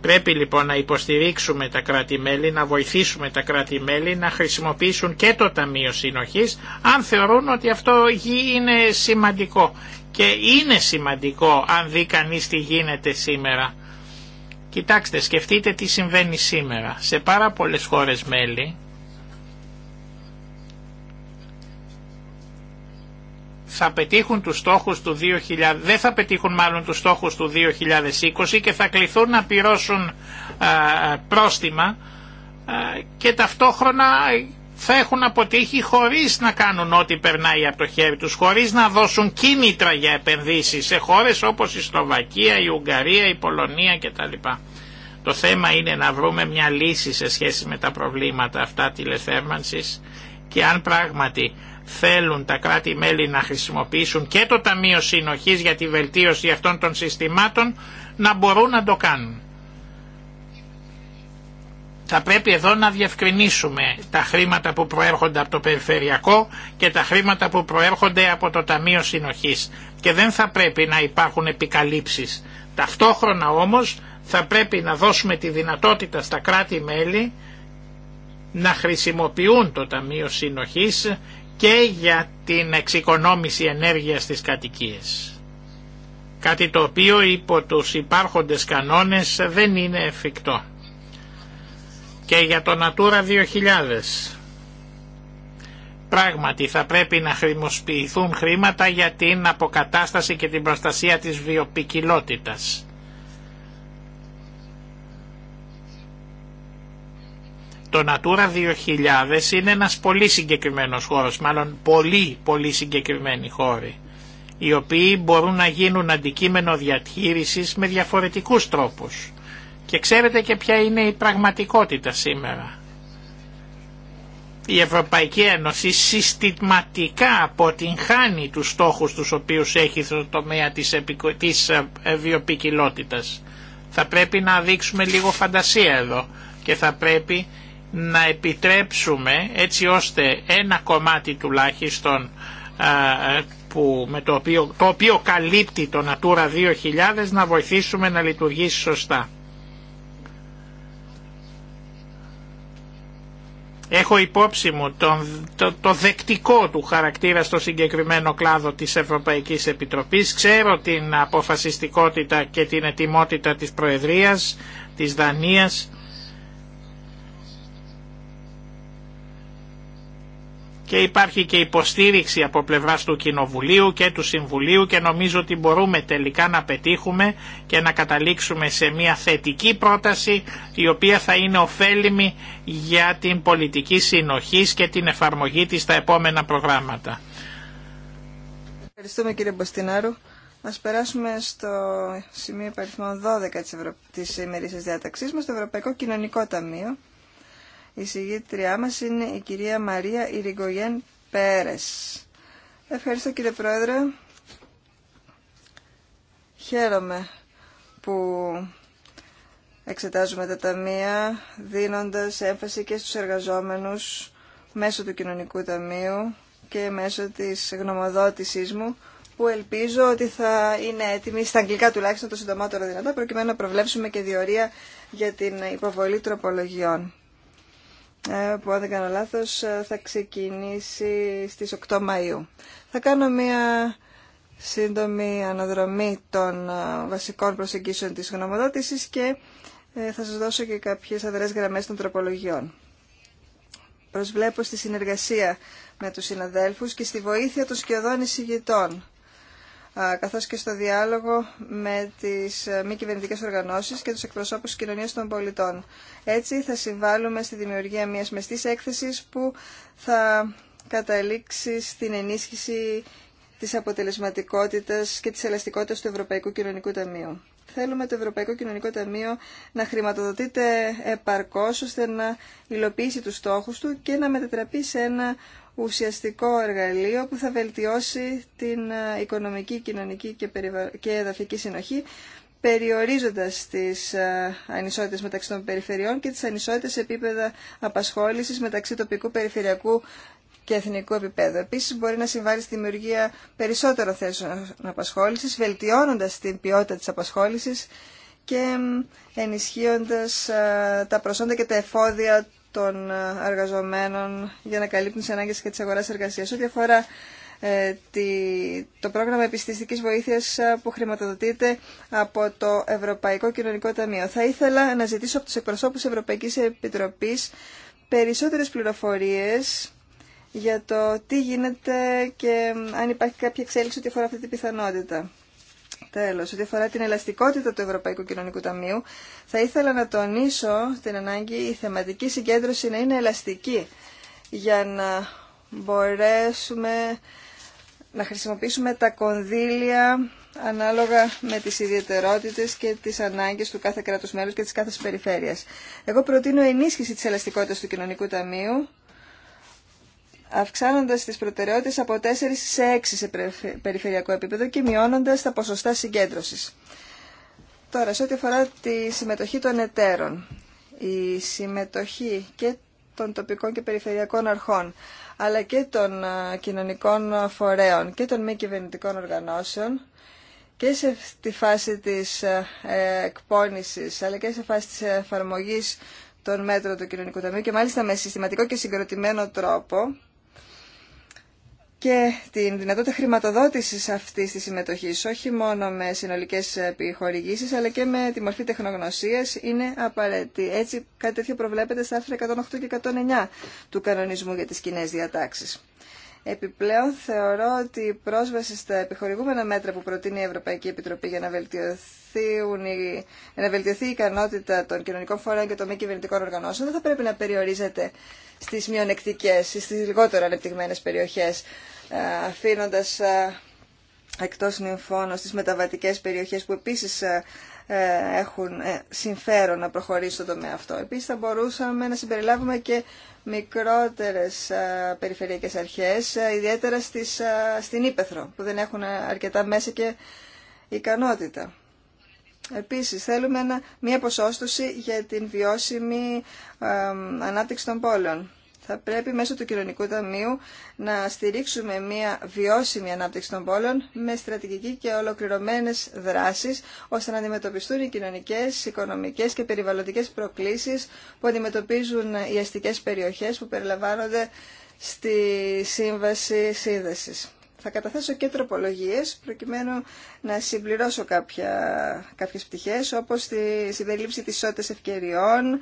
Πρέπει λοιπόν να υποστηρίξουμε τα κράτη-μέλη, να βοηθήσουμε τα κράτη-μέλη να χρησιμοποιήσουν και το Ταμείο Συνοχής αν θεωρούν ότι αυτό είναι σημαντικό και είναι σημαντικό αν δει κανείς τι γίνεται σήμερα. Κοιτάξτε, σκεφτείτε τι συμβαίνει σήμερα. Σε πάρα πολλές χώρες μέλη θα πετύχουν τους στόχους του 2000, δεν θα πετύχουν μάλλον τους στόχους του 2020 και θα κληθούν να πληρώσουν πρόστιμα και ταυτόχρονα θα έχουν αποτύχει χωρίς να κάνουν ό,τι περνάει από το χέρι τους, χωρίς να δώσουν κίνητρα για επενδύσεις σε χώρες όπως η Σλοβακία, η Ουγγαρία, η Πολωνία κτλ. Το θέμα είναι να βρούμε μια λύση σε σχέση με τα προβλήματα αυτά τηλεθέρμανσης και αν πράγματι θέλουν τα κράτη-μέλη να χρησιμοποιήσουν και το Ταμείο Συνοχής για τη βελτίωση αυτών των συστημάτων να μπορούν να το κάνουν. Θα πρέπει εδώ να διευκρινίσουμε τα χρήματα που προέρχονται από το περιφερειακό και τα χρήματα που προέρχονται από το Ταμείο Συνοχής και δεν θα πρέπει να υπάρχουν επικαλύψεις. Ταυτόχρονα όμως θα πρέπει να δώσουμε τη δυνατότητα στα κράτη-μέλη να χρησιμοποιούν το Ταμείο Συνοχής και για την εξοικονόμηση ενέργειας στις κατοικίες. Κάτι το οποίο υπό τους υπάρχοντες κανόνες δεν είναι εφικτό και για το Natura 2000. Πράγματι θα πρέπει να χρημοσποιηθούν χρήματα για την αποκατάσταση και την προστασία της βιοπικιλότητας. Το Natura 2000 είναι ένας πολύ συγκεκριμένος χώρος, μάλλον πολύ πολύ συγκεκριμένοι χώροι, οι οποίοι μπορούν να γίνουν αντικείμενο διατήρησης με διαφορετικούς τρόπους. Και ξέρετε και ποια είναι η πραγματικότητα σήμερα. Η Ευρωπαϊκή Ένωση συστηματικά αποτυγχάνει τους στόχους τους οποίους έχει στο τομέα της, επικο... της ε, ε, Θα πρέπει να δείξουμε λίγο φαντασία εδώ και θα πρέπει να επιτρέψουμε έτσι ώστε ένα κομμάτι τουλάχιστον ε, που, με το, οποίο, το οποίο καλύπτει το Natura 2000 να βοηθήσουμε να λειτουργήσει σωστά. Έχω υπόψη μου τον, το, το δεκτικό του χαρακτήρα στο συγκεκριμένο κλάδο της Ευρωπαϊκής Επιτροπής. Ξέρω την αποφασιστικότητα και την ετοιμότητα της Προεδρίας, της Δανίας και υπάρχει και υποστήριξη από πλευράς του Κοινοβουλίου και του Συμβουλίου και νομίζω ότι μπορούμε τελικά να πετύχουμε και να καταλήξουμε σε μια θετική πρόταση η οποία θα είναι ωφέλιμη για την πολιτική συνοχή και την εφαρμογή της στα επόμενα προγράμματα. Ευχαριστούμε κύριε Μποστινάρου. Ας περάσουμε στο σημείο 12 της, Ευρω... της διάταξής μας, το Ευρωπαϊκό Κοινωνικό Ταμείο. Η συγγήτριά μας είναι η κυρία Μαρία Ιρηγκογέν Πέρες. Ευχαριστώ κύριε Πρόεδρε. Χαίρομαι που εξετάζουμε τα ταμεία δίνοντας έμφαση και στους εργαζόμενους μέσω του Κοινωνικού Ταμείου και μέσω της γνωμοδότησής μου που ελπίζω ότι θα είναι έτοιμη στα αγγλικά τουλάχιστον το συντομότερο δυνατό προκειμένου να προβλέψουμε και διορία για την υποβολή τροπολογιών. Ε, που αν δεν κάνω λάθος ε, θα ξεκινήσει στις 8 Μαΐου. Θα κάνω μια σύντομη αναδρομή των ε, βασικών προσεγγίσεων της γνωμοδότησης και θα σας δώσω και κάποιες αδρές γραμμές των τροπολογιών. Προσβλέπω στη συνεργασία με τους συναδέλφους και στη βοήθεια των σκιωδών εισηγητών καθώς και στο διάλογο με τις ε, μη κυβερνητικέ οργανώσεις και τους εκπροσώπους κοινωνίας των πολιτών. Έτσι θα συμβάλλουμε στη δημιουργία μιας μεστής έκθεσης που θα καταλήξει στην ενίσχυση της αποτελεσματικότητας και της ελαστικότητας του Ευρωπαϊκού Κοινωνικού Ταμείου θέλουμε το Ευρωπαϊκό Κοινωνικό Ταμείο να χρηματοδοτείται επαρκώς ώστε να υλοποιήσει τους στόχους του και να μετατραπεί σε ένα ουσιαστικό εργαλείο που θα βελτιώσει την ε, οικονομική, κοινωνική και εδαφική συνοχή περιορίζοντας τις ε, ανισότητες μεταξύ των περιφερειών και τις ανισότητες σε επίπεδα απασχόλησης μεταξύ τοπικού, περιφερειακού, και εθνικού επίπεδου. Επίσης μπορεί να συμβάλλει στη δημιουργία περισσότερων θέσεων απασχόληση, βελτιώνοντα την ποιότητα τη απασχόληση και ενισχύοντα ε, τα προσόντα και τα εφόδια των ε, εργαζομένων για να καλύπτουν τι ανάγκε και τι αγορά εργασία. Ό,τι αφορά ε, το πρόγραμμα επιστηστικής βοήθεια που χρηματοδοτείται από το Ευρωπαϊκό Κοινωνικό Ταμείο. Θα ήθελα να ζητήσω από του εκπροσώπου Ευρωπαϊκή Επιτροπή περισσότερε πληροφορίε για το τι γίνεται και αν υπάρχει κάποια εξέλιξη ότι αφορά αυτή την πιθανότητα. Τέλο, ό,τι αφορά την ελαστικότητα του Ευρωπαϊκού Κοινωνικού Ταμείου, θα ήθελα να τονίσω την ανάγκη η θεματική συγκέντρωση να είναι ελαστική για να μπορέσουμε να χρησιμοποιήσουμε τα κονδύλια ανάλογα με τις ιδιαιτερότητες και τις ανάγκες του κάθε κράτους μέλους και της κάθε περιφέρειας. Εγώ προτείνω ενίσχυση της ελαστικότητας του Κοινωνικού Ταμείου αυξάνοντας τις προτεραιότητες από 4 σε 6 σε περιφερειακό επίπεδο και μειώνοντας τα ποσοστά συγκέντρωσης. Τώρα, σε ό,τι αφορά τη συμμετοχή των εταίρων, η συμμετοχή και των τοπικών και περιφερειακών αρχών, αλλά και των κοινωνικών φορέων και των μη κυβερνητικών οργανώσεων, και σε τη φάση της ε, εκπόνησης, αλλά και σε φάση της εφαρμογής των μέτρων του Κοινωνικού Ταμείου και μάλιστα με συστηματικό και συγκροτημένο τρόπο και την δυνατότητα χρηματοδότησης αυτής της συμμετοχή, όχι μόνο με συνολικές επιχορηγήσεις, αλλά και με τη μορφή τεχνογνωσία είναι απαραίτητη. Έτσι, κάτι τέτοιο προβλέπεται στα άρθρα 108 και 109 του κανονισμού για τις κοινέ διατάξεις. Επιπλέον, θεωρώ ότι η πρόσβαση στα επιχορηγούμενα μέτρα που προτείνει η Ευρωπαϊκή Επιτροπή για να βελτιωθεί να βελτιωθεί η ικανότητα των κοινωνικών φορέων και των μη κυβερνητικών οργανώσεων, δεν θα πρέπει να περιορίζεται στι μειονεκτικέ ή στι λιγότερο ανεπτυγμένε περιοχέ, ε, αφήνοντα ε, εκτό νυμφώνω στι μεταβατικέ περιοχέ που επίση ε, έχουν συμφέρον να προχωρήσει στον τομέα αυτό. Επίση θα μπορούσαμε να συμπεριλάβουμε και μικρότερες περιφερειακές αρχές, ιδιαίτερα στις, στην Ήπεθρο, που δεν έχουν αρκετά μέσα και ικανότητα. Επίσης, θέλουμε μια ποσόστοση για την βιώσιμη ανάπτυξη των πόλεων. Θα πρέπει μέσω του Κοινωνικού Ταμείου να στηρίξουμε μια βιώσιμη ανάπτυξη των πόλεων με στρατηγική και ολοκληρωμένες δράσεις, ώστε να αντιμετωπιστούν οι κοινωνικές, οικονομικές και περιβαλλοντικές προκλήσεις που αντιμετωπίζουν οι αστικές περιοχές που περιλαμβάνονται στη Σύμβαση Σύνδεσης. Θα καταθέσω και τροπολογίες προκειμένου να συμπληρώσω κάποια, κάποιες πτυχές όπως τη συμπερίληψη της ισότητας ευκαιριών,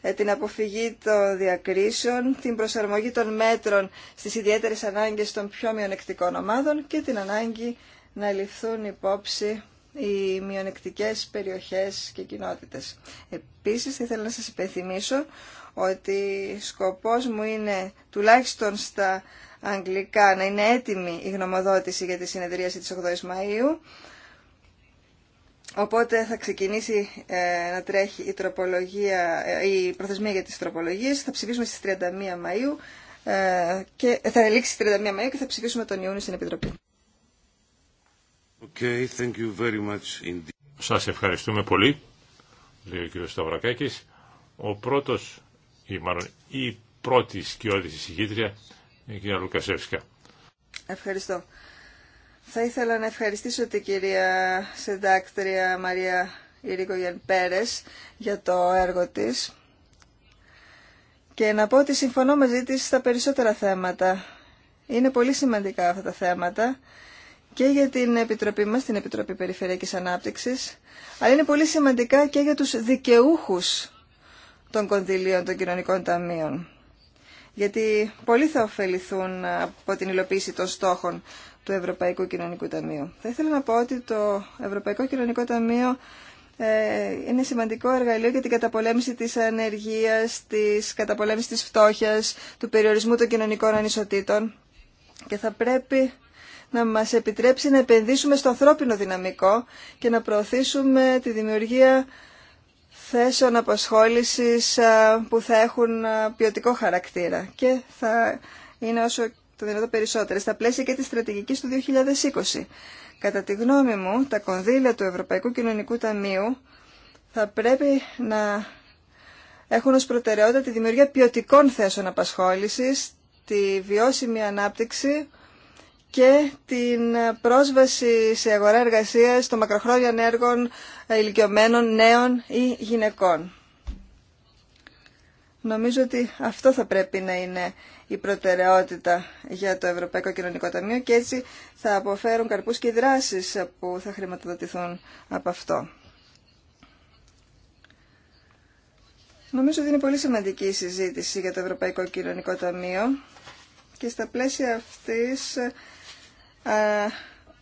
ε, την αποφυγή των διακρίσεων, την προσαρμογή των μέτρων στις ιδιαίτερες ανάγκες των πιο μειονεκτικών ομάδων και την ανάγκη να ληφθούν υπόψη οι μειονεκτικές περιοχές και κοινότητες. Επίσης, ήθελα να σας υπενθυμίσω ότι σκοπός μου είναι τουλάχιστον στα αγγλικά να είναι έτοιμη η γνωμοδότηση για τη συνεδρίαση της 8 η Μαΐου. Οπότε θα ξεκινήσει ε, να τρέχει η, τροπολογία, ε, η προθεσμία για τις τροπολογίες. Θα ψηφίσουμε στις 31 Μαΐου ε, και θα λήξει στις 31 Μαΐου και θα ψηφίσουμε τον Ιούνιο στην Επιτροπή. Okay, thank you very much Σας ευχαριστούμε πολύ, λέει ο κ. Σταυρακάκης. Ο πρώτος, ή μάλλον η πρώτη σκιώδηση συγκίτρια... Ευχαριστώ. Θα ήθελα να ευχαριστήσω την κυρία συντάκτρια Μαρία Ιρίκογεν Πέρες για το έργο της και να πω ότι συμφωνώ μαζί της στα περισσότερα θέματα. Είναι πολύ σημαντικά αυτά τα θέματα και για την Επιτροπή μας, την Επιτροπή Περιφερειακής Ανάπτυξης, αλλά είναι πολύ σημαντικά και για τους δικαιούχους των κονδυλίων των κοινωνικών ταμείων γιατί πολλοί θα ωφεληθούν από την υλοποίηση των στόχων του Ευρωπαϊκού Κοινωνικού Ταμείου. Θα ήθελα να πω ότι το Ευρωπαϊκό Κοινωνικό Ταμείο ε, είναι σημαντικό εργαλείο για την καταπολέμηση της ανεργίας, της καταπολέμησης της φτώχειας, του περιορισμού των κοινωνικών ανισοτήτων και θα πρέπει να μας επιτρέψει να επενδύσουμε στο ανθρώπινο δυναμικό και να προωθήσουμε τη δημιουργία θέσεων απασχόλησης που θα έχουν ποιοτικό χαρακτήρα και θα είναι όσο το δυνατό περισσότερες στα πλαίσια και της στρατηγικής του 2020. Κατά τη γνώμη μου, τα κονδύλια του Ευρωπαϊκού Κοινωνικού Ταμείου θα πρέπει να έχουν ως προτεραιότητα τη δημιουργία ποιοτικών θέσεων απασχόλησης, τη βιώσιμη ανάπτυξη και την πρόσβαση σε αγορά εργασίας των μακροχρόνιων έργων ε, ηλικιωμένων νέων ή γυναικών. Νομίζω ότι αυτό θα πρέπει να είναι η προτεραιότητα για το Ευρωπαϊκό Κοινωνικό Ταμείο και έτσι θα αποφέρουν καρπούς και δράσεις που θα χρηματοδοτηθούν από αυτό. Νομίζω ότι είναι πολύ σημαντική η συζήτηση για το Ευρωπαϊκό Κοινωνικό Ταμείο και στα πλαίσια αυτής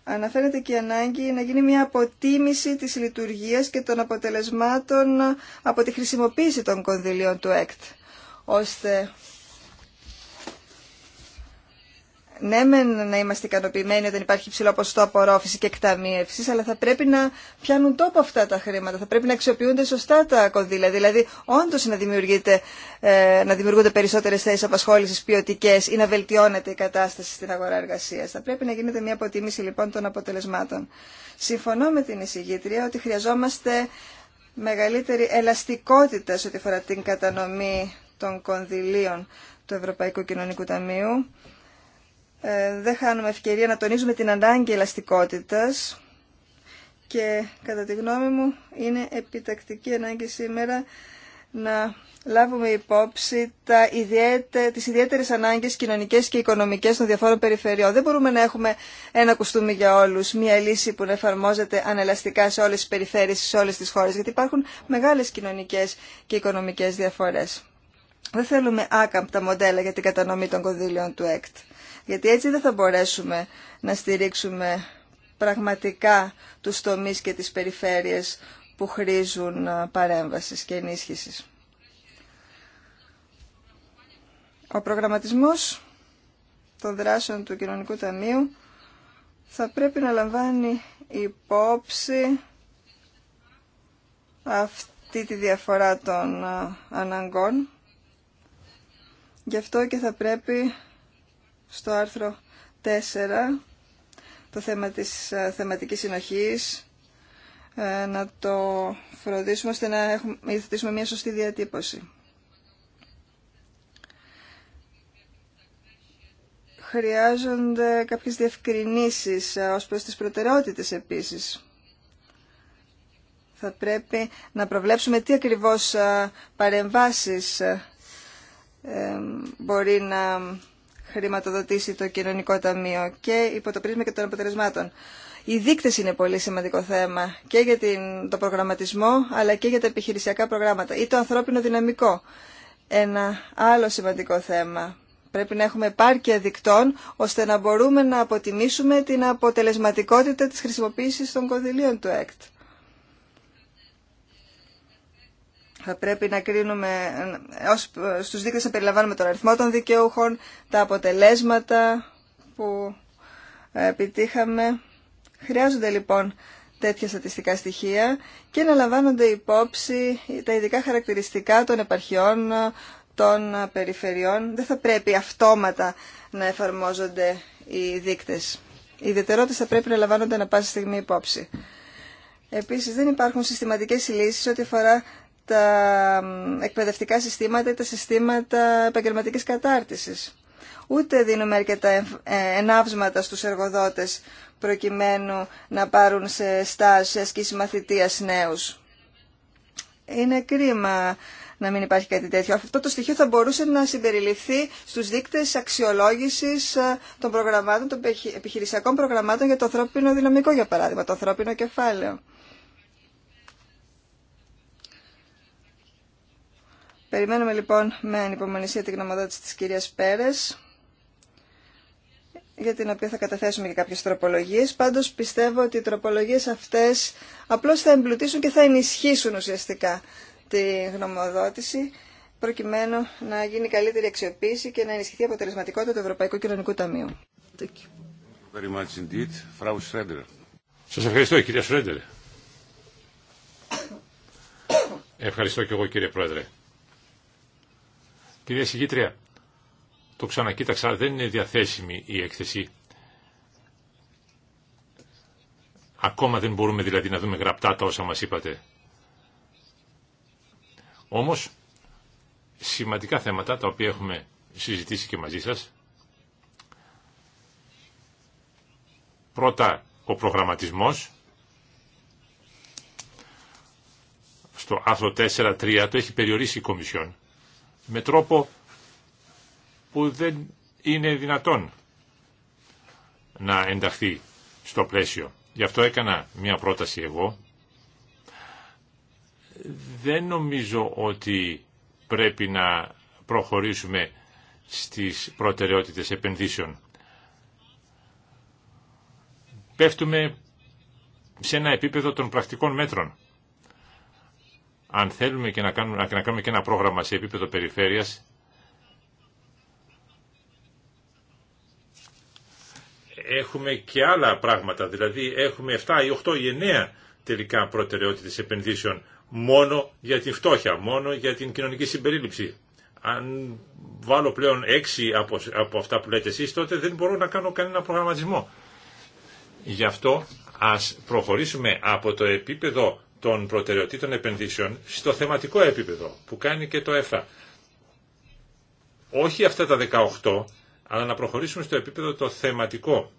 αναφέρεται και η ανάγκη να γίνει μια αποτίμηση της λειτουργίας και των αποτελεσμάτων από τη χρησιμοποίηση των κονδυλίων του ΕΚΤ, ώστε ναι μεν να είμαστε ικανοποιημένοι όταν υπάρχει ψηλό ποσοστό απορρόφηση και εκταμίευση, αλλά θα πρέπει να πιάνουν τόπο αυτά τα χρήματα. Θα πρέπει να αξιοποιούνται σωστά τα κονδύλια. Δηλαδή, όντω να, ε, να δημιουργούνται περισσότερε θέσει απασχόληση ποιοτικέ ή να βελτιώνεται η κατάσταση στην αγορά εργασία. Θα πρέπει να γίνεται μια αποτίμηση λοιπόν των αποτελεσμάτων. Συμφωνώ με την εισηγήτρια ότι χρειαζόμαστε μεγαλύτερη ελαστικότητα σε ό,τι αφορά την κατανομή των κονδυλίων του Ευρωπαϊκού Κοινωνικού Ταμείου ε, δεν χάνουμε ευκαιρία να τονίζουμε την ανάγκη ελαστικότητας και κατά τη γνώμη μου είναι επιτακτική ανάγκη σήμερα να λάβουμε υπόψη τα ιδιαίτε, τις ιδιαίτερες ανάγκες κοινωνικές και οικονομικές των διαφόρων περιφερειών. Δεν μπορούμε να έχουμε ένα κουστούμι για όλους, μια λύση που να εφαρμόζεται ανελαστικά σε όλες τις περιφέρειες, σε όλες τις χώρες, γιατί υπάρχουν μεγάλες κοινωνικές και οικονομικές διαφορές. Δεν θέλουμε άκαμπτα μοντέλα για την κατανομή των κονδύλιων του ΕΚΤ γιατί έτσι δεν θα μπορέσουμε να στηρίξουμε πραγματικά τους τομείς και τις περιφέρειες που χρήζουν παρέμβασης και ενίσχυσης. Ο προγραμματισμός των δράσεων του Κοινωνικού Ταμείου θα πρέπει να λαμβάνει υπόψη αυτή τη διαφορά των αναγκών. Γι' αυτό και θα πρέπει στο άρθρο 4 το θέμα της ε, θεματικής συνοχής ε, να το φροντίσουμε ώστε να υιοθετήσουμε μια σωστή διατύπωση. Χρειάζονται κάποιες διευκρινήσεις ε, ως προς τις προτεραιότητες επίσης. Θα πρέπει να προβλέψουμε τι ακριβώς παρεμβάσεις μπορεί να χρηματοδοτήσει το κοινωνικό ταμείο και υπό το πρίσμα και των αποτελεσμάτων. Οι δείκτες είναι πολύ σημαντικό θέμα και για την, το προγραμματισμό αλλά και για τα επιχειρησιακά προγράμματα ή το ανθρώπινο δυναμικό. Ένα άλλο σημαντικό θέμα. Πρέπει να έχουμε επάρκεια δικτών ώστε να μπορούμε να αποτιμήσουμε την αποτελεσματικότητα της χρησιμοποίησης των κονδυλίων του ΕΚΤ. θα πρέπει να κρίνουμε, ε, ως, στους δείκτες να περιλαμβάνουμε τον αριθμό των δικαιούχων, τα αποτελέσματα που ε, επιτύχαμε. Χρειάζονται λοιπόν τέτοια στατιστικά στοιχεία και να λαμβάνονται υπόψη τα ειδικά χαρακτηριστικά των επαρχιών, των περιφερειών. Δεν θα πρέπει αυτόματα να εφαρμόζονται οι δείκτες. Οι ιδιαιτερότητες θα πρέπει να λαμβάνονται ανα πάσα στιγμή υπόψη. Επίσης δεν υπάρχουν συστηματικές λύσεις ό,τι αφορά τα εκπαιδευτικά συστήματα ή τα συστήματα επαγγελματικής κατάρτισης. Ούτε δίνουμε αρκετά ε, ενάυσματα στους εργοδότες προκειμένου να πάρουν σε στάση, σε ασκήση νέους. Είναι κρίμα να μην υπάρχει κάτι τέτοιο. Αυτό το στοιχείο θα μπορούσε να συμπεριληφθεί στους δείκτες αξιολόγησης ε, των προγραμμάτων, των επιχειρησιακών προγραμμάτων για το ανθρώπινο δυναμικό, για παράδειγμα, το ανθρώπινο κεφάλαιο. Περιμένουμε λοιπόν με ανυπομονησία την γνωμοδότηση της κυρίας Πέρες για την οποία θα καταθέσουμε και κάποιες τροπολογίες. Πάντως πιστεύω ότι οι τροπολογίες αυτές απλώς θα εμπλουτίσουν και θα ενισχύσουν ουσιαστικά τη γνωμοδότηση προκειμένου να γίνει καλύτερη αξιοποίηση και να ενισχυθεί η αποτελεσματικότητα του Ευρωπαϊκού Κοινωνικού Ταμείου. Σας ευχαριστώ κυρία Σρέντερ. Ευχαριστώ και εγώ κύριε Πρόεδρε. Κυρία Συγγήτρια, το ξανακοίταξα, δεν είναι διαθέσιμη η έκθεση. Ακόμα δεν μπορούμε δηλαδή να δούμε γραπτά τα όσα μας είπατε. Όμως, σημαντικά θέματα τα οποία έχουμε συζητήσει και μαζί σας. Πρώτα, ο προγραμματισμός. Στο άρθρο 4.3 το έχει περιορίσει η Κομισιόν με τρόπο που δεν είναι δυνατόν να ενταχθεί στο πλαίσιο. Γι' αυτό έκανα μια πρόταση εγώ. Δεν νομίζω ότι πρέπει να προχωρήσουμε στις προτεραιότητες επενδύσεων. Πέφτουμε σε ένα επίπεδο των πρακτικών μέτρων αν θέλουμε και να κάνουμε, και να κάνουμε και ένα πρόγραμμα σε επίπεδο περιφέρειας, έχουμε και άλλα πράγματα, δηλαδή έχουμε 7 ή 8 ή 9 τελικά προτεραιότητες επενδύσεων μόνο για την φτώχεια, μόνο για την κοινωνική συμπερίληψη. Αν βάλω πλέον 6 από, από αυτά που λέτε εσείς, τότε δεν μπορώ να κάνω κανένα προγραμματισμό. Γι' αυτό ας προχωρήσουμε από το επίπεδο των προτεραιοτήτων επενδύσεων στο θεματικό επίπεδο που κάνει και το ΕΦΑ. Όχι αυτά τα 18, αλλά να προχωρήσουμε στο επίπεδο το θεματικό.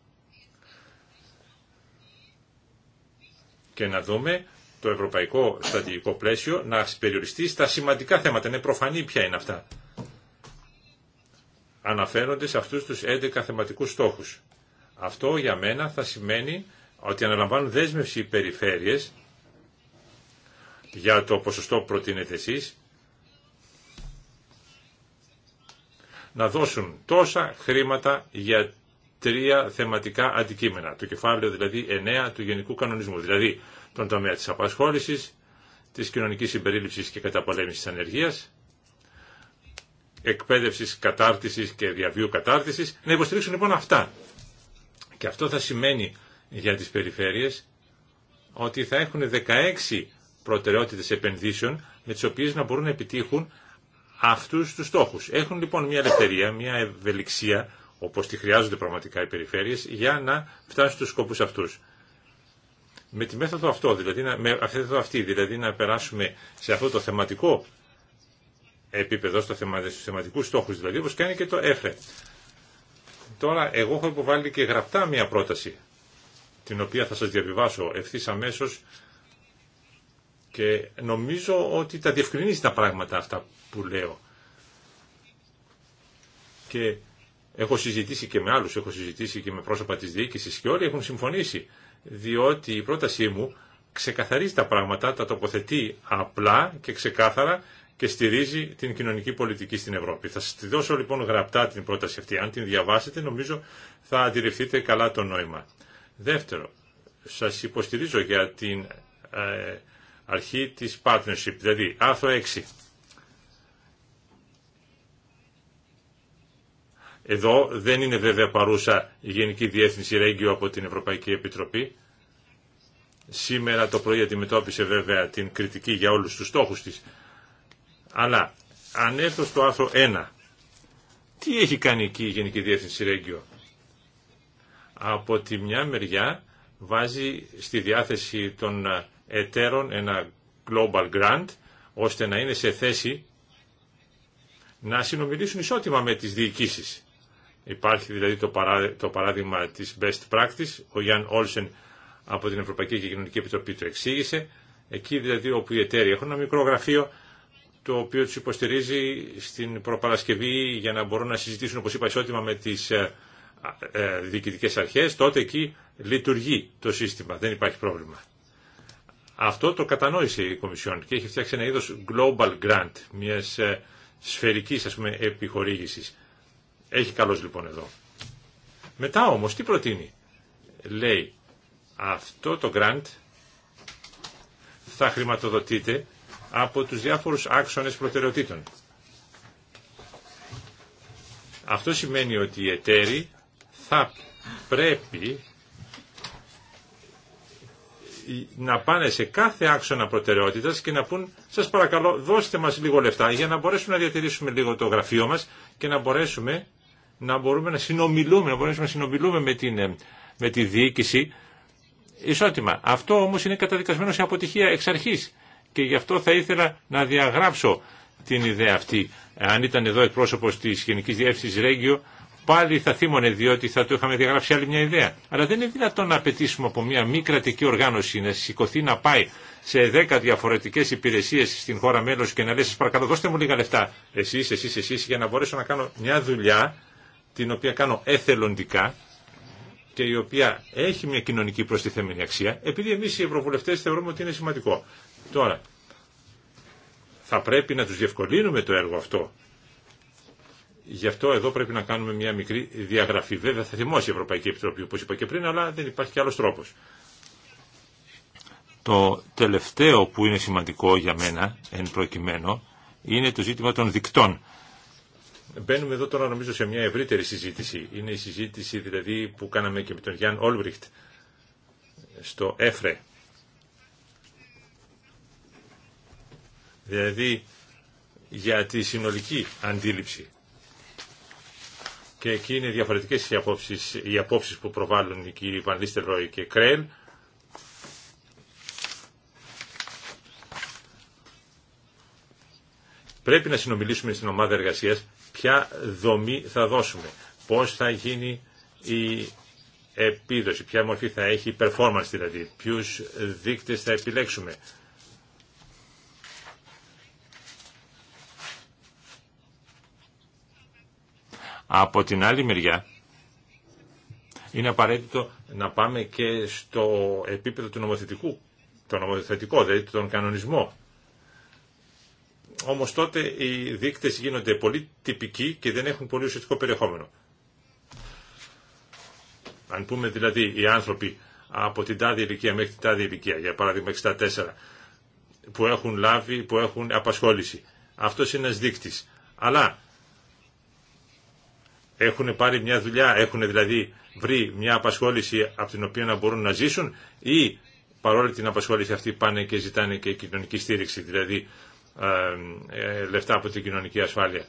Και να δούμε το ευρωπαϊκό στρατηγικό πλαίσιο να περιοριστεί στα σημαντικά θέματα. Είναι προφανή ποια είναι αυτά. Αναφέρονται σε αυτούς τους 11 θεματικούς στόχους. Αυτό για μένα θα σημαίνει ότι αναλαμβάνουν δέσμευση οι περιφέρειες για το ποσοστό που προτείνετε εσείς, να δώσουν τόσα χρήματα για τρία θεματικά αντικείμενα. Το κεφάλαιο δηλαδή 9 του Γενικού Κανονισμού, δηλαδή τον τομέα της απασχόλησης, της κοινωνικής συμπερίληψης και καταπολέμησης της ανεργίας, εκπαίδευσης, κατάρτισης και διαβίου κατάρτισης, να υποστηρίξουν λοιπόν αυτά. Και αυτό θα σημαίνει για τις περιφέρειες ότι θα έχουν 16 προτεραιότητες επενδύσεων με τι οποίε να μπορούν να επιτύχουν αυτού του στόχου. Έχουν λοιπόν μια ελευθερία, μια ευελιξία, όπω τη χρειάζονται πραγματικά οι περιφέρειες, για να φτάσουν στους σκόπους αυτού. Με τη μέθοδο αυτό, δηλαδή, με αυτή, αυτή, δηλαδή να περάσουμε σε αυτό το θεματικό επίπεδο, στο θεμα, στους θεματικούς στόχους δηλαδή, όπως κάνει και το ΕΦΡΕ. Τώρα, εγώ έχω υποβάλει και γραπτά μια πρόταση, την οποία θα σας διαβιβάσω ευθύ αμέσως και νομίζω ότι τα διευκρινίζει τα πράγματα αυτά που λέω. Και έχω συζητήσει και με άλλους, έχω συζητήσει και με πρόσωπα της διοίκησης και όλοι έχουν συμφωνήσει. Διότι η πρότασή μου ξεκαθαρίζει τα πράγματα, τα τοποθετεί απλά και ξεκάθαρα και στηρίζει την κοινωνική πολιτική στην Ευρώπη. Θα σας τη δώσω λοιπόν γραπτά την πρόταση αυτή. Αν την διαβάσετε νομίζω θα αντιληφθείτε καλά το νόημα. Δεύτερο, σας υποστηρίζω για την ε, αρχή της partnership, δηλαδή άρθρο 6. Εδώ δεν είναι βέβαια παρούσα η Γενική Διεύθυνση Ρέγγιο από την Ευρωπαϊκή Επιτροπή. Σήμερα το πρωί αντιμετώπισε βέβαια την κριτική για όλους τους στόχους της. Αλλά αν έρθω στο άρθρο 1, τι έχει κάνει εκεί η Γενική Διεύθυνση Ρέγγιο. Από τη μια μεριά βάζει στη διάθεση των ε, εταίρων ένα global grant ώστε να είναι σε θέση να συνομιλήσουν ισότιμα με τις διοικήσεις. Υπάρχει δηλαδή το, παράδειγμα της best practice, ο Γιάνν Όλσεν από την Ευρωπαϊκή και Κοινωνική Επιτροπή το εξήγησε, εκεί δηλαδή όπου οι εταίροι έχουν ένα μικρό γραφείο το οποίο τους υποστηρίζει στην προπαρασκευή για να μπορούν να συζητήσουν όπως είπα ισότιμα με τις ε, ε, διοικητικές αρχές, τότε εκεί λειτουργεί το σύστημα, δεν υπάρχει πρόβλημα. Αυτό το κατανόησε η Κομισιόν και έχει φτιάξει ένα είδος global grant, μιας ε, σφαιρικής ας πούμε επιχορήγησης. Έχει καλός λοιπόν εδώ. Μετά όμως τι προτείνει. Λέει αυτό το grant θα χρηματοδοτείται από τους διάφορους άξονες προτεραιοτήτων. Αυτό σημαίνει ότι οι εταίροι θα πρέπει να πάνε σε κάθε άξονα προτεραιότητας και να πούν σας παρακαλώ δώστε μας λίγο λεφτά για να μπορέσουμε να διατηρήσουμε λίγο το γραφείο μας και να μπορέσουμε να μπορούμε να συνομιλούμε, να μπορέσουμε να συνομιλούμε με, την, ε, με τη διοίκηση ισότιμα. Αυτό όμως είναι καταδικασμένο σε αποτυχία εξ αρχής και γι' αυτό θα ήθελα να διαγράψω την ιδέα αυτή. Αν ήταν εδώ εκπρόσωπος της Γενικής Διεύθυνσης Ρέγγιο πάλι θα θύμωνε διότι θα του είχαμε διαγράψει άλλη μια ιδέα. Αλλά δεν είναι δυνατόν να απαιτήσουμε από μια μη κρατική οργάνωση να σηκωθεί να πάει σε 10 διαφορετικέ υπηρεσίε στην χώρα μέλο και να λέει σα παρακαλώ δώστε μου λίγα λεφτά εσεί, εσεί, εσεί για να μπορέσω να κάνω μια δουλειά την οποία κάνω εθελοντικά και η οποία έχει μια κοινωνική προστιθέμενη αξία, επειδή εμεί οι Ευρωβουλευτέ θεωρούμε ότι είναι σημαντικό. Τώρα, θα πρέπει να του διευκολύνουμε το έργο αυτό Γι' αυτό εδώ πρέπει να κάνουμε μια μικρή διαγραφή. Βέβαια θα θυμώσει η Ευρωπαϊκή Επιτροπή όπως είπα και πριν, αλλά δεν υπάρχει και άλλος τρόπος. Το τελευταίο που είναι σημαντικό για μένα, εν προκειμένου, είναι το ζήτημα των δικτών. Μπαίνουμε εδώ τώρα νομίζω σε μια ευρύτερη συζήτηση. Είναι η συζήτηση δηλαδή που κάναμε και με τον Γιάνν Ολβριχτ στο ΕΦΡΕ. Δηλαδή για τη συνολική αντίληψη και εκεί είναι διαφορετικές οι απόψεις, οι απόψεις που προβάλλουν οι κύριοι Βαν Ρόι και Κρέλ. Πρέπει να συνομιλήσουμε στην ομάδα εργασίας ποια δομή θα δώσουμε, πώς θα γίνει η επίδοση, ποια μορφή θα έχει η performance δηλαδή, ποιους δείκτες θα επιλέξουμε. Από την άλλη μεριά, είναι απαραίτητο να πάμε και στο επίπεδο του νομοθετικού, το νομοθετικό, δηλαδή τον κανονισμό. Όμως τότε οι δείκτες γίνονται πολύ τυπικοί και δεν έχουν πολύ ουσιαστικό περιεχόμενο. Αν πούμε δηλαδή οι άνθρωποι από την τάδη ηλικία μέχρι την τάδη ηλικία, για παράδειγμα 64, που έχουν λάβει, που έχουν απασχόληση. Αυτός είναι ένας δείκτης. Αλλά έχουν πάρει μια δουλειά, έχουν δηλαδή βρει μια απασχόληση από την οποία να μπορούν να ζήσουν ή παρόλη την απασχόληση αυτή πάνε και ζητάνε και κοινωνική στήριξη, δηλαδή ε, ε, λεφτά από την κοινωνική ασφάλεια.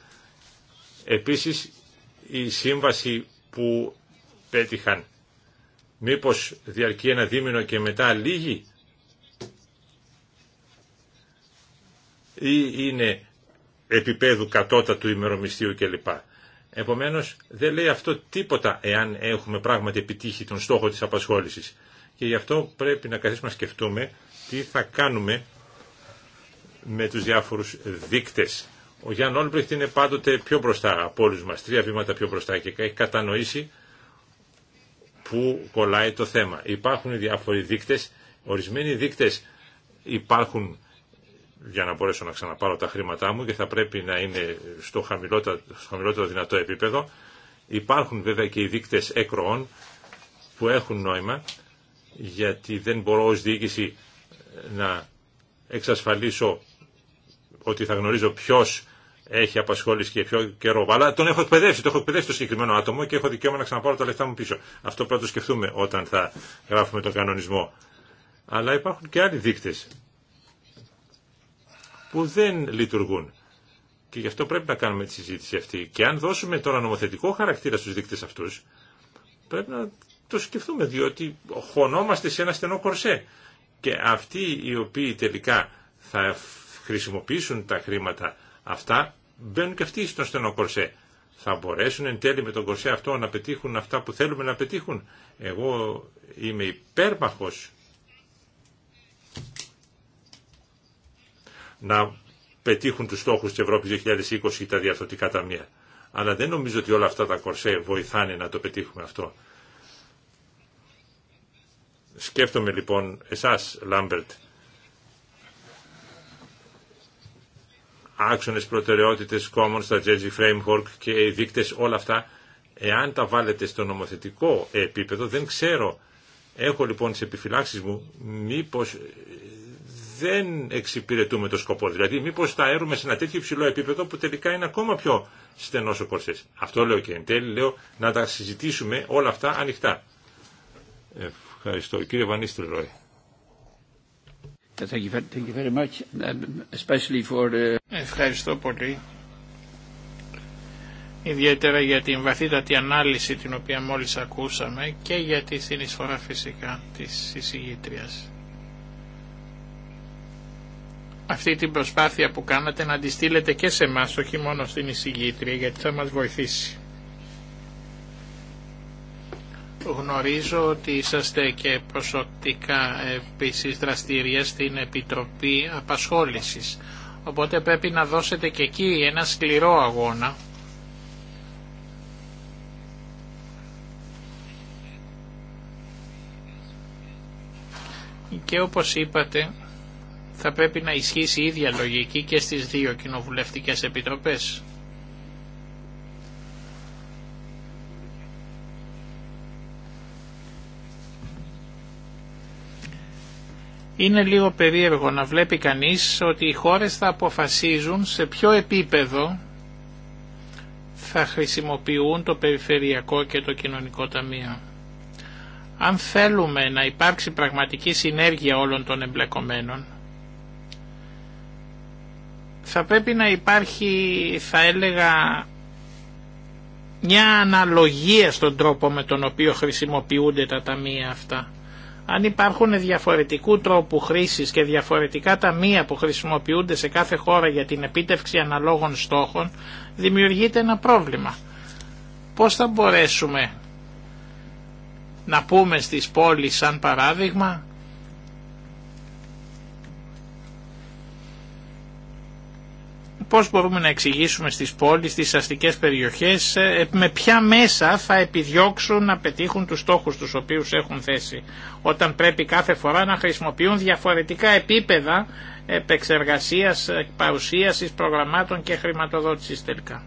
Επίσης η σύμβαση που πέτυχαν μήπως διαρκεί ένα δίμηνο και μετά λίγη ή είναι επίπεδου κατώτατου ημερομισθίου κλπ. Επομένως δεν λέει αυτό τίποτα εάν έχουμε πράγματι επιτύχει τον στόχο της απασχόλησης. Και γι' αυτό πρέπει να καθίσουμε να σκεφτούμε τι θα κάνουμε με τους διάφορους δείκτες. Ο Γιάνν Όλμπριχτ είναι πάντοτε πιο μπροστά από όλου μα, τρία βήματα πιο μπροστά και έχει κατανοήσει που κολλάει το θέμα. Υπάρχουν διάφοροι δείκτες, ορισμένοι δείκτες υπάρχουν για να μπορέσω να ξαναπάρω τα χρήματά μου και θα πρέπει να είναι στο χαμηλότερο, στο χαμηλότερο δυνατό επίπεδο. Υπάρχουν βέβαια και οι δείκτες έκροων που έχουν νόημα γιατί δεν μπορώ ως διοίκηση να εξασφαλίσω ότι θα γνωρίζω ποιος έχει απασχόληση και ποιο καιρό. Αλλά τον έχω εκπαιδεύσει, το έχω εκπαιδεύσει το συγκεκριμένο άτομο και έχω δικαίωμα να ξαναπάρω τα λεφτά μου πίσω. Αυτό πρέπει να το σκεφτούμε όταν θα γράφουμε τον κανονισμό. Αλλά υπάρχουν και άλλοι δείκτες που δεν λειτουργούν. Και γι' αυτό πρέπει να κάνουμε τη συζήτηση αυτή. Και αν δώσουμε τώρα νομοθετικό χαρακτήρα στους δείκτες αυτούς, πρέπει να το σκεφτούμε, διότι χωνόμαστε σε ένα στενό κορσέ. Και αυτοί οι οποίοι τελικά θα χρησιμοποιήσουν τα χρήματα αυτά, μπαίνουν και αυτοί στον στενό κορσέ. Θα μπορέσουν εν τέλει με τον κορσέ αυτό να πετύχουν αυτά που θέλουμε να πετύχουν. Εγώ είμαι υπέρμαχος να πετύχουν τους στόχους της Ευρώπης 2020 ή τα διαφθορτικά ταμεία. Αλλά δεν νομίζω ότι όλα αυτά τα κορσέ βοηθάνε να το πετύχουμε αυτό. Σκέφτομαι λοιπόν εσάς, Λάμπερτ, άξονες προτεραιότητες, common strategy framework και δείκτες, όλα αυτά, εάν τα βάλετε στο νομοθετικό επίπεδο, δεν ξέρω. Έχω λοιπόν τις επιφυλάξεις μου μήπως δεν εξυπηρετούμε το σκοπό. Δηλαδή μήπως τα έρουμε σε ένα τέτοιο υψηλό επίπεδο που τελικά είναι ακόμα πιο στενό ο κορσές. Αυτό λέω και εν τέλει λέω να τα συζητήσουμε όλα αυτά ανοιχτά. Ευχαριστώ. Κύριε Βανίστρη Ροϊ. Uh, uh, Ευχαριστώ πολύ. Ιδιαίτερα για την βαθύτατη ανάλυση την οποία μόλις ακούσαμε και για τη συνεισφορά φυσικά της εισηγήτριας αυτή την προσπάθεια που κάνατε να τη και σε εμά, όχι μόνο στην εισηγήτρια, γιατί θα μας βοηθήσει. Γνωρίζω ότι είσαστε και προσωπικά επίσης δραστηρία στην Επιτροπή Απασχόλησης. Οπότε πρέπει να δώσετε και εκεί ένα σκληρό αγώνα και όπως είπατε θα πρέπει να ισχύσει η ίδια λογική και στις δύο κοινοβουλευτικές επιτροπές. Είναι λίγο περίεργο να βλέπει κανείς ότι οι χώρες θα αποφασίζουν σε ποιο επίπεδο θα χρησιμοποιούν το περιφερειακό και το κοινωνικό ταμείο. Αν θέλουμε να υπάρξει πραγματική συνέργεια όλων των εμπλεκομένων, θα πρέπει να υπάρχει θα έλεγα μια αναλογία στον τρόπο με τον οποίο χρησιμοποιούνται τα ταμεία αυτά. Αν υπάρχουν διαφορετικού τρόπου χρήσης και διαφορετικά ταμεία που χρησιμοποιούνται σε κάθε χώρα για την επίτευξη αναλόγων στόχων, δημιουργείται ένα πρόβλημα. Πώς θα μπορέσουμε να πούμε στις πόλεις σαν παράδειγμα πώς μπορούμε να εξηγήσουμε στις πόλεις, στις αστικές περιοχές, ε, με ποια μέσα θα επιδιώξουν να πετύχουν τους στόχους τους οποίους έχουν θέσει, όταν πρέπει κάθε φορά να χρησιμοποιούν διαφορετικά επίπεδα επεξεργασίας, παρουσίασης προγραμμάτων και χρηματοδότησης τελικά.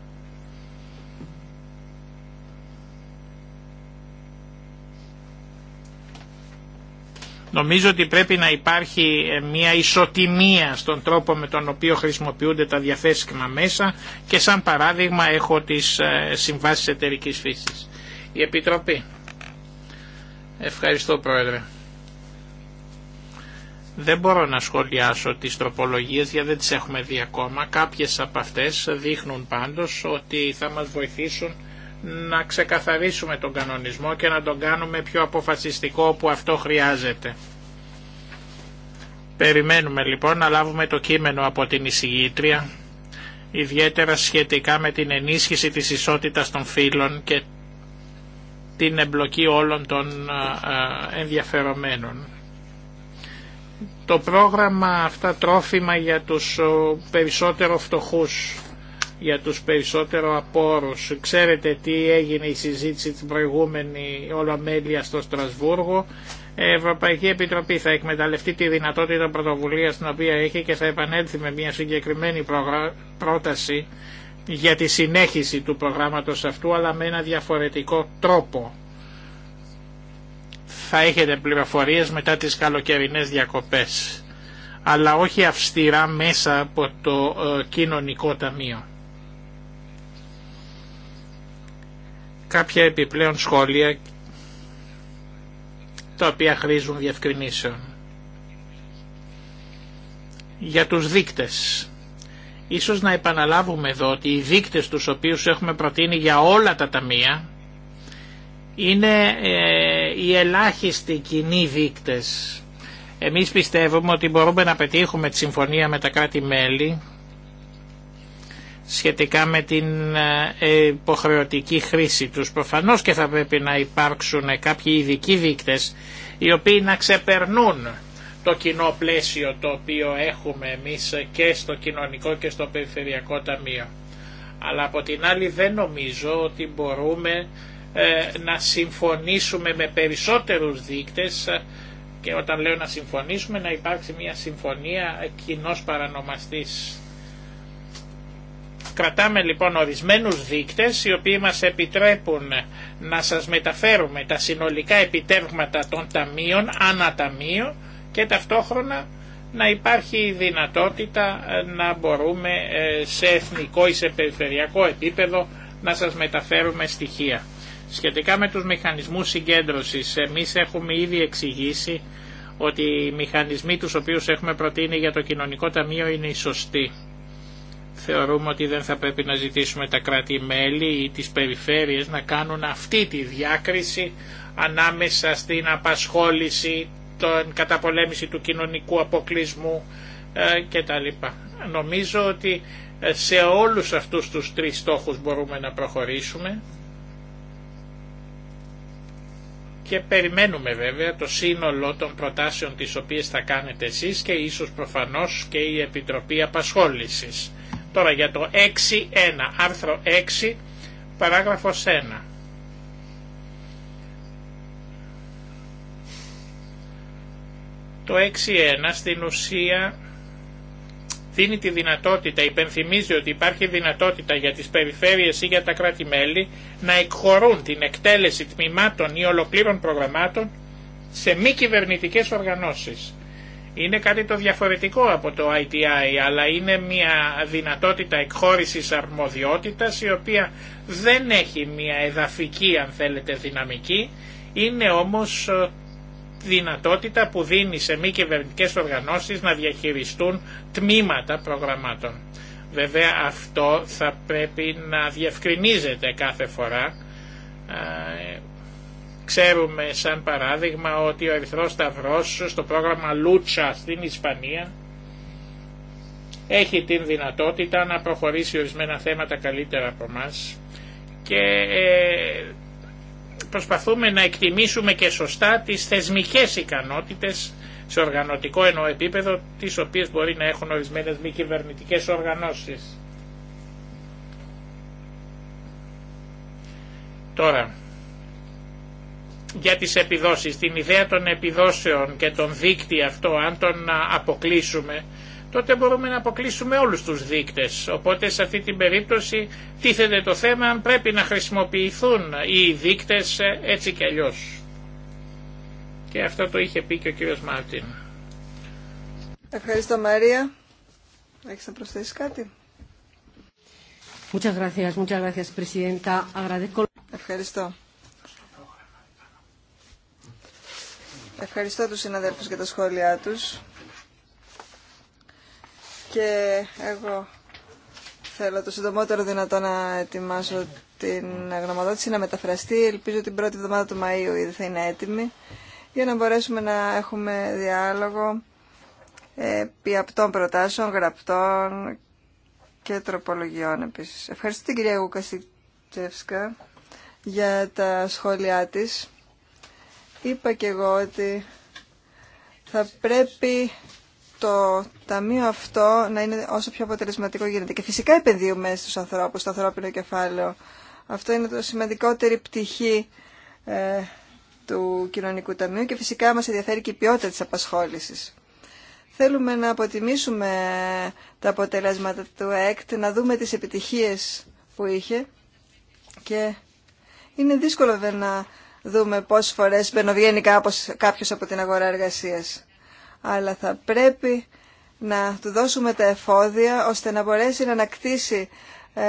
Νομίζω ότι πρέπει να υπάρχει ε, μια ισοτιμία στον τρόπο με τον οποίο χρησιμοποιούνται τα διαθέσιμα μέσα και σαν παράδειγμα έχω τις ε, συμβάσεις εταιρική φύσης. Η Επιτροπή. Ευχαριστώ Πρόεδρε. Δεν μπορώ να σχολιάσω τις τροπολογίες γιατί δεν τις έχουμε δει ακόμα. Κάποιες από αυτές δείχνουν πάντως ότι θα μας βοηθήσουν να ξεκαθαρίσουμε τον κανονισμό και να τον κάνουμε πιο αποφασιστικό που αυτό χρειάζεται. Περιμένουμε λοιπόν να λάβουμε το κείμενο από την εισηγήτρια, ιδιαίτερα σχετικά με την ενίσχυση της ισότητας των φύλων και την εμπλοκή όλων των ενδιαφερομένων. Το πρόγραμμα αυτά τρόφιμα για τους περισσότερο φτωχούς για τους περισσότερο απόρους. Ξέρετε τι έγινε η συζήτηση την προηγούμενη ολομέλεια στο Στρασβούργο. Η ε, Ευρωπαϊκή Επιτροπή θα εκμεταλλευτεί τη δυνατότητα πρωτοβουλία την οποία έχει και θα επανέλθει με μια συγκεκριμένη πρόταση για τη συνέχιση του προγράμματος αυτού αλλά με ένα διαφορετικό τρόπο. Θα έχετε πληροφορίες μετά τις καλοκαιρινές διακοπές αλλά όχι αυστηρά μέσα από το ε, κοινωνικό ταμείο. κάποια επιπλέον σχόλια τα οποία χρήζουν διευκρινήσεων. Για τους δείκτες. Ίσως να επαναλάβουμε εδώ ότι οι δείκτες τους οποίους έχουμε προτείνει για όλα τα ταμεία είναι ε, οι ελάχιστοι κοινοί δείκτες. Εμείς πιστεύουμε ότι μπορούμε να πετύχουμε τη συμφωνία με τα κράτη-μέλη σχετικά με την ε, υποχρεωτική χρήση τους. Προφανώς και θα πρέπει να υπάρξουν κάποιοι ειδικοί δείκτες οι οποίοι να ξεπερνούν το κοινό πλαίσιο το οποίο έχουμε εμείς και στο κοινωνικό και στο περιφερειακό ταμείο. Αλλά από την άλλη δεν νομίζω ότι μπορούμε ε, να συμφωνήσουμε με περισσότερους δείκτες και όταν λέω να συμφωνήσουμε να υπάρξει μια συμφωνία κοινός παρανομαστής Κρατάμε λοιπόν ορισμένους δείκτες οι οποίοι μας επιτρέπουν να σας μεταφέρουμε τα συνολικά επιτεύγματα των ταμείων, ταμείο και ταυτόχρονα να υπάρχει η δυνατότητα ε, να μπορούμε ε, σε εθνικό ή σε περιφερειακό επίπεδο να σας μεταφέρουμε στοιχεία. Σχετικά με τους μηχανισμούς συγκέντρωσης, εμείς έχουμε ήδη εξηγήσει ότι οι μηχανισμοί τους οποίους έχουμε προτείνει για το κοινωνικό ταμείο είναι οι σωστοί θεωρούμε ότι δεν θα πρέπει να ζητήσουμε τα κράτη-μέλη ή τις περιφέρειες να κάνουν αυτή τη διάκριση ανάμεσα στην απασχόληση, την καταπολέμηση του κοινωνικού αποκλεισμού ε, κτλ. Νομίζω ότι ε, σε όλους αυτούς τους τρεις στόχους μπορούμε να προχωρήσουμε και περιμένουμε βέβαια το σύνολο των προτάσεων τις οποίες θα κάνετε εσείς και ίσως προφανώς και η Επιτροπή Απασχόλησης. Τώρα για το 6.1, άρθρο 6, παράγραφος 1. Το 6.1 στην ουσία δίνει τη δυνατότητα, υπενθυμίζει ότι υπάρχει δυνατότητα για τις περιφέρειες ή για τα κράτη-μέλη να εκχωρούν την εκτέλεση τμήματων ή ολοκλήρων προγραμμάτων σε μη κυβερνητικέ οργανώσεις είναι κάτι το διαφορετικό από το ITI, αλλά είναι μια δυνατότητα εκχώρησης αρμοδιότητας η οποία δεν έχει μια εδαφική αν θέλετε δυναμική, είναι όμως ε, δυνατότητα που δίνει σε μη κυβερνητικέ οργανώσεις να διαχειριστούν τμήματα προγραμμάτων. Βέβαια αυτό θα πρέπει να διευκρινίζεται κάθε φορά ε, Ξέρουμε σαν παράδειγμα ότι ο Ερυθρός Σταυρός στο πρόγραμμα Λούτσα στην Ισπανία έχει την δυνατότητα να προχωρήσει ορισμένα θέματα καλύτερα από εμά και ε, προσπαθούμε να εκτιμήσουμε και σωστά τις θεσμικές ικανότητες σε οργανωτικό ενώ επίπεδο τις οποίες μπορεί να έχουν ορισμένες μη κυβερνητικέ οργανώσεις. Τώρα, για τις επιδόσεις, την ιδέα των επιδόσεων και τον δίκτυο αυτό, αν τον αποκλείσουμε, τότε μπορούμε να αποκλείσουμε όλους τους δίκτες. Οπότε σε αυτή την περίπτωση τίθεται το θέμα αν πρέπει να χρησιμοποιηθούν οι δίκτες ε, έτσι κι αλλιώ. Και αυτό το είχε πει και ο κύριος Μάρτιν. Ευχαριστώ Μαρία. Έχεις να προσθέσεις κάτι. Muchas gracias, muchas gracias, Presidenta. Agradezco... Ευχαριστώ. Ευχαριστώ τους συναδέλφους για τα σχόλιά τους. Και εγώ θέλω το συντομότερο δυνατό να ετοιμάσω την γνωμοδότηση, να μεταφραστεί. Ελπίζω την πρώτη εβδομάδα του Μαΐου ήδη θα είναι έτοιμη, για να μπορέσουμε να έχουμε διάλογο ε, πιαπτών προτάσεων, γραπτών και τροπολογιών επίσης. Ευχαριστώ την κυρία Γουκασίτσευσκα για τα σχόλιά της είπα και εγώ ότι θα πρέπει το ταμείο αυτό να είναι όσο πιο αποτελεσματικό γίνεται. Και φυσικά επενδύουμε στους ανθρώπους, στο ανθρώπινο κεφάλαιο. Αυτό είναι το σημαντικότερη πτυχή ε, του κοινωνικού ταμείου και φυσικά μας ενδιαφέρει και η ποιότητα της απασχόλησης. Θέλουμε να αποτιμήσουμε τα αποτελέσματα του ΕΚΤ, να δούμε τις επιτυχίες που είχε και είναι δύσκολο βέβαια να δούμε πόσες φορές μπαινοβγαίνει κάπως, από την αγορά εργασίας. Αλλά θα πρέπει να του δώσουμε τα εφόδια ώστε να μπορέσει να ανακτήσει ε,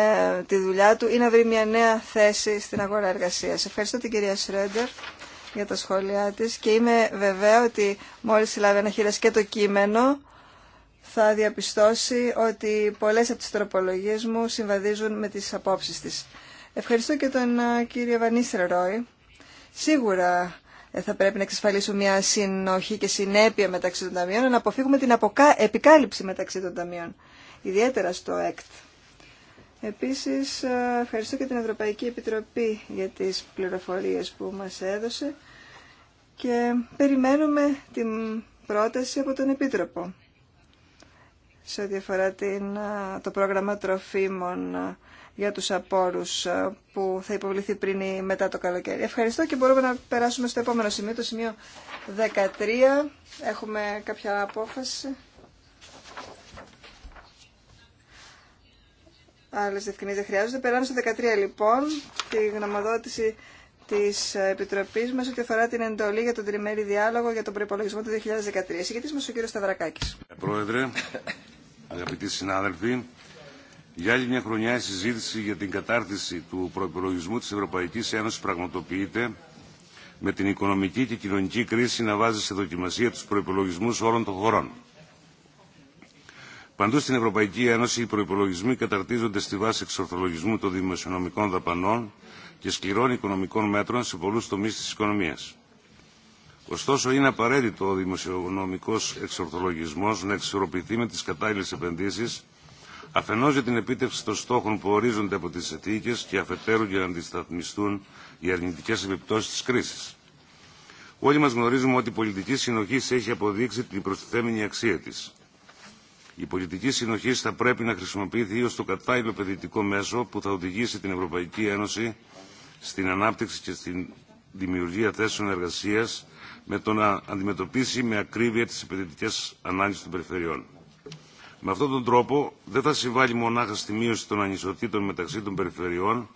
τη δουλειά του ή να βρει μια νέα θέση στην αγορά εργασίας. Ευχαριστώ την κυρία Σρέντερ για τα σχόλιά της και είμαι βεβαία ότι μόλις λάβει ένα και το κείμενο θα διαπιστώσει ότι πολλές από τις τροπολογίες μου συμβαδίζουν με τις απόψεις της. Ευχαριστώ και τον ε, κύριο Βανίστρε Ρόι Σίγουρα ε, θα πρέπει να εξασφαλίσουμε μια συνοχή και συνέπεια μεταξύ των ταμείων, να αποφύγουμε την επικάλυψη μεταξύ των ταμείων, ιδιαίτερα στο ΕΚΤ. Επίσης, ε, ευχαριστώ και την Ευρωπαϊκή Επιτροπή για τις πληροφορίες που μας έδωσε και περιμένουμε την πρόταση από τον Επίτροπο σε ό,τι αφορά ε, το πρόγραμμα τροφίμων για τους απόρους ε, που θα υποβληθεί πριν ή μετά το καλοκαίρι. Ευχαριστώ και μπορούμε να περάσουμε στο επόμενο σημείο, το σημείο 13. Έχουμε κάποια απόφαση. Άλλε διευκρινήσει δεν χρειάζονται. Περάμε στο 13 λοιπόν, τη γνωμοδότηση τη Επιτροπή μα ό,τι αφορά την εντολή για τον τριμερή διάλογο για τον προπολογισμό του 2013. Συγκεκριτή μα ο κύριο Σταυρακάκη. Πρόεδρε, αγαπητοί συνάδελφοι, για άλλη μια χρονιά η συζήτηση για την κατάρτιση του προπολογισμού της Ευρωπαϊκής Ένωσης πραγματοποιείται με την οικονομική και κοινωνική κρίση να βάζει σε δοκιμασία τους προπολογισμού όλων των χωρών. Παντού στην Ευρωπαϊκή Ένωση οι προπολογισμοί καταρτίζονται στη βάση εξορθολογισμού των δημοσιονομικών δαπανών και σκληρών οικονομικών μέτρων σε πολλού τομεί τη οικονομία. Ωστόσο, είναι απαραίτητο ο δημοσιονομικό εξορθολογισμό να εξορροπηθεί με τι κατάλληλε επενδύσει αφενός για την επίτευξη των στόχων που ορίζονται από τις αιτήκες και αφετέρου για να αντισταθμιστούν οι αρνητικές επιπτώσεις της κρίσης. Όλοι μας γνωρίζουμε ότι η πολιτική συνοχή έχει αποδείξει την προστιθέμενη αξία της. Η πολιτική συνοχή θα πρέπει να χρησιμοποιηθεί ως το κατάλληλο παιδιτικό μέσο που θα οδηγήσει την Ευρωπαϊκή Ένωση στην ανάπτυξη και στην δημιουργία θέσεων εργασίας με το να αντιμετωπίσει με ακρίβεια τις επενδυτικές ανάγκες των περιφερειών. Με αυτόν τον τρόπο δεν θα συμβάλλει μονάχα στη μείωση των ανισοτήτων μεταξύ των περιφερειών,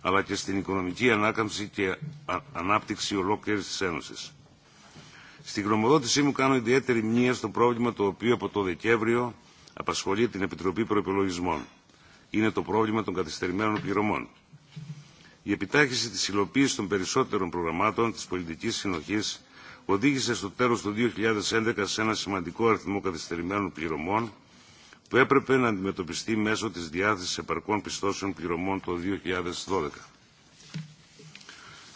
αλλά και στην οικονομική ανάκαμψη και ανάπτυξη ολόκληρη τη Ένωση. Στην γνωμοδότησή μου κάνω ιδιαίτερη μνήμα στο πρόβλημα το οποίο από το Δεκέμβριο απασχολεί την Επιτροπή Προπολογισμών. Είναι το πρόβλημα των καθυστερημένων πληρωμών. Η επιτάχυση τη υλοποίηση των περισσότερων προγραμμάτων τη πολιτική συνοχή οδήγησε στο τέλο του 2011 σε ένα σημαντικό αριθμό καθυστερημένων πληρωμών που έπρεπε να αντιμετωπιστεί μέσω της διάθεσης επαρκών πιστώσεων πληρωμών το 2012.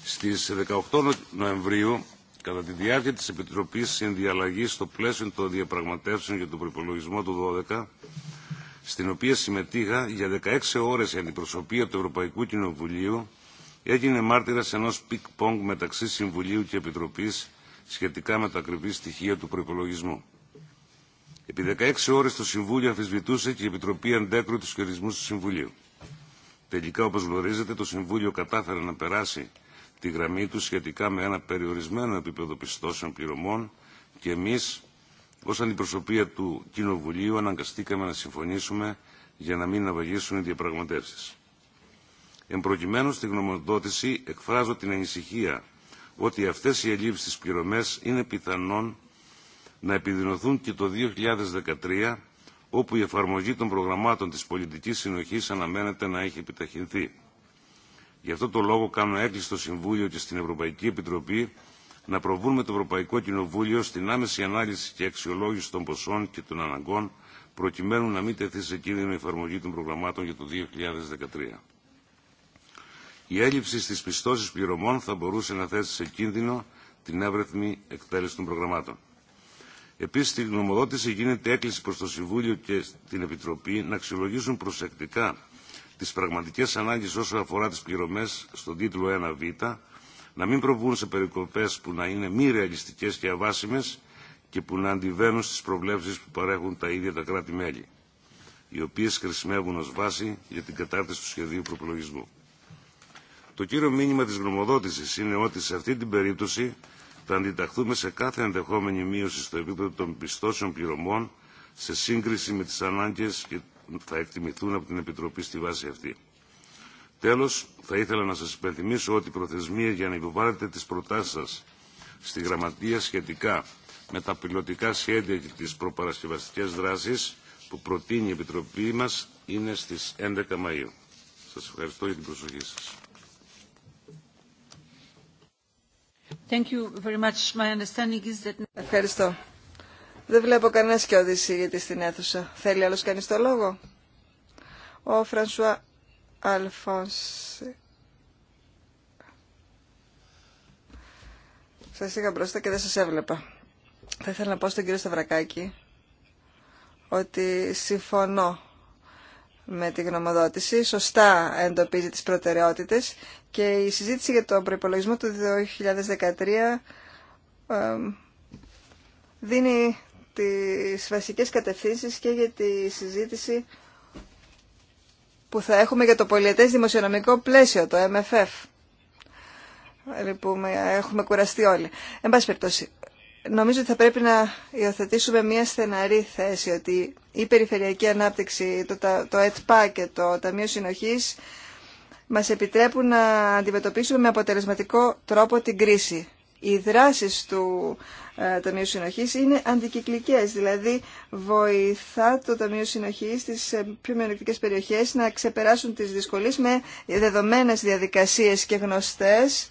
Στις 18 Νοεμβρίου, κατά τη διάρκεια της Επιτροπής Συνδιαλλαγής στο πλαίσιο των διαπραγματεύσεων για τον προπολογισμό του 2012, στην οποία συμμετείχα για 16 ώρες η αντιπροσωπεία του Ευρωπαϊκού Κοινοβουλίου, έγινε μάρτυρας ενός πικ-πονγκ μεταξύ Συμβουλίου και Επιτροπής σχετικά με τα ακριβή στοιχεία του προπολογισμού. Επί 16 ώρες το Συμβούλιο αφισβητούσε και η Επιτροπή αντέκρου τους χειρισμού του Συμβουλίου. Τελικά, όπως γνωρίζετε, το Συμβούλιο κατάφερε να περάσει τη γραμμή του σχετικά με ένα περιορισμένο επίπεδο πιστώσεων πληρωμών και εμείς, ως αντιπροσωπεία του Κοινοβουλίου, αναγκαστήκαμε να συμφωνήσουμε για να μην αβαγήσουν οι διαπραγματεύσεις. Εν προκειμένου στη γνωμοδότηση εκφράζω την ανησυχία ότι αυτές οι ελλείψεις πληρωμές είναι πιθανόν να επιδεινωθούν και το 2013, όπου η εφαρμογή των προγραμμάτων της πολιτικής συνοχής αναμένεται να έχει επιταχυνθεί. Γι' αυτό το λόγο κάνω έκλειστο στο Συμβούλιο και στην Ευρωπαϊκή Επιτροπή να προβούν με το Ευρωπαϊκό Κοινοβούλιο στην άμεση ανάλυση και αξιολόγηση των ποσών και των αναγκών, προκειμένου να μην τεθεί σε κίνδυνο η εφαρμογή των προγραμμάτων για το 2013. Η έλλειψη στις πιστώσεις πληρωμών θα μπορούσε να θέσει σε κίνδυνο την εύρεθμη εκτέλεση των προγραμμάτων. Επίσης, στη γνωμοδότηση γίνεται έκκληση προς το Συμβούλιο και την Επιτροπή να αξιολογήσουν προσεκτικά τις πραγματικές ανάγκες όσο αφορά τις πληρωμές στον τίτλο 1β, να μην προβούν σε περικοπές που να είναι μη ρεαλιστικές και αβάσιμες και που να αντιβαίνουν στις προβλέψεις που παρέχουν τα ίδια τα κράτη-μέλη, οι οποίες χρησιμεύουν ως βάση για την κατάρτιση του σχεδίου προπολογισμού. Το κύριο μήνυμα της γνωμοδότησης είναι ότι σε αυτή την περίπτωση θα αντιταχθούμε σε κάθε ενδεχόμενη μείωση στο επίπεδο των πιστώσεων πληρωμών σε σύγκριση με τις ανάγκες και θα εκτιμηθούν από την Επιτροπή στη βάση αυτή. Τέλος, θα ήθελα να σας υπενθυμίσω ότι η προθεσμία για να υποβάλλετε τις προτάσεις σας στη Γραμματεία σχετικά με τα πιλωτικά σχέδια και τις προπαρασκευαστικές δράσεις που προτείνει η Επιτροπή μας είναι στις 11 Μαΐου. Σας ευχαριστώ για την προσοχή σας. Ευχαριστώ. Δεν βλέπω κανένα σκιώδη γιατί στην αίθουσα. Θέλει άλλος κανείς το λόγο. Ο Φρανσουά Αλφόνση. Σας είχα μπροστά και δεν σας έβλεπα. Θα ήθελα να πω στον κύριο Σταυρακάκη ότι συμφωνώ με τη γνωμοδότηση, σωστά εντοπίζει τις προτεραιότητες και η συζήτηση για τον προϋπολογισμό του 2013 δίνει τις βασικές κατευθύνσεις και για τη συζήτηση που θα έχουμε για το πολιετές δημοσιονομικό πλαίσιο, το MFF. Λυπούμε, έχουμε κουραστεί όλοι. Εν πάση περιπτώσει, νομίζω ότι θα πρέπει να υιοθετήσουμε μια στεναρή θέση ότι η περιφερειακή ανάπτυξη, το, το ΕΤΠΑ και το Ταμείο Συνοχής μας επιτρέπουν να αντιμετωπίσουμε με αποτελεσματικό τρόπο την κρίση. Οι δράσεις του ε, Ταμείου Συνοχής είναι αντικυκλικές, δηλαδή βοηθά το Ταμείο Συνοχής στις ε, πιο μειονεκτικές περιοχές να ξεπεράσουν τις δυσκολίες με δεδομένες διαδικασίες και γνωστές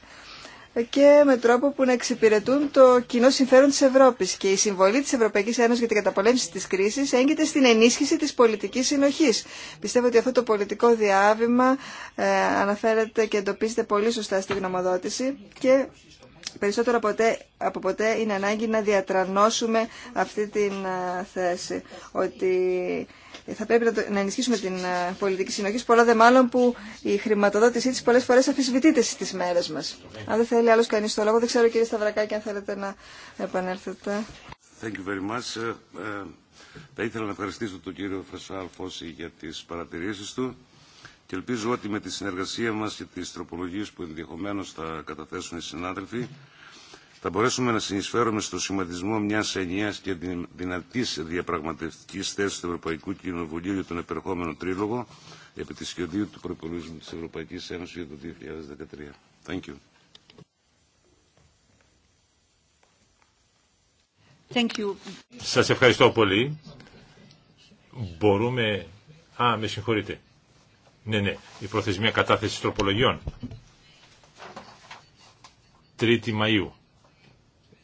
και με τρόπο που να εξυπηρετούν το κοινό συμφέρον της Ευρώπης. Και η συμβολή της Ευρωπαϊκής Ένωσης για την καταπολέμηση της κρίσης έγκυται στην ενίσχυση της πολιτικής συνοχής. Πιστεύω ότι αυτό το πολιτικό διάβημα ε, αναφέρεται και εντοπίζεται πολύ σωστά στη γνωμοδότηση και περισσότερο από ποτέ είναι ανάγκη να διατρανώσουμε αυτή την ε, θέση ότι θα πρέπει να ενισχύσουμε την ε, πολιτική συνοχή, πολλά δε μάλλον που η χρηματοδότησή τη πολλέ φορέ αφισβητείται στι μέρε μα. Αν δεν θέλει άλλο κανεί το λόγο, δεν ξέρω κύριε Σταυρακάκη αν θέλετε να επανέλθετε. Thank you very much. Ε, ε θα ήθελα να ευχαριστήσω τον κύριο Φρεσουάλ Φώση για τις παρατηρήσεις του και ελπίζω ότι με τη συνεργασία μα και τι τροπολογίε που ενδεχομένω θα καταθέσουν οι συνάδελφοι θα μπορέσουμε να συνεισφέρουμε στο σχηματισμό μια ενιαία και δυνατή διαπραγματευτική θέση του Ευρωπαϊκού Κοινοβουλίου για τον επερχόμενο τρίλογο επί τη σχεδίου του προπολογισμού τη Ευρωπαϊκή Ένωση για το 2013. Thank you. Thank you. Σας ευχαριστώ πολύ. Μπορούμε... Α, με συγχωρείτε. Ναι, ναι, η προθεσμία κατάθεση τροπολογιών. 3η Μαΐου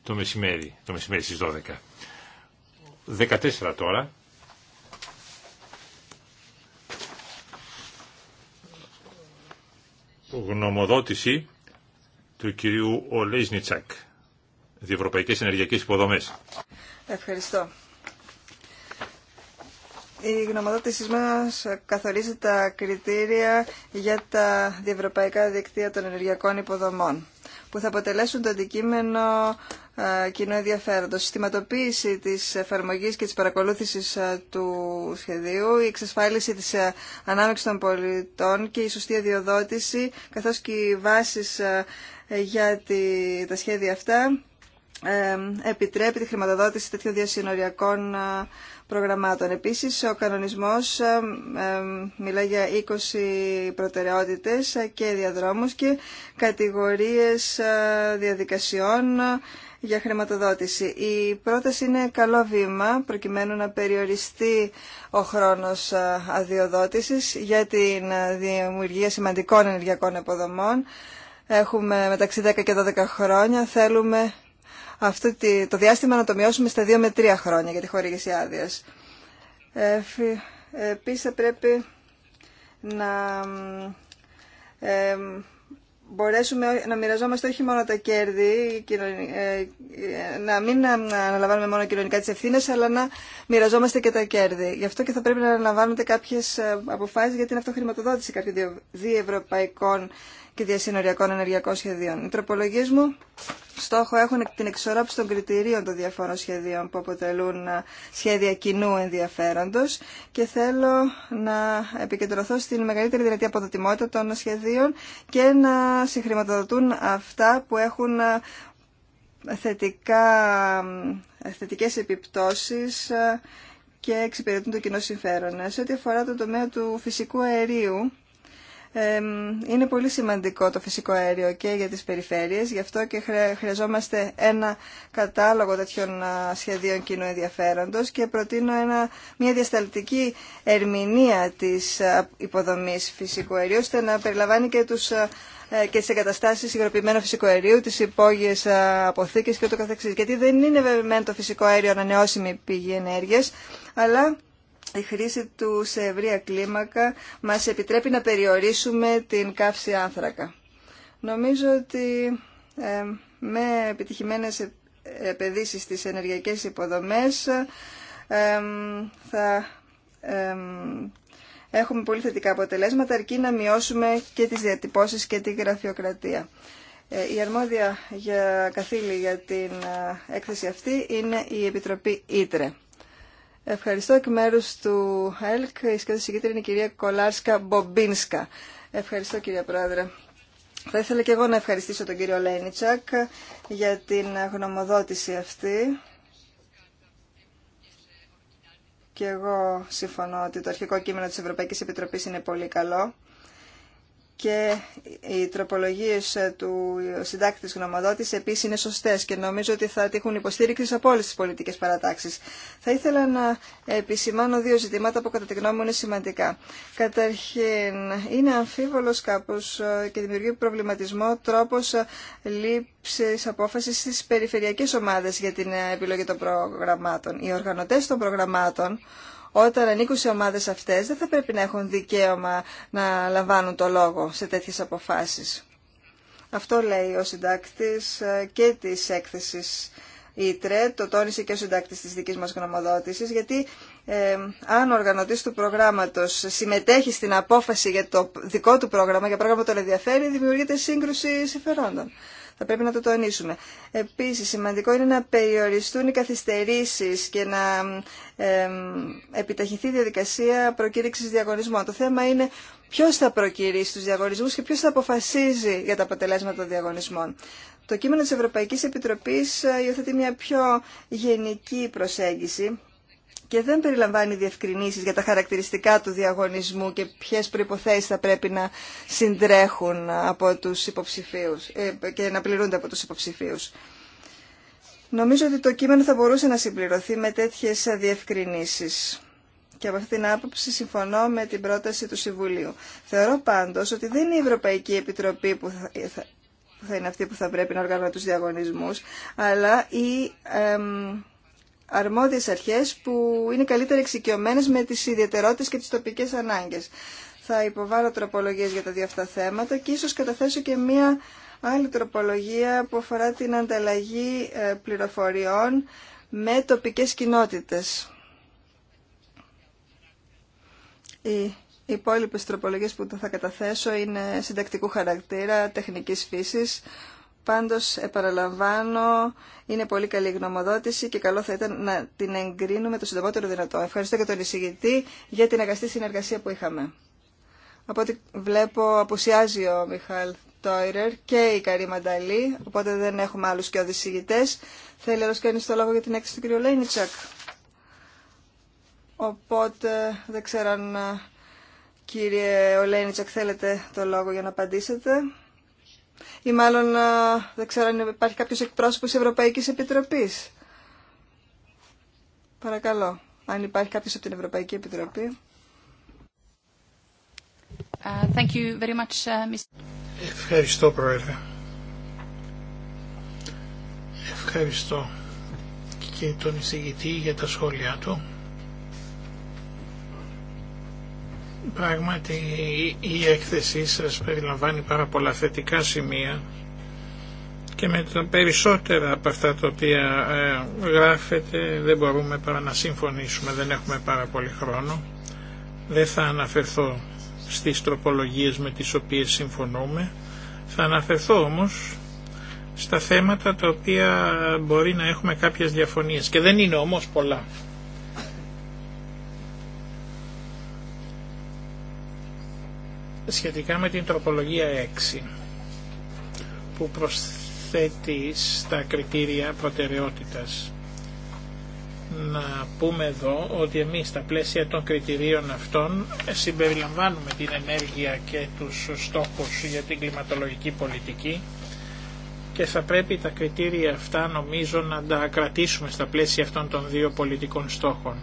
το μεσημέρι, το μεσημέρι στις 12. 14 τώρα. Γνωμοδότηση του κυρίου Ολέζνιτσακ. Διευρωπαϊκές Ενεργειακές Υποδομές. Ευχαριστώ. Η γνωμοδότησή μας καθορίζει τα κριτήρια για τα διευρωπαϊκά δικτύα των ενεργειακών υποδομών που θα αποτελέσουν το αντικείμενο ε, κοινού ενδιαφέροντος, συστηματοποίηση της εφαρμογής και της παρακολούθησης ε, του σχεδίου, η εξασφάλιση της ε, ανάμειξης των πολιτών και η σωστή αδειοδότηση, καθώς και οι βάσεις για τα σχέδια αυτά, επιτρέπει τη χρηματοδότηση τέτοιων διασυνοριακών προγραμμάτων. Επίσης, ο κανονισμός μιλάει για 20 προτεραιότητες και διαδρόμους και κατηγορίες διαδικασιών για χρηματοδότηση. Η πρόταση είναι καλό βήμα προκειμένου να περιοριστεί ο χρόνος αδειοδότησης για την δημιουργία σημαντικών ενεργειακών υποδομών. Έχουμε μεταξύ 10 και 12 χρόνια. Θέλουμε αυτό το διάστημα να το μειώσουμε στα 2 με 3 χρόνια για τη χορήγηση άδεια. Ε, επίσης θα πρέπει να ε, μπορέσουμε να μοιραζόμαστε όχι μόνο τα κέρδη, ε, να μην αναλαμβάνουμε μόνο κοινωνικά τις ευθύνες, αλλά να μοιραζόμαστε και τα κέρδη. Γι' αυτό και θα πρέπει να αναλαμβάνονται κάποιες ε, αποφάσεις για την αυτοχρηματοδότηση κάποιων διευρωπαϊκών και διασυνοριακών ενεργειακών σχεδίων. Οι τροπολογίες μου στόχο έχουν την εξορρόπηση των κριτηρίων των διαφόρων σχεδίων που αποτελούν ε, σχέδια κοινού ενδιαφέροντος και θέλω να επικεντρωθώ στην μεγαλύτερη δυνατή αποδοτημότητα των σχεδίων και να συγχρηματοδοτούν αυτά που έχουν ε, θετικά, ε, θετικές επιπτώσεις και εξυπηρετούν το κοινό συμφέρον. Σε ό,τι αφορά το τομέα του φυσικού αερίου, είναι πολύ σημαντικό το φυσικό αέριο και για τις περιφέρειες, γι' αυτό και χρειαζόμαστε ένα κατάλογο τέτοιων σχεδίων κοινού ενδιαφέροντος και προτείνω ένα, μια διασταλτική ερμηνεία της υποδομής φυσικού αερίου, ώστε να περιλαμβάνει και τους ε, και τι εγκαταστάσει υγροποιημένου φυσικού αερίου, τι υπόγειε αποθήκε και Γιατί δεν είναι βεβαιωμένο το φυσικό αέριο ανανεώσιμη πηγή ενέργεια, αλλά η χρήση του σε ευρία κλίμακα μας επιτρέπει να περιορίσουμε την καύση άνθρακα. Νομίζω ότι ε, με επιτυχημένες επενδύσεις στις ενεργειακές υποδομές ε, θα ε, έχουμε πολύ θετικά αποτελέσματα αρκεί να μειώσουμε και τις διατυπώσεις και τη γραφειοκρατία. Η αρμόδια για καθήλη για την έκθεση αυτή είναι η Επιτροπή Ήτρε. Ευχαριστώ εκ μέρους του ΕΛΚ. Η συγκέντρη είναι η κυρία Κολάρσκα Μπομπίνσκα. Ευχαριστώ κυρία Πρόεδρε. Θα ήθελα και εγώ να ευχαριστήσω τον κύριο Λένιτσακ για την γνωμοδότηση αυτή. Και εγώ συμφωνώ ότι το αρχικό κείμενο της Ευρωπαϊκής Επιτροπής είναι πολύ καλό και οι τροπολογίες του συντάκτη της επίση επίσης είναι σωστές και νομίζω ότι θα τύχουν υποστήριξη από όλες τις πολιτικές παρατάξεις. Θα ήθελα να επισημάνω δύο ζητήματα που κατά τη γνώμη μου είναι σημαντικά. Καταρχήν, είναι αμφίβολος κάπως ε, και δημιουργεί προβληματισμό τρόπος ε, λήψης απόφασης στις περιφερειακές ομάδες για την ε, επιλογή των προγραμμάτων. Οι οργανωτές των προγραμμάτων όταν ανήκουν σε ομάδε αυτές δεν θα πρέπει να έχουν δικαίωμα να λαμβάνουν το λόγο σε τέτοιες αποφάσεις. Αυτό λέει ο συντάκτης ε, και τη έκθεση ΙΤΡΕ, το τόνισε και ο συντάκτης τη δικής μας γνωμοδότησης, γιατί ε, αν ο οργανωτής του προγράμματος συμμετέχει στην απόφαση για το δικό του πρόγραμμα, για πρόγραμμα που τον ενδιαφέρει, δημιουργείται σύγκρουση συμφερόντων. Θα πρέπει να το τονίσουμε. Επίσης, σημαντικό είναι να περιοριστούν οι καθυστερήσεις και να επιταχυνθεί η διαδικασία προκήρυξης διαγωνισμών. Το θέμα είναι ποιος θα προκυρήσει τους διαγωνισμούς και ποιος θα αποφασίζει για τα αποτελέσματα των διαγωνισμών. Το κείμενο της Ευρωπαϊκής Επιτροπής ε, υιοθετεί μια πιο γενική προσέγγιση και δεν περιλαμβάνει διευκρινήσεις για τα χαρακτηριστικά του διαγωνισμού και ποιες προϋποθέσεις θα πρέπει να συντρέχουν από τους υποψηφίους ε, και να πληρούνται από τους υποψηφίους. Νομίζω ότι το κείμενο θα μπορούσε να συμπληρωθεί με τέτοιες διευκρινήσεις. Και από αυτή την άποψη συμφωνώ με την πρόταση του Συμβουλίου. Θεωρώ πάντως ότι δεν είναι η Ευρωπαϊκή Επιτροπή που θα, είναι αυτή που θα πρέπει να οργανώνει τους διαγωνισμούς, αλλά η αρμόδιες αρχές που είναι καλύτερα εξοικειωμένες με τις ιδιαιτερότητες και τις τοπικές ανάγκες. Θα υποβάλω τροπολογίες για τα δύο αυτά θέματα και ίσως καταθέσω και μία άλλη τροπολογία που αφορά την ανταλλαγή ε, πληροφοριών με τοπικές κοινότητες. Οι υπόλοιπε τροπολογίες που θα καταθέσω είναι συντακτικού χαρακτήρα, τεχνικής φύσης, Πάντως, επαναλαμβάνω, είναι πολύ καλή η γνωμοδότηση και καλό θα ήταν να την εγκρίνουμε το συντομότερο δυνατό. Ευχαριστώ και τον εισηγητή για την αγαστή συνεργασία που είχαμε. Από ό,τι βλέπω, απουσιάζει ο Μιχάλ Τόιρερ και η Καρή Μανταλή, οπότε δεν έχουμε άλλους και οδησηγητές. Θέλει ο κανείς το λόγο για την έκθεση του κ. Λέινιτσακ. Οπότε δεν ξέρω αν κύριε Ολένιτσακ θέλετε το λόγο για να απαντήσετε. Ή μάλλον δεν ξέρω αν υπάρχει κάποιος εκπρόσωπος Ευρωπαϊκής Επιτροπής. Παρακαλώ, αν υπάρχει κάποιος από την Ευρωπαϊκή Επιτροπή. Ε, thank you very much, ε, Mr. Ευχαριστώ, Πρόεδρε. Ευχαριστώ και τον εισηγητή για τα σχόλιά του. Πράγματι η έκθεσή σας περιλαμβάνει πάρα πολλά θετικά σημεία και με τα περισσότερα από αυτά τα οποία ε, γράφετε δεν μπορούμε παρά να συμφωνήσουμε, δεν έχουμε πάρα πολύ χρόνο. Δεν θα αναφερθώ στις τροπολογίες με τις οποίες συμφωνούμε, θα αναφερθώ όμως στα θέματα τα οποία μπορεί να έχουμε κάποιες διαφωνίες και δεν είναι όμως πολλά. σχετικά με την τροπολογία 6 που προσθέτει στα κριτήρια προτεραιότητας. Να πούμε εδώ ότι εμείς στα πλαίσια των κριτηρίων αυτών συμπεριλαμβάνουμε την ενέργεια και τους στόχους για την κλιματολογική πολιτική και θα πρέπει τα κριτήρια αυτά νομίζω να τα κρατήσουμε στα πλαίσια αυτών των δύο πολιτικών στόχων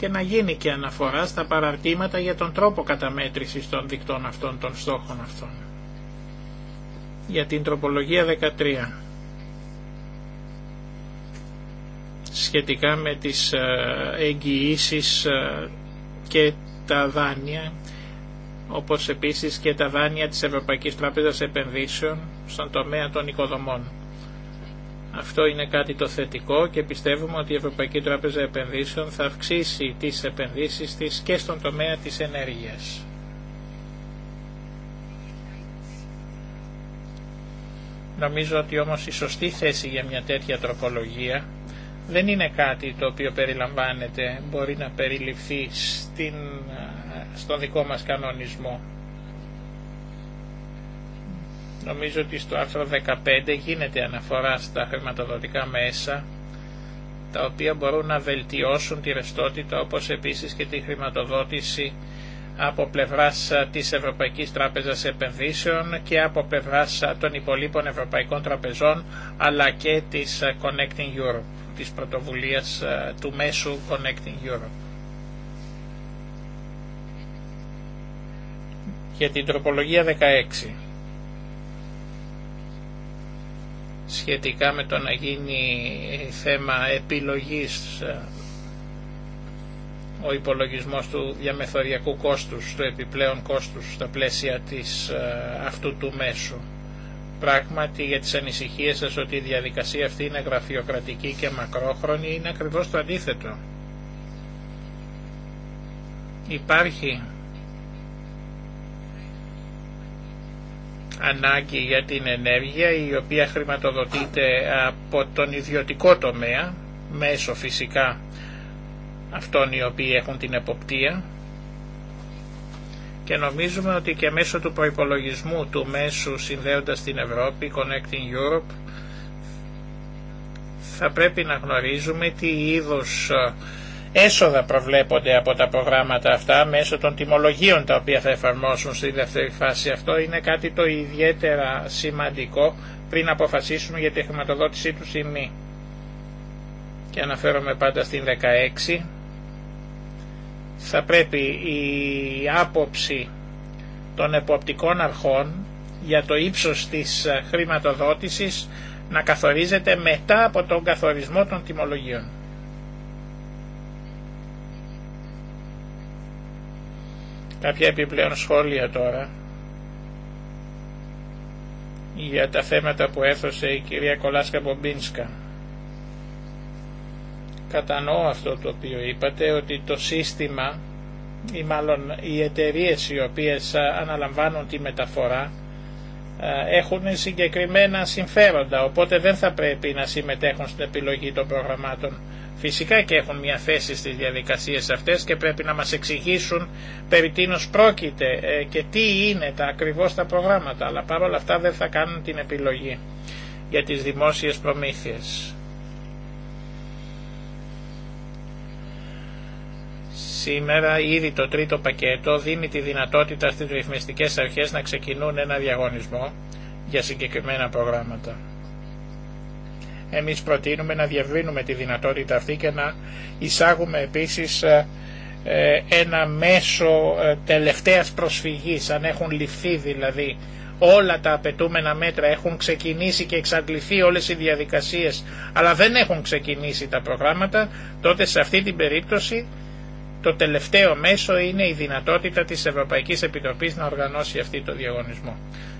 και να γίνει και αναφορά στα παραρτήματα για τον τρόπο καταμέτρησης των δικτών αυτών, των στόχων αυτών. Για την τροπολογία 13. σχετικά με τις ε, εγγυήσει ε, και τα δάνεια, όπως επίσης και τα δάνεια της Ευρωπαϊκής Τράπεζας Επενδύσεων στον τομέα των οικοδομών. Αυτό είναι κάτι το θετικό και πιστεύουμε ότι η Ευρωπαϊκή Τράπεζα Επενδύσεων θα αυξήσει τις επενδύσεις της και στον τομέα της ενέργειας. Νομίζω ότι όμως η σωστή θέση για μια τέτοια τροπολογία δεν είναι κάτι το οποίο περιλαμβάνεται, μπορεί να περιληφθεί στην, στον δικό μας κανονισμό. Νομίζω ότι στο άρθρο 15 γίνεται αναφορά στα χρηματοδοτικά μέσα τα οποία μπορούν να βελτιώσουν τη ρεστότητα όπως επίσης και τη χρηματοδότηση από πλευράς της Ευρωπαϊκής Τράπεζας Επενδύσεων και από πλευράς των υπολείπων Ευρωπαϊκών Τραπεζών αλλά και της Connecting Europe, της πρωτοβουλίας του μέσου Connecting Europe. Για την τροπολογία 16. σχετικά με το να γίνει θέμα επιλογής ε, ο υπολογισμός του διαμεθοριακού κόστους, του επιπλέον κόστους στα πλαίσια της, ε, αυτού του μέσου. Πράγματι για τις ανησυχίες σας ότι η διαδικασία αυτή είναι γραφειοκρατική και μακρόχρονη είναι ακριβώς το αντίθετο. Υπάρχει ανάγκη για την ενέργεια η οποία χρηματοδοτείται από τον ιδιωτικό τομέα μέσω φυσικά αυτών οι οποίοι έχουν την εποπτεία και νομίζουμε ότι και μέσω του προϋπολογισμού του μέσου συνδέοντας την Ευρώπη, Connecting Europe, θα πρέπει να γνωρίζουμε τι είδους έσοδα προβλέπονται από τα προγράμματα αυτά μέσω των τιμολογίων τα οποία θα εφαρμόσουν στη δεύτερη φάση. Αυτό είναι κάτι το ιδιαίτερα σημαντικό πριν αποφασίσουμε για τη χρηματοδότησή του ή Και αναφέρομαι πάντα στην 16. Θα πρέπει η άποψη των εποπτικών αρχών για το ύψος της χρηματοδότησης να καθορίζεται μετά από τον καθορισμό των τιμολογίων. Κάποια επιπλέον σχόλια τώρα για τα θέματα που έθωσε η κυρία Κολάσκα Μπομπίνσκα. Κατανοώ αυτό το οποίο είπατε ότι το σύστημα ή μάλλον οι εταιρείε οι οποίες αναλαμβάνουν τη μεταφορά ε, έχουν συγκεκριμένα συμφέροντα, οπότε δεν θα πρέπει να συμμετέχουν στην επιλογή των προγραμμάτων. Φυσικά και έχουν μια θέση στις διαδικασίες αυτές και πρέπει να μας εξηγήσουν περί τίνος πρόκειται ε, και τι είναι τα ακριβώς τα προγράμματα, αλλά παρόλα αυτά δεν θα κάνουν την επιλογή για τις δημόσιες προμήθειες. Σήμερα ήδη το τρίτο πακέτο δίνει τη δυνατότητα στις ρυθμιστικές αρχές να ξεκινούν ένα διαγωνισμό για συγκεκριμένα προγράμματα. Εμείς προτείνουμε να διαβρύνουμε τη δυνατότητα αυτή και να εισάγουμε επίσης ε, ε, ένα μέσο ε, τελευταίας προσφυγής, αν έχουν ληφθεί δηλαδή όλα τα απαιτούμενα μέτρα, έχουν ξεκινήσει και εξαντληθεί όλες οι διαδικασίες, αλλά δεν έχουν ξεκινήσει τα προγράμματα, τότε σε αυτή την περίπτωση το τελευταίο μέσο είναι η δυνατότητα της Ευρωπαϊκής Επιτροπής να οργανώσει αυτή το διαγωνισμό.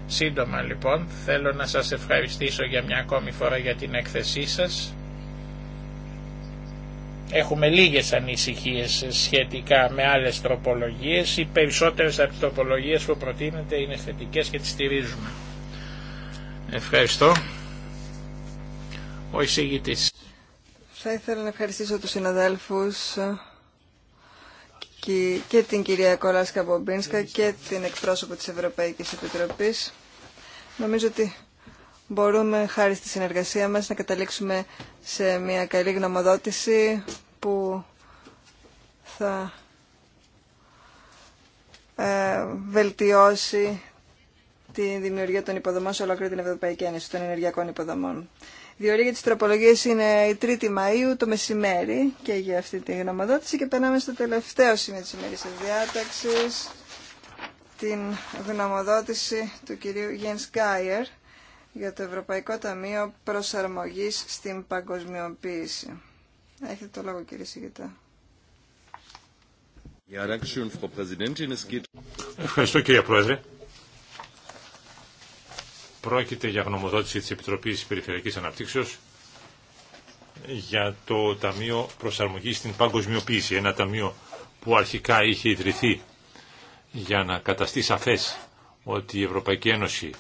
Σύντομα λοιπόν, θέλω να σας ευχαριστήσω για μια ακόμη φορά για την έκθεσή σας. Έχουμε λίγες ανησυχίες σχετικά με άλλες τροπολογίες. Οι περισσότερες από τις τροπολογίες που προτείνετε είναι θετικές και τις στηρίζουμε. Ευχαριστώ. Ο εισηγητής. Θα ήθελα να ευχαριστήσω τους συναδέλφους και την κυρία Κολάσκα Μπομπίνσκα και την εκπρόσωπο της Ευρωπαϊκής Επιτροπής. Νομίζω ότι μπορούμε χάρη στη συνεργασία μας να καταλήξουμε σε μια καλή γνωμοδότηση που θα ε, βελτιώσει τη δημιουργία των υποδομών σε ολόκληρη την Ευρωπαϊκή Ένωση των ενεργειακών υποδομών διορία για τις τροπολογίες είναι η 3η Μαΐου το μεσημέρι και για αυτή τη γνωμοδότηση και περνάμε στο τελευταίο σημείο της ημέρης της διάταξης την γνωμοδότηση του κυρίου Γιένς Γκάιερ για το Ευρωπαϊκό Ταμείο Προσαρμογής στην Παγκοσμιοποίηση. Έχετε το λόγο κύριε Σιγητά. Ευχαριστώ κύριε Πρόεδρε. Πρόκειται για γνωμοδότηση της Επιτροπής Περιφερειακής Αναπτύξεως για το Ταμείο Προσαρμογής στην Παγκοσμιοποίηση. Ένα ταμείο που αρχικά είχε ιδρυθεί για να καταστεί σαφές ότι η Ευρωπαϊκή Ένωση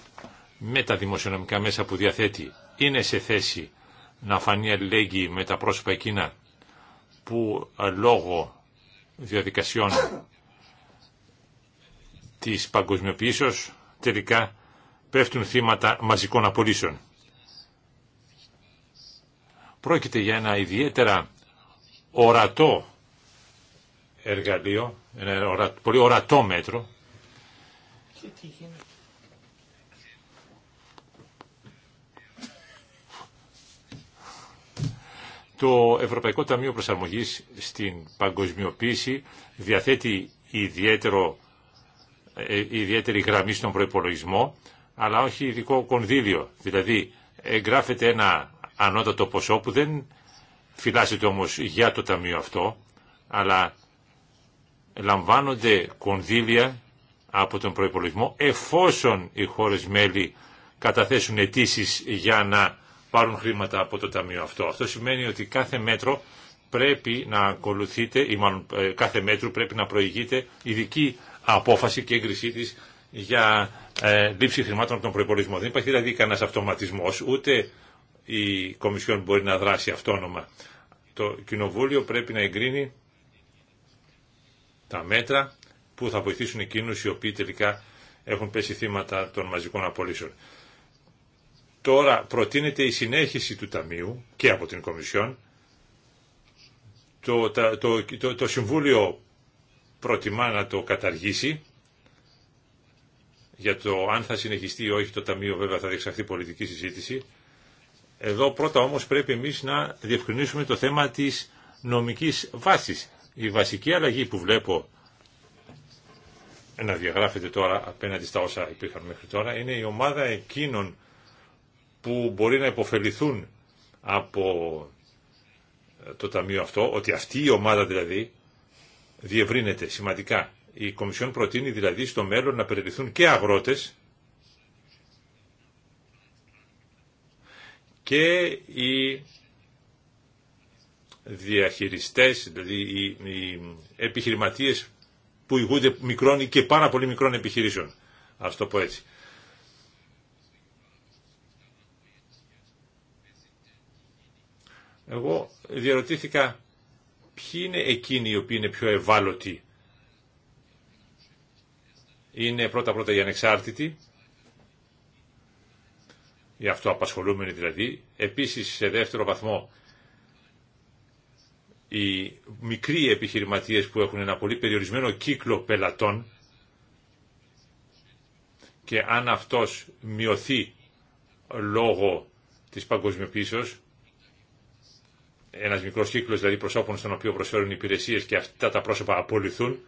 με τα δημοσιονομικά μέσα που διαθέτει είναι σε θέση να φανεί αλληλέγγυη με τα πρόσωπα εκείνα που ε, λόγω διαδικασιών της παγκοσμιοποίησεως τελικά πέφτουν θύματα μαζικών απολύσεων. Πρόκειται για ένα ιδιαίτερα ορατό εργαλείο, ένα πολύ ορατό μέτρο. Το Ευρωπαϊκό Ταμείο Προσαρμογής στην παγκοσμιοποίηση διαθέτει ιδιαίτερο, ε, ιδιαίτερη γραμμή στον προϋπολογισμό αλλά όχι ειδικό κονδύλιο. Δηλαδή εγγράφεται ένα ανώτατο ποσό που δεν φυλάσσεται όμως για το ταμείο αυτό, αλλά λαμβάνονται κονδύλια από τον προϋπολογισμό εφόσον οι χώρες μέλη καταθέσουν αιτήσει για να πάρουν χρήματα από το ταμείο αυτό. Αυτό σημαίνει ότι κάθε μέτρο πρέπει να ακολουθείται ή μάλλον ε, κάθε μέτρο πρέπει να προηγείται ειδική απόφαση και έγκρισή της για ε, λήψη χρημάτων από τον προπολογισμό. Δεν υπάρχει δηλαδή κανένα αυτοματισμό, ούτε η Κομισιόν μπορεί να δράσει αυτόνομα. Το Κοινοβούλιο πρέπει να εγκρίνει τα μέτρα που θα βοηθήσουν εκείνου οι οποίοι τελικά έχουν πέσει θύματα των μαζικών απολύσεων. Τώρα προτείνεται η συνέχιση του Ταμείου και από την Κομισιόν. το Συμβούλιο προτιμά να το καταργήσει για το αν θα συνεχιστεί ή όχι το Ταμείο βέβαια θα διεξαχθεί πολιτική συζήτηση. Εδώ πρώτα όμως πρέπει εμείς να διευκρινίσουμε το θέμα της νομικής βάσης. Η βασική αλλαγή που βλέπω να διαγράφεται τώρα απέναντι στα όσα υπήρχαν μέχρι τώρα είναι η ομάδα εκείνων που μπορεί να υποφεληθούν από το ταμείο αυτό, ότι αυτή η ομάδα δηλαδή διευρύνεται σημαντικά. Η Κομισιόν προτείνει δηλαδή στο μέλλον να περιληφθούν και αγρότες και οι διαχειριστές, δηλαδή οι, επιχειρηματίες που ηγούνται μικρών και πάρα πολύ μικρών επιχειρήσεων. Ας το πω έτσι. Εγώ διαρωτήθηκα ποιοι είναι εκείνοι οι οποίοι είναι πιο ευάλωτοι είναι πρώτα-πρώτα οι ανεξάρτητοι, οι αυτοαπασχολούμενοι δηλαδή, επίσης σε δεύτερο βαθμό οι μικροί επιχειρηματίες που έχουν ένα πολύ περιορισμένο κύκλο πελατών και αν αυτός μειωθεί λόγω της παγκοσμιοποίησεως, ένας μικρός κύκλος δηλαδή προσώπων στον οποίο προσφέρουν υπηρεσίες και αυτά τα πρόσωπα απολυθούν,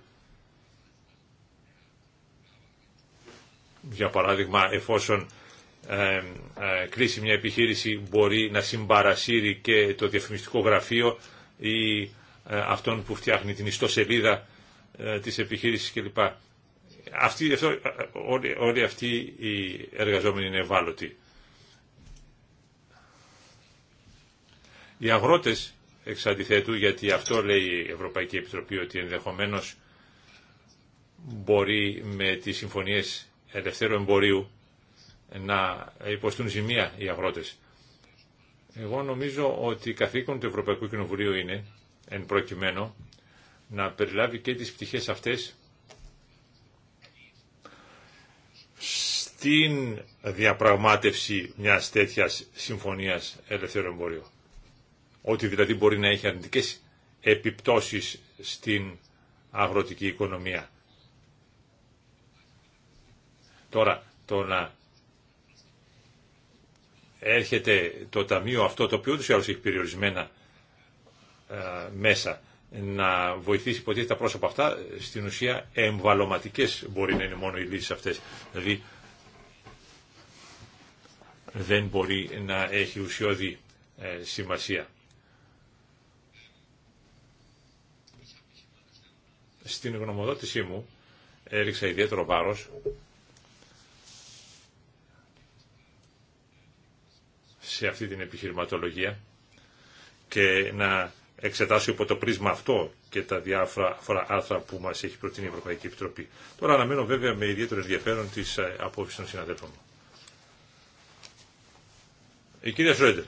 για παράδειγμα εφόσον ε, ε μια επιχείρηση μπορεί να συμπαρασύρει και το διαφημιστικό γραφείο ή ε, αυτόν που φτιάχνει την ιστοσελίδα ε, της επιχείρησης κλπ. Αυτή, αυτό, όλοι, όλοι αυτοί οι εργαζόμενοι είναι ευάλωτοι. Οι αγρότες εξ αντιθέτου, γιατί αυτό λέει η Ευρωπαϊκή Επιτροπή ότι ενδεχομένως μπορεί με τις συμφωνίες ελευθέρου εμπορίου να υποστούν ζημία οι αγρότες. Εγώ νομίζω ότι καθήκον του Ευρωπαϊκού Κοινοβουλίου είναι, εν προκειμένου, να περιλάβει και τις πτυχές αυτές στην διαπραγμάτευση μιας τέτοιας συμφωνίας ελευθέρου εμπορίου. Ότι δηλαδή μπορεί να έχει αρνητικές επιπτώσεις στην αγροτική οικονομία. Τώρα το να έρχεται το ταμείο αυτό το οποίο ούτως ή έχει περιορισμένα ε, μέσα να βοηθήσει ποτέ τα πρόσωπα αυτά στην ουσία εμβαλωματικές μπορεί να είναι μόνο οι λύσεις αυτές δηλαδή δεν μπορεί να έχει ουσιώδη ε, σημασία. Στην γνωμοδότησή μου έριξα ιδιαίτερο βάρος σε αυτή την επιχειρηματολογία και να εξετάσει υπό το πρίσμα αυτό και τα διάφορα άρθρα που μας έχει προτείνει η Ευρωπαϊκή Επιτροπή. Τώρα αναμένω βέβαια με ιδιαίτερο ενδιαφέρον τις ε, απόψεις των συναδέλφων μου. Η κυρία Σρέντερ.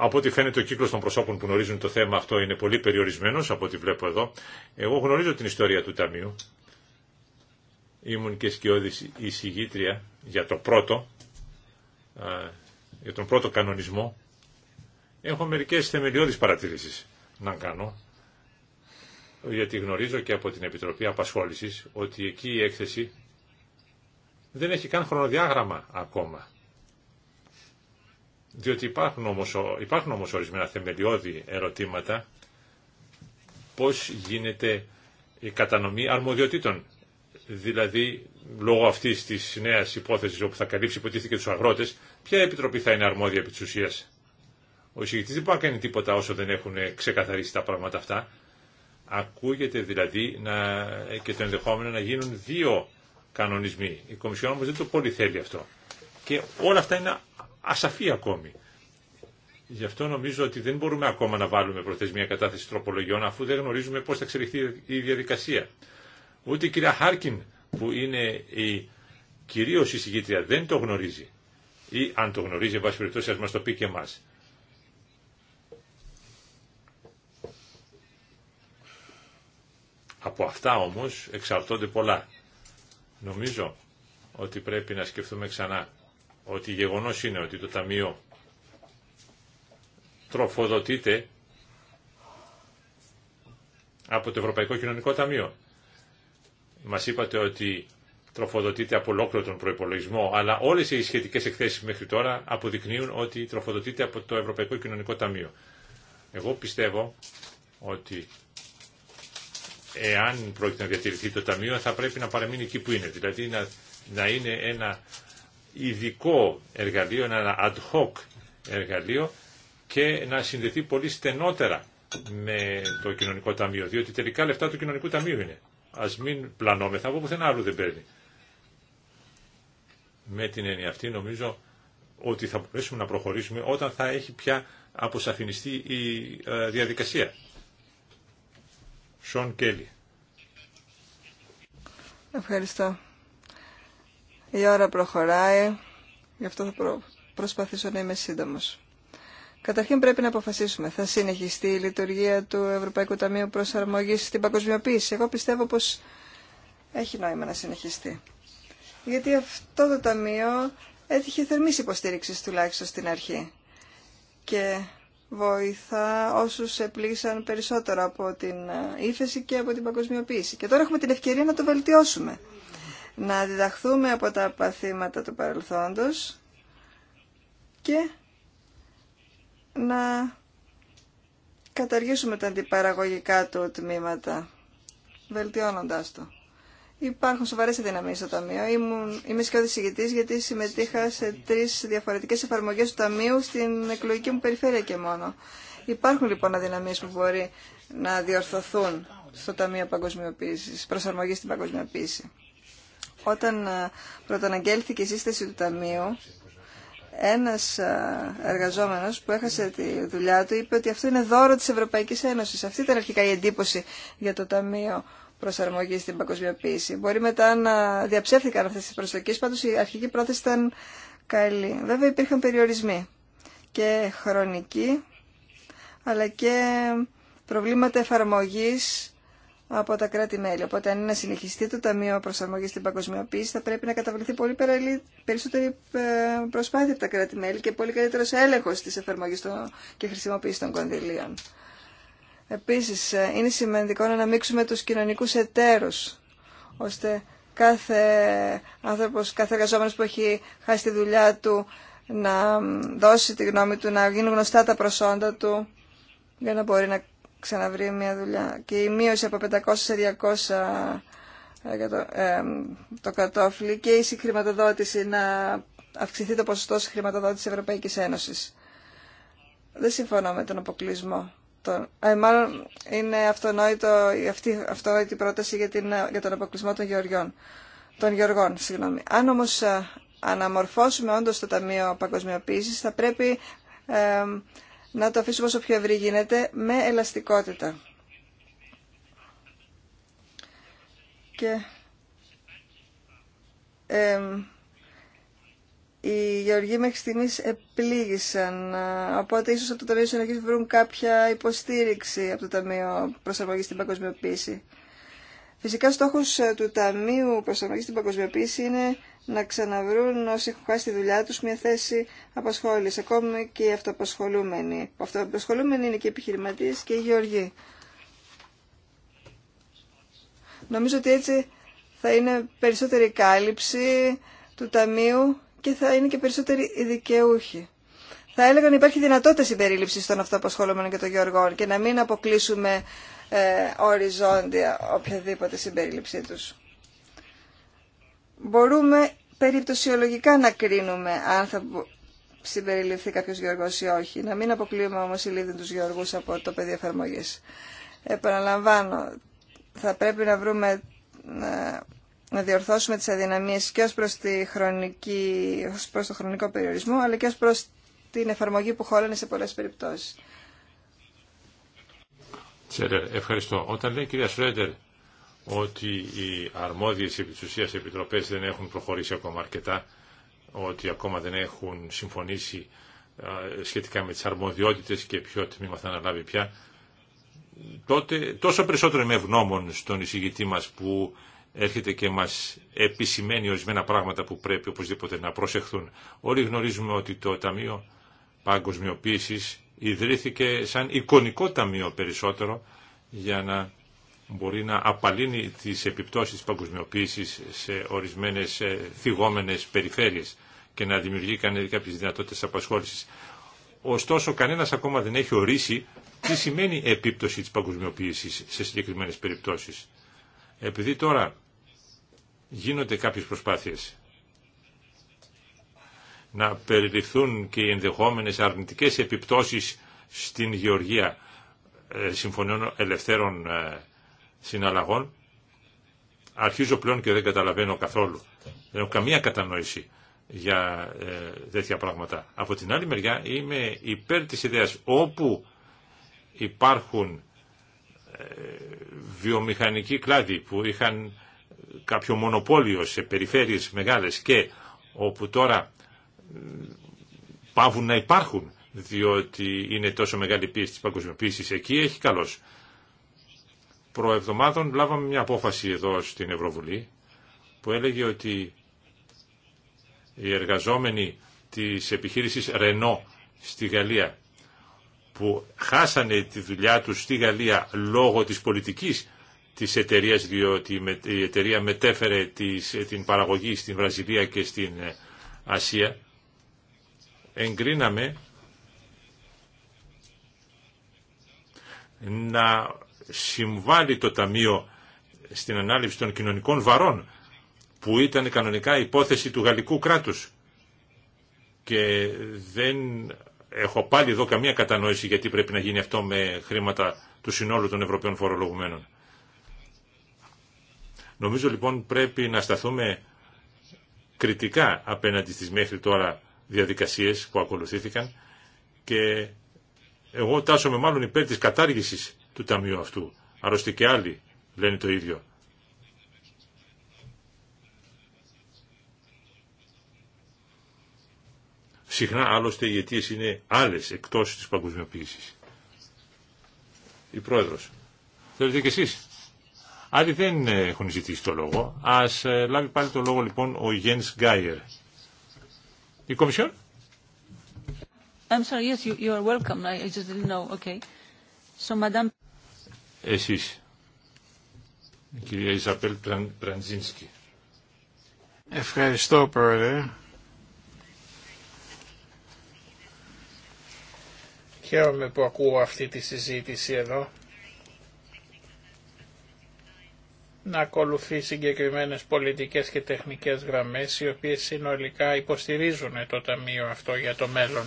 Από ό,τι φαίνεται ο κύκλος των προσώπων που γνωρίζουν το θέμα αυτό είναι πολύ περιορισμένος από ό,τι βλέπω εδώ. Εγώ γνωρίζω την ιστορία του Ταμείου ήμουν και σκιώδης εισηγήτρια για το πρώτο, για τον πρώτο κανονισμό, έχω μερικές θεμελιώδεις παρατηρήσεις να κάνω, γιατί γνωρίζω και από την Επιτροπή Απασχόλησης ότι εκεί η έκθεση δεν έχει καν χρονοδιάγραμμα ακόμα. Διότι υπάρχουν όμως, υπάρχουν όμως ορισμένα θεμελιώδη ερωτήματα πώς γίνεται η κατανομή αρμοδιοτήτων δηλαδή λόγω αυτή τη νέα υπόθεση όπου θα καλύψει υποτίθεται και τους αγρότες, ποια επιτροπή θα είναι αρμόδια επί τη ουσία. Ο εισηγητής δεν μπορεί να κάνει τίποτα όσο δεν έχουν ξεκαθαρίσει τα πράγματα αυτά. Ακούγεται δηλαδή να, και το ενδεχόμενο να γίνουν δύο κανονισμοί. Η Κομισιόν όμω δεν το πολύ θέλει αυτό. Και όλα αυτά είναι ασαφή ακόμη. Γι' αυτό νομίζω ότι δεν μπορούμε ακόμα να βάλουμε προθεσμία κατάθεση τροπολογιών αφού δεν γνωρίζουμε πώς θα εξελιχθεί η διαδικασία. Ούτε η κυρία Χάρκιν που είναι η κυρίω η δεν το γνωρίζει. Ή αν το γνωρίζει, εν πάση περιπτώσει, ας μας το πει και εμά. Από αυτά όμως εξαρτώνται πολλά. Νομίζω ότι πρέπει να σκεφτούμε ξανά ότι γεγονός είναι ότι το Ταμείο τροφοδοτείται από το Ευρωπαϊκό Κοινωνικό Ταμείο. Μα είπατε ότι τροφοδοτείται από ολόκληρο τον προπολογισμό, αλλά όλε οι σχετικέ εκθέσει μέχρι τώρα αποδεικνύουν ότι τροφοδοτείται από το Ευρωπαϊκό Κοινωνικό Ταμείο. Εγώ πιστεύω ότι εάν πρόκειται να διατηρηθεί το Ταμείο θα πρέπει να παραμείνει εκεί που είναι, δηλαδή να, να είναι ένα ειδικό εργαλείο, ένα ad hoc εργαλείο και να συνδεθεί πολύ στενότερα με το κοινωνικό ταμείο, διότι τελικά λεφτά του κοινωνικού ταμείου είναι. Α μην πλανόμεθα από πουθενά άλλου δεν παίρνει. Με την έννοια αυτή νομίζω ότι θα μπορέσουμε να προχωρήσουμε όταν θα έχει πια αποσαφινιστεί η ε, διαδικασία. Σον Κέλλη. Ευχαριστώ. Η ώρα προχωράει, γι' αυτό θα προσπαθήσω να είμαι σύντομος. Καταρχήν πρέπει να αποφασίσουμε. Θα συνεχιστεί η λειτουργία του Ευρωπαϊκού Ταμείου Προσαρμογής στην παγκοσμιοποίηση. Εγώ πιστεύω πως έχει νόημα να συνεχιστεί. Γιατί αυτό το ταμείο έτυχε θερμής υποστήριξη τουλάχιστον στην αρχή. Και βοηθά όσους επλήγησαν περισσότερο από την ε, ύφεση και από την παγκοσμιοποίηση. Και τώρα έχουμε την ευκαιρία να το βελτιώσουμε. Να διδαχθούμε από τα παθήματα του παρελθόντος και να καταργήσουμε τα αντιπαραγωγικά του τμήματα, βελτιώνοντάς το. Υπάρχουν σοβαρέ αδυναμίε στο Ταμείο. είμαι σκιώδη ηγητή γιατί συμμετείχα σε τρει διαφορετικέ εφαρμογέ του Ταμείου στην εκλογική μου περιφέρεια και μόνο. Υπάρχουν λοιπόν αδυναμίε που μπορεί να διορθωθούν στο Ταμείο Παγκοσμιοποίηση, προσαρμογή στην παγκοσμιοποίηση. Όταν ε, πρωτοαναγγέλθηκε η σύσταση του Ταμείου, ένας εργαζόμενος που έχασε τη δουλειά του είπε ότι αυτό είναι δώρο της Ευρωπαϊκής Ένωσης. Αυτή ήταν αρχικά η εντύπωση για το Ταμείο Προσαρμογής στην Παγκοσμιοποίηση. Μπορεί μετά να διαψεύθηκαν αυτές τις προσδοκίες, πάντως η αρχική πρόθεση ήταν καλή. Βέβαια υπήρχαν περιορισμοί και χρονικοί, αλλά και προβλήματα εφαρμογής από τα κράτη-μέλη. Οπότε, αν είναι να συνεχιστεί το Ταμείο Προσαρμογή στην Παγκοσμιοποίηση, θα πρέπει να καταβληθεί πολύ περισσότερη ε, προσπάθεια από τα κράτη-μέλη και πολύ καλύτερο έλεγχο τη εφαρμογή και χρησιμοποίηση των κονδυλίων. Επίση, ε, είναι σημαντικό να αναμίξουμε του κοινωνικού εταίρου, ώστε κάθε άνθρωπο, κάθε εργαζόμενο που έχει χάσει τη δουλειά του να δώσει τη γνώμη του, να γίνουν γνωστά τα προσόντα του για να μπορεί να ξαναβρει μια δουλειά. Και η μείωση από 500 σε 200 ε, ε, το κατόφλι και η συγχρηματοδότηση να αυξηθεί το ποσοστό συγχρηματοδότηση της Ευρωπαϊκής Ένωσης. Δεν συμφωνώ με τον αποκλεισμό. Ε, μάλλον είναι αυτονόητο, αυτή, αυτονόητη πρόταση για, την, για τον αποκλεισμό των γεωργιών. Των γεωργών, συγγνώμη. Αν όμως αναμορφώσουμε όντως το Ταμείο Παγκοσμιοποίησης, θα πρέπει να το αφήσουμε όσο πιο ευρύ γίνεται με ελαστικότητα. Και οι γεωργοί μέχρι στιγμής επλήγησαν, οπότε ίσως από το Ταμείο Συνοχής βρουν κάποια υποστήριξη από το Ταμείο Προσαρμογής στην Παγκοσμιοποίηση. Φυσικά στόχος ε, του Ταμείου Προσαρμογής στην Παγκοσμιοποίηση είναι να ξαναβρούν όσοι έχουν χάσει τη δουλειά τους μια θέση απασχόληση. Ακόμη και οι αυτοαπασχολούμενοι. Αυτοαπασχολούμενοι είναι και οι επιχειρηματίες και οι γεωργοί. Νομίζω ότι έτσι θα είναι περισσότερη κάλυψη του Ταμείου και θα είναι και περισσότεροι οι δικαιούχοι. Θα έλεγα να υπάρχει δυνατότητα συμπερίληψης των αυτοαπασχολούμενων και των γεωργών και να μην αποκλείσουμε ε, οριζόντια οποιαδήποτε συμπερίληψή τους μπορούμε περιπτωσιολογικά να κρίνουμε αν θα συμπεριληφθεί κάποιο γεωργό ή όχι. Να μην αποκλείουμε όμω ηλίδιν του γεωργού από το πεδίο εφαρμογή. Επαναλαμβάνω, θα πρέπει να βρούμε να, να διορθώσουμε τις αδυναμίες και ω προς, το χρονικό περιορισμό, αλλά και ω προς την εφαρμογή που χώρανε σε πολλές περιπτώσει. ευχαριστώ. Όταν λέει κυρία Σρέντερ ότι οι αρμόδιες επί επιτροπές δεν έχουν προχωρήσει ακόμα αρκετά, ότι ακόμα δεν έχουν συμφωνήσει σχετικά με τις αρμοδιότητες και ποιο τμήμα θα αναλάβει πια, τότε τόσο περισσότερο είμαι ευγνώμων στον εισηγητή μας που έρχεται και μας επισημαίνει ορισμένα πράγματα που πρέπει οπωσδήποτε να προσεχθούν. Όλοι γνωρίζουμε ότι το Ταμείο Παγκοσμιοποίησης ιδρύθηκε σαν εικονικό ταμείο περισσότερο για να μπορεί να απαλύνει τις επιπτώσεις της παγκοσμιοποίησης σε ορισμένες θυγόμενες περιφέρειες και να δημιουργεί κάποιες δυνατότητες απασχόλησης. Ωστόσο, κανένας ακόμα δεν έχει ορίσει τι σημαίνει επίπτωση της παγκοσμιοποίησης σε συγκεκριμένες περιπτώσεις. Επειδή τώρα γίνονται κάποιες προσπάθειες να περιληφθούν και οι ενδεχόμενες αρνητικές επιπτώσεις στην γεωργία ε, συμφωνιών ελευθέρων ε, συναλλαγών αρχίζω πλέον και δεν καταλαβαίνω καθόλου. Δεν έχω καμία κατανόηση για ε, τέτοια πράγματα. Από την άλλη μεριά είμαι υπέρ της ιδέας όπου υπάρχουν ε, βιομηχανικοί κλάδοι που είχαν κάποιο μονοπόλιο σε περιφέρειες μεγάλες και όπου τώρα ε, πάβουν να υπάρχουν διότι είναι τόσο μεγάλη πίεση της παγκοσμιοποίησης εκεί έχει καλώς προεβδομάδων λάβαμε μια απόφαση εδώ στην Ευρωβουλή που έλεγε ότι οι εργαζόμενοι της επιχείρησης Renault στη Γαλλία που χάσανε τη δουλειά τους στη Γαλλία λόγω της πολιτικής της εταιρείας διότι η εταιρεία μετέφερε την παραγωγή στην Βραζιλία και στην ε, Ασία εγκρίναμε να συμβάλλει το Ταμείο στην ανάληψη των κοινωνικών βαρών που ήταν κανονικά υπόθεση του γαλλικού κράτους και δεν έχω πάλι εδώ καμία κατανόηση γιατί πρέπει να γίνει αυτό με χρήματα του συνόλου των Ευρωπαίων φορολογουμένων. Νομίζω λοιπόν πρέπει να σταθούμε κριτικά απέναντι στις μέχρι τώρα διαδικασίες που ακολουθήθηκαν και εγώ τάσομαι μάλλον υπέρ της κατάργησης του ταμείου αυτού. Άλλωστε και άλλοι λένε το ίδιο. Συχνά άλλωστε οι αιτίε είναι άλλε εκτό τη παγκοσμιοποίηση. Η πρόεδρο. Θέλετε και εσεί. Άλλοι δεν έχουν ζητήσει το λόγο. Α ε, λάβει πάλι το λόγο λοιπόν ο Γιέν Γκάιερ. Η Κομισιόν. I'm sorry, yes, εσείς, η κυρία Ιζαπέλ Πραντζίνσκι. Ευχαριστώ, Πρόεδρε. Χαίρομαι που ακούω αυτή τη συζήτηση εδώ. να ακολουθεί συγκεκριμένε πολιτικέ και τεχνικέ γραμμέ, οι οποίε συνολικά υποστηρίζουν το Ταμείο αυτό για το μέλλον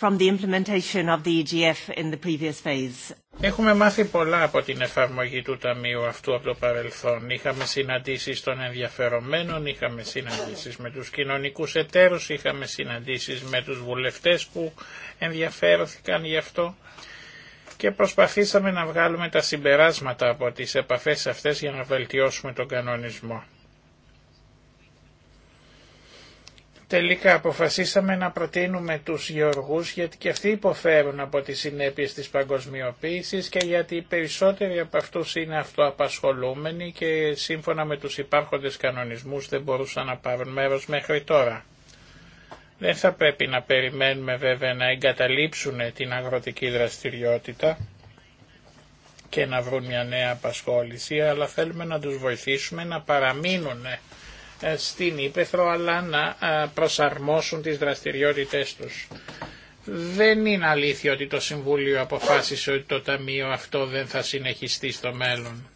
from the implementation of the EGF in the previous phase. Έχουμε μάθει πολλά από την εφαρμογή του Ταμείου αυτού από το παρελθόν. Είχαμε συναντήσεις των ενδιαφερομένων, είχαμε συναντήσεις με τους κοινωνικούς εταίρους, είχαμε συναντήσεις με τους βουλευτές που ενδιαφέρθηκαν γι' αυτό και προσπαθήσαμε να βγάλουμε τα συμπεράσματα από τις επαφές αυτές για να βελτιώσουμε τον κανονισμό. Τελικά αποφασίσαμε να προτείνουμε τους γεωργούς γιατί και αυτοί υποφέρουν από τις συνέπειες της παγκοσμιοποίησης και γιατί οι περισσότεροι από αυτούς είναι αυτοαπασχολούμενοι και σύμφωνα με τους υπάρχοντες κανονισμούς δεν μπορούσαν να πάρουν μέρος μέχρι τώρα. Δεν θα πρέπει να περιμένουμε βέβαια να εγκαταλείψουν την αγροτική δραστηριότητα και να βρουν μια νέα απασχόληση, αλλά θέλουμε να τους βοηθήσουμε να παραμείνουν ε, στην Ήπεθρο αλλά να ε, προσαρμόσουν τις δραστηριότητές τους. Δεν είναι αλήθεια ότι το Συμβούλιο αποφάσισε ότι το Ταμείο αυτό δεν θα συνεχιστεί στο μέλλον.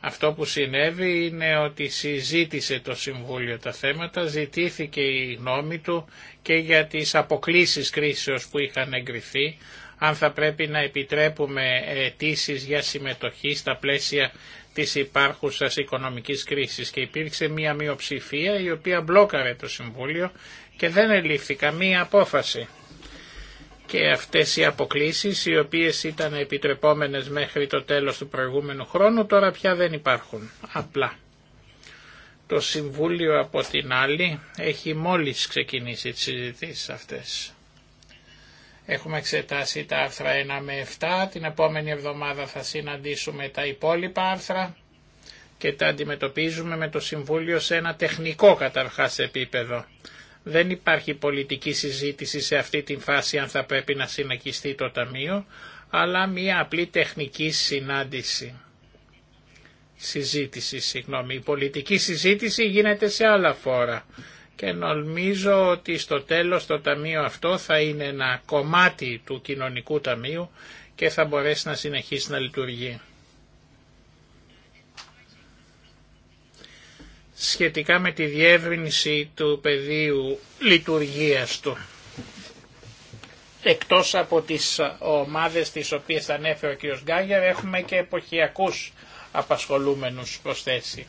Αυτό που συνέβη είναι ότι συζήτησε το Συμβούλιο τα θέματα, ζητήθηκε η γνώμη του και για τις αποκλήσεις κρίσεως που είχαν εγκριθεί, αν θα πρέπει να επιτρέπουμε αιτήσει για συμμετοχή στα πλαίσια της υπάρχουσας οικονομικής κρίσης και υπήρξε μία μειοψηφία η οποία μπλόκαρε το Συμβούλιο και δεν ελήφθη καμία απόφαση. Και αυτές οι αποκλήσεις οι οποίες ήταν επιτρεπόμενες μέχρι το τέλος του προηγούμενου χρόνου τώρα πια δεν υπάρχουν. Απλά. Το Συμβούλιο από την άλλη έχει μόλις ξεκινήσει τις συζητήσεις αυτές. Έχουμε εξετάσει τα άρθρα 1 με 7, την επόμενη εβδομάδα θα συναντήσουμε τα υπόλοιπα άρθρα και τα αντιμετωπίζουμε με το Συμβούλιο σε ένα τεχνικό καταρχάς επίπεδο. Δεν υπάρχει πολιτική συζήτηση σε αυτή τη φάση αν θα πρέπει να συνακιστεί το Ταμείο, αλλά μία απλή τεχνική συνάντηση. Συζήτηση, συγγνώμη. Η πολιτική συζήτηση γίνεται σε άλλα φόρα και νομίζω ότι στο τέλος το ταμείο αυτό θα είναι ένα κομμάτι του κοινωνικού ταμείου και θα μπορέσει να συνεχίσει να λειτουργεί. σχετικά με τη διεύρυνση του πεδίου λειτουργίας του. Εκτός από τις ομάδες τις οποίες ανέφερε ο κ. Γκάγερ έχουμε και εποχιακούς απασχολούμενους προσθέσει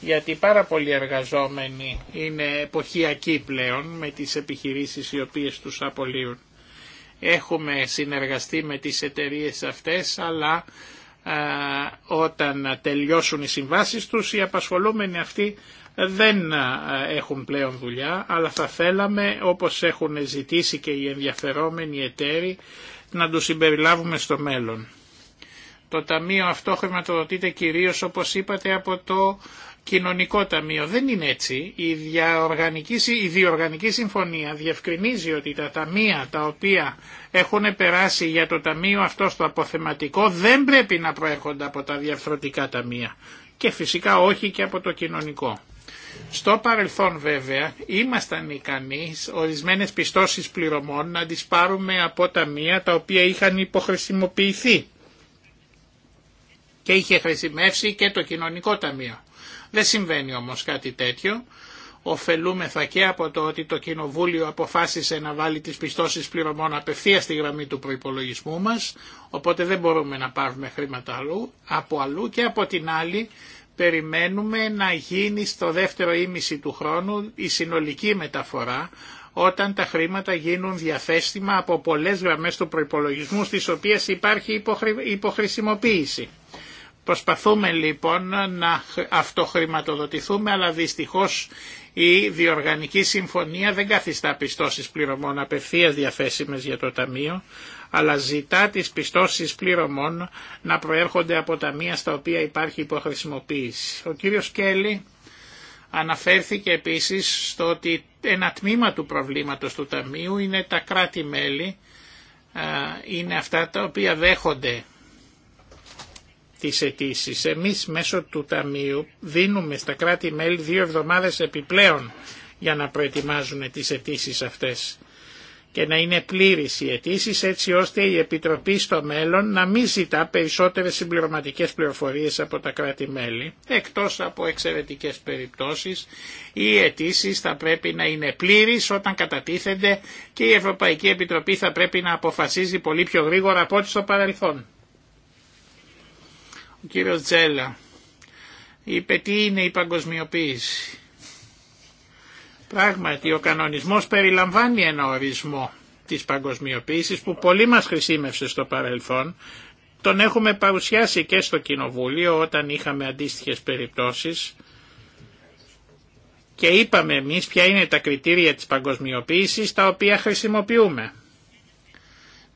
γιατί πάρα πολλοί εργαζόμενοι είναι εποχιακοί πλέον με τις επιχειρήσεις οι οποίες τους απολύουν. Έχουμε συνεργαστεί με τις εταιρείες αυτές, αλλά όταν τελειώσουν οι συμβάσεις τους οι απασχολούμενοι αυτοί δεν έχουν πλέον δουλειά, αλλά θα θέλαμε όπως έχουν ζητήσει και οι ενδιαφερόμενοι εταίροι να τους συμπεριλάβουμε στο μέλλον. Το ταμείο αυτό χρηματοδοτείται κυρίως όπως είπατε από το κοινωνικό ταμείο. Δεν είναι έτσι. Η, η διοργανική συμφωνία διευκρινίζει ότι τα ταμεία τα οποία έχουν περάσει για το ταμείο αυτό στο αποθεματικό δεν πρέπει να προέρχονται από τα διαφθρωτικά ταμεία και φυσικά όχι και από το κοινωνικό. Στο παρελθόν βέβαια ήμασταν ικανοί ορισμένες πιστώσεις πληρωμών να τις πάρουμε από ταμεία τα οποία είχαν υποχρησιμοποιηθεί και είχε χρησιμεύσει και το κοινωνικό ταμείο. Δεν συμβαίνει όμως κάτι τέτοιο. Οφελούμεθα και από το ότι το Κοινοβούλιο αποφάσισε να βάλει τις πιστώσεις πληρωμών απευθεία στη γραμμή του προϋπολογισμού μας, οπότε δεν μπορούμε να πάρουμε χρήματα αλλού, από αλλού και από την άλλη περιμένουμε να γίνει στο δεύτερο ήμιση του χρόνου η συνολική μεταφορά όταν τα χρήματα γίνουν διαθέσιμα από πολλές γραμμές του προϋπολογισμού στις οποίες υπάρχει υποχρη... υποχρησιμοποίηση. Προσπαθούμε λοιπόν να αυτοχρηματοδοτηθούμε, αλλά δυστυχώς η διοργανική συμφωνία δεν καθιστά πιστώσεις πληρωμών απευθείας διαθέσιμες για το Ταμείο, αλλά ζητά τις πιστώσεις πληρωμών να προέρχονται από ταμεία στα οποία υπάρχει υποχρησιμοποίηση. Ο κύριος Κέλλη αναφέρθηκε επίσης στο ότι ένα τμήμα του προβλήματος του Ταμείου είναι τα κράτη-μέλη, ε, είναι αυτά τα οποία δέχονται τις αιτήσει. Εμείς μέσω του Ταμείου δίνουμε στα κράτη-μέλη δύο εβδομάδες επιπλέον για να προετοιμάζουν τις αιτήσει αυτές και να είναι πλήρης οι αιτήσει έτσι ώστε η Επιτροπή στο μέλλον να μην ζητά περισσότερες συμπληρωματικές πληροφορίες από τα κράτη-μέλη, εκτός από εξαιρετικές περιπτώσεις. Οι αιτήσει θα πρέπει να είναι πλήρης όταν κατατίθενται και η Ευρωπαϊκή Επιτροπή θα πρέπει να αποφασίζει πολύ πιο γρήγορα από ό,τι στο παρελθόν. Ο κύριος Τζέλα είπε τι είναι η παγκοσμιοποίηση. Πράγματι ο κανονισμός περιλαμβάνει ένα ορισμό της παγκοσμιοποίησης που πολύ μας χρησιμεύσε στο παρελθόν. Τον έχουμε παρουσιάσει και στο Κοινοβούλιο όταν είχαμε αντίστοιχες περιπτώσεις και είπαμε εμείς ποια είναι τα κριτήρια της παγκοσμιοποίησης τα οποία χρησιμοποιούμε.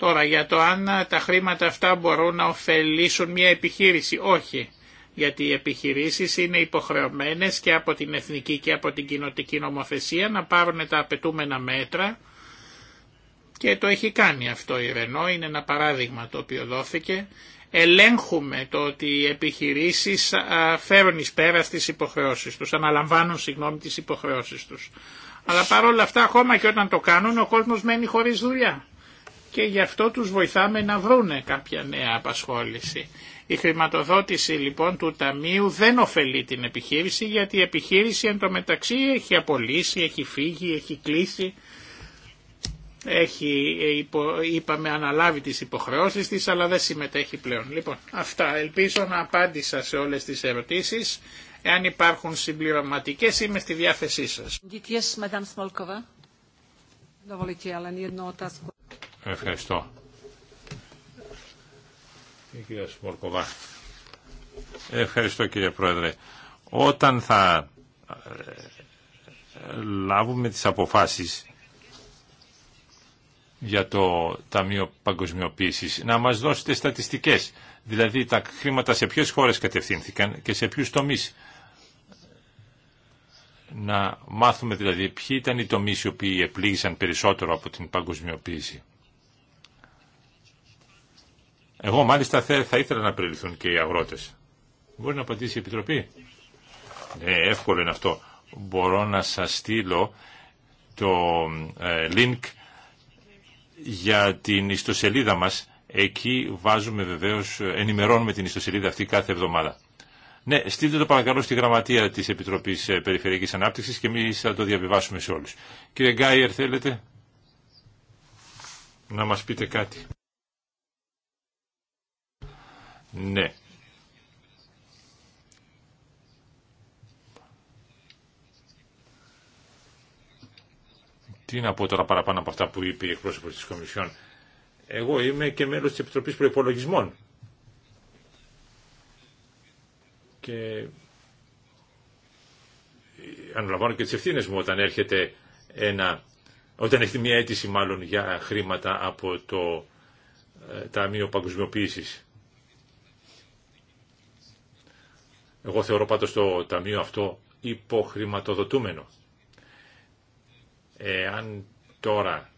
Τώρα για το αν τα χρήματα αυτά μπορούν να ωφελήσουν μια επιχείρηση. Όχι, γιατί οι επιχειρήσεις είναι υποχρεωμένες και από την εθνική και από την κοινοτική νομοθεσία να πάρουν τα απαιτούμενα μέτρα και το έχει κάνει αυτό η Ρενό, είναι ένα παράδειγμα το οποίο δόθηκε. Ελέγχουμε το ότι οι επιχειρήσεις φέρουν εις πέρα στις υποχρεώσεις τους, αναλαμβάνουν συγγνώμη τις υποχρεώσεις τους. Αλλά παρόλα αυτά ακόμα και όταν το κάνουν ο κόσμος μένει χωρίς δουλειά και γι' αυτό τους βοηθάμε να βρούνε κάποια νέα απασχόληση. Η χρηματοδότηση λοιπόν του Ταμείου δεν ωφελεί την επιχείρηση γιατί η επιχείρηση εν μεταξύ έχει απολύσει, έχει φύγει, έχει κλείσει, έχει είπαμε αναλάβει τις υποχρεώσεις της αλλά δεν συμμετέχει πλέον. Λοιπόν αυτά ελπίζω να απάντησα σε όλες τις ερωτήσεις. Εάν υπάρχουν συμπληρωματικές είμαι στη διάθεσή σας. Ευχαριστώ. Ευχαριστώ κύριε Πρόεδρε. Όταν θα ε, λάβουμε τις αποφάσεις για το Ταμείο Παγκοσμιοποίησης, να μας δώσετε στατιστικές, δηλαδή τα χρήματα σε ποιες χώρες κατευθύνθηκαν και σε ποιους τομείς. Να μάθουμε δηλαδή ποιοι ήταν οι τομείς οι οποίοι επλήγησαν περισσότερο από την παγκοσμιοποίηση. Εγώ μάλιστα θα ήθελα να περιληφθούν και οι αγρότες. Μπορεί να απαντήσει η Επιτροπή. Ναι, εύκολο είναι αυτό. Μπορώ να σας στείλω το ε, link για την ιστοσελίδα μας. Εκεί βάζουμε βεβαίως, ε, ενημερώνουμε την ιστοσελίδα αυτή κάθε εβδομάδα. Ναι, στείλτε το παρακαλώ στη γραμματεία της Επιτροπής ε, Περιφερειακής Ανάπτυξης και εμείς θα το διαβιβάσουμε σε όλους. Κύριε Γκάιερ, θέλετε να μας πείτε κάτι. Ναι. Τι να πω τώρα παραπάνω από αυτά που είπε η εκπρόσωπο τη Κομισιόν. Εγώ είμαι και μέλος της Επιτροπής προπολογισμών. Και αναλαμβάνω και τι ευθύνε μου όταν έρχεται ένα, όταν έχει μια αίτηση μάλλον για χρήματα από το ε, Ταμείο Παγκοσμιοποίηση. Εγώ θεωρώ πάντως το ταμείο αυτό υποχρηματοδοτούμενο. Εάν τώρα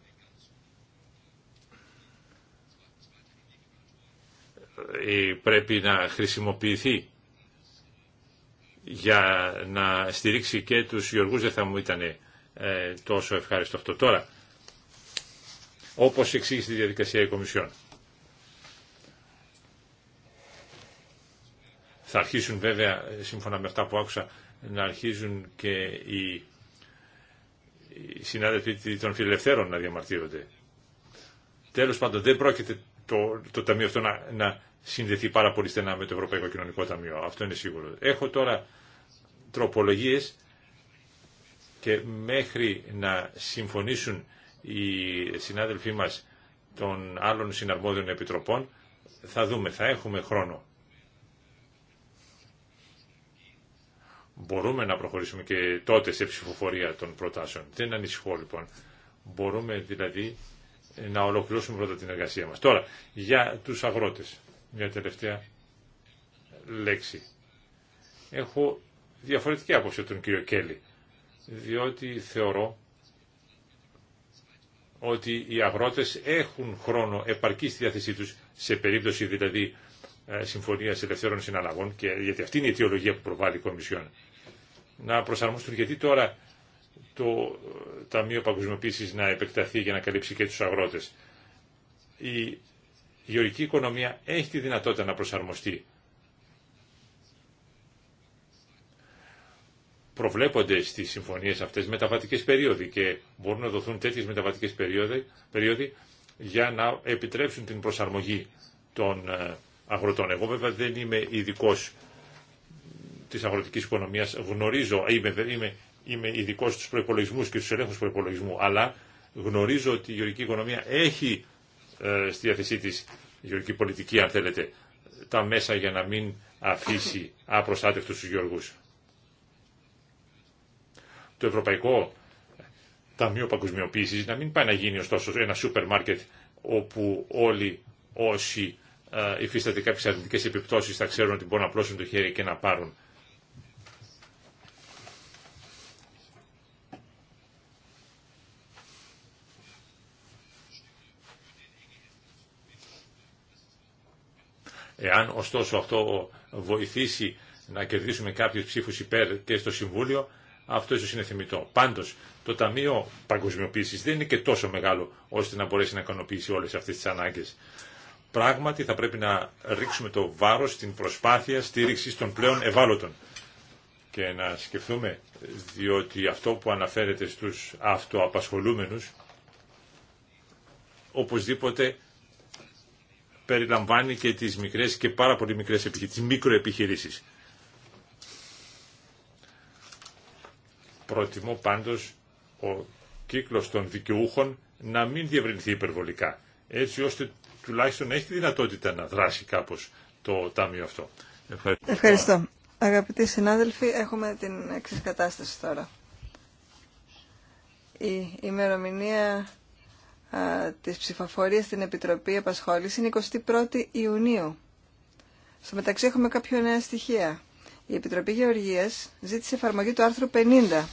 ε, πρέπει να χρησιμοποιηθεί για να στηρίξει και τους Γιωργούς δεν θα μου ήταν ε, τόσο ευχάριστο αυτό. Τώρα, όπως εξήγησε τη διαδικασία η Κομισιόν, Θα αρχίσουν βέβαια, σύμφωνα με αυτά που άκουσα, να αρχίζουν και οι, συνάδελφοι των φιλελευθέρων να διαμαρτύρονται. Τέλος πάντων, δεν πρόκειται το, το ταμείο αυτό να, να συνδεθεί πάρα πολύ στενά με το Ευρωπαϊκό Κοινωνικό Ταμείο. Αυτό είναι σίγουρο. Έχω τώρα τροπολογίες και μέχρι να συμφωνήσουν οι συνάδελφοί μας των άλλων συναρμόδιων επιτροπών θα δούμε, θα έχουμε χρόνο. μπορούμε να προχωρήσουμε και τότε σε ψηφοφορία των προτάσεων. Δεν ανησυχώ λοιπόν. Μπορούμε δηλαδή να ολοκληρώσουμε πρώτα την εργασία μας. Τώρα, για τους αγρότες, μια τελευταία λέξη. Έχω διαφορετική άποψη από τον κύριο Κέλλη, διότι θεωρώ ότι οι αγρότες έχουν χρόνο επαρκή στη διάθεσή τους, σε περίπτωση δηλαδή ε, Συμφωνίας Ελευθέρων Συναλλαγών και γιατί αυτή είναι η αιτιολογία που προβάλλει η Κομισιόν να προσαρμοστούν γιατί τώρα το ε, Ταμείο Παγκοσμιοποίησης να επεκταθεί για να καλύψει και τους αγρότες. Η γεωρική οικονομία έχει τη δυνατότητα να προσαρμοστεί. Προβλέπονται στις συμφωνίες αυτές μεταβατικές περίοδοι και μπορούν να δοθούν τέτοιες μεταβατικές περίοδοι, περίοδοι για να επιτρέψουν την προσαρμογή των ε, αγροτών. Εγώ βέβαια δεν είμαι ειδικό τη αγροτική οικονομία. Γνωρίζω, είμαι, είμαι, είμαι ειδικό στου προπολογισμού και στου ελέγχου προπολογισμού, αλλά γνωρίζω ότι η γεωργική οικονομία έχει ε, στη διάθεσή τη γεωργική πολιτική, αν θέλετε, τα μέσα για να μην αφήσει απροστάτευτους του γεωργούς. Το Ευρωπαϊκό Ταμείο Παγκοσμιοποίησης να μην πάει να γίνει ωστόσο ένα σούπερ μάρκετ όπου όλοι όσοι ε, υφίσταται κάποιες αρνητικές επιπτώσεις, θα ξέρουν ότι μπορούν να πλώσουν το χέρι και να πάρουν. Εάν ωστόσο αυτό βοηθήσει να κερδίσουμε κάποιους ψήφους υπέρ και στο Συμβούλιο, αυτό ίσως είναι θεμητό. Πάντως, το Ταμείο Παγκοσμιοποίησης δεν είναι και τόσο μεγάλο ώστε να μπορέσει να ικανοποιήσει όλες αυτές τις ανάγκες. Πράγματι θα πρέπει να ρίξουμε το βάρος στην προσπάθεια στήριξης των πλέον ευάλωτων και να σκεφτούμε, διότι αυτό που αναφέρεται στους αυτοαπασχολούμενους οπωσδήποτε περιλαμβάνει και τις μικρές και πάρα πολύ μικρές επιχειρήσεις, τις μικροεπιχειρήσεις. Προτιμώ πάντως ο κύκλος των δικαιούχων να μην διευρυνθεί υπερβολικά, έτσι ώστε τουλάχιστον έχει τη δυνατότητα να δράσει κάπως το τάμιο αυτό. Ευχαριστώ. Αγαπητοί συνάδελφοι, έχουμε την εξή κατάσταση τώρα. Η ημερομηνία α, της ψηφοφορίας στην Επιτροπή Επασχόληση είναι 21η Ιουνίου. Στο μεταξύ έχουμε κάποια νέα στοιχεία. Η Επιτροπή Γεωργίας ζήτησε εφαρμογή του άρθρου 50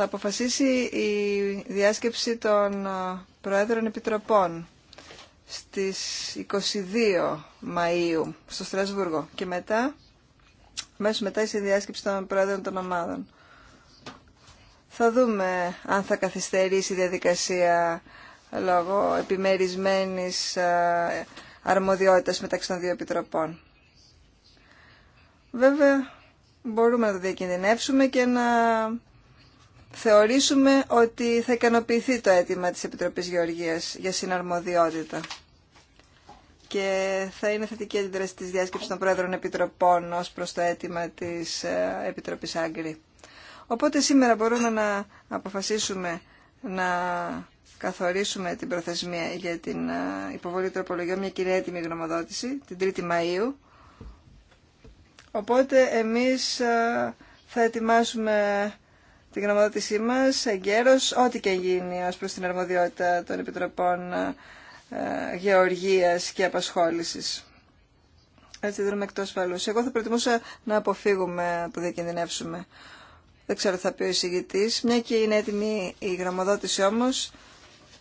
θα αποφασίσει η διάσκεψη των Προέδρων Επιτροπών στις 22 Μαΐου στο Στρασβούργο και μετά, μέσω μετά η συνδιάσκεψη των Προέδρων των Ομάδων. Θα δούμε αν θα καθυστερήσει η διαδικασία λόγω επιμερισμένης αρμοδιότητας μεταξύ των δύο επιτροπών. Βέβαια, μπορούμε να το διακινδυνεύσουμε και να θεωρήσουμε ότι θα ικανοποιηθεί το αίτημα της Επιτροπής Γεωργίας για συναρμοδιότητα και θα είναι θετική αντίδραση της διάσκεψης των Πρόεδρων Επιτροπών ως προς το αίτημα της ε, Επιτροπής Άγκρη. Οπότε σήμερα μπορούμε να αποφασίσουμε να καθορίσουμε την προθεσμία για την ε, υποβολή τροπολογιών μια κυρία έτοιμη γνωμοδότηση την 3η Μαΐου. Οπότε εμείς ε, θα ετοιμάσουμε την γνωμοδότησή μας εγκαίρως ό,τι και γίνει ως προς την αρμοδιότητα των Επιτροπών ε, Γεωργίας και Απασχόλησης. Έτσι είμαι εκτό ασφαλού. Εγώ θα προτιμούσα να αποφύγουμε που διακινδυνεύσουμε. Δεν ξέρω τι θα πει ο εισηγητή. Μια και είναι έτοιμη η γραμμαδότηση όμω,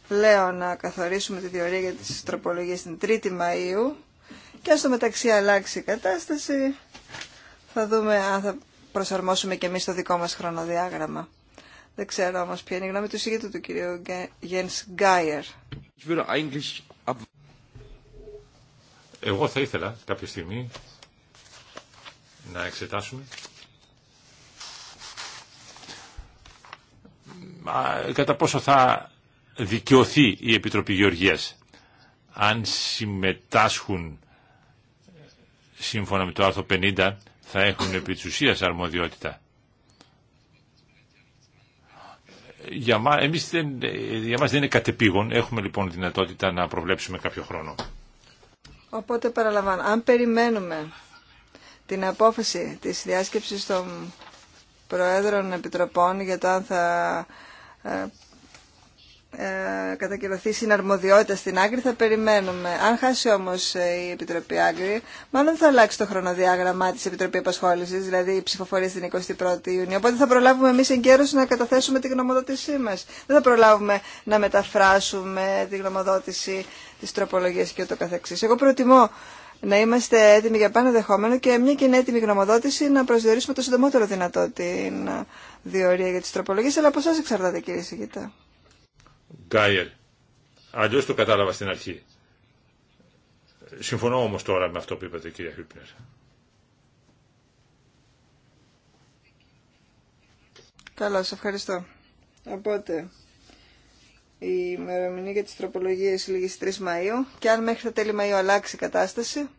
λέω να καθορίσουμε τη διορία για τις τροπολογίες την 3η Μαΐου Και αν στο μεταξύ αλλάξει η κατάσταση, θα δούμε αν θα προσαρμόσουμε και εμείς το δικό μας χρονοδιάγραμμα. Δεν ξέρω όμως ποια είναι η γνώμη του συγγετού του κυρίου Γένς Γκάιερ. Εγώ θα ήθελα κάποια στιγμή να εξετάσουμε κατά πόσο θα δικαιωθεί η Επιτροπή Γεωργίας αν συμμετάσχουν σύμφωνα με το άρθρο 50 θα έχουν επί της ουσίας αρμοδιότητα. Για, μα, εμείς δεν, για μας δεν είναι κατεπήγον, έχουμε λοιπόν δυνατότητα να προβλέψουμε κάποιο χρόνο. Οπότε παραλαμβάνω, αν περιμένουμε την απόφαση της διάσκεψης των Προέδρων Επιτροπών για το αν θα ε, ε, κατακυρωθεί συναρμοδιότητα στην Άγκρη θα περιμένουμε. Αν χάσει όμως η Επιτροπή Άγκρη, μάλλον θα αλλάξει το χρονοδιάγραμμά της Επιτροπή Απασχόλησης, δηλαδή η ψηφοφορία στην 21η Ιουνίου. Οπότε θα προλάβουμε εμείς εγκαίρως να καταθέσουμε τη γνωμοδότησή μας. Δεν θα προλάβουμε να μεταφράσουμε τη γνωμοδότηση της τροπολογίας και ούτω καθεξής. Εγώ προτιμώ να είμαστε έτοιμοι για πάνω δεχόμενο και μια και είναι έτοιμη γνωμοδότηση να προσδιορίσουμε το συντομότερο δυνατό την διορία για τις τροπολογίες, αλλά από εσάς εξαρτάται κύριε Σιγητά. Γκάιερ. Αλλιώ το κατάλαβα στην αρχή. Συμφωνώ όμως τώρα με αυτό που είπατε κυρία Καλά, Καλώς, ευχαριστώ. Οπότε, η ημερομηνία για τι τροπολογίε λήγει 3 Μαΐου και αν μέχρι τα τέλη Μαΐου αλλάξει η κατάσταση,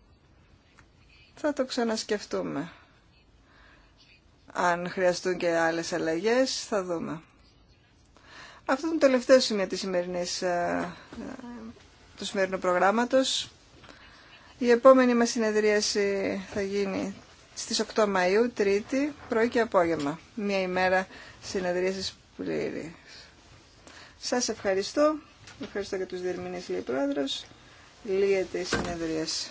θα το ξανασκεφτούμε. Αν χρειαστούν και άλλες αλλαγές, θα δούμε. Αυτό είναι το τελευταίο σημείο της σημερινής, ε, του σημερινού προγράμματος. Η επόμενη μας συνεδρίαση θα γίνει στις 8 Μαΐου, Τρίτη, πρωί και απόγευμα. Μία ημέρα συνεδρίασης πλήρης. Σας ευχαριστώ. Ευχαριστώ και τους διερμηνείς, λέει Πρόεδρος. Λίγεται η συνεδρίαση.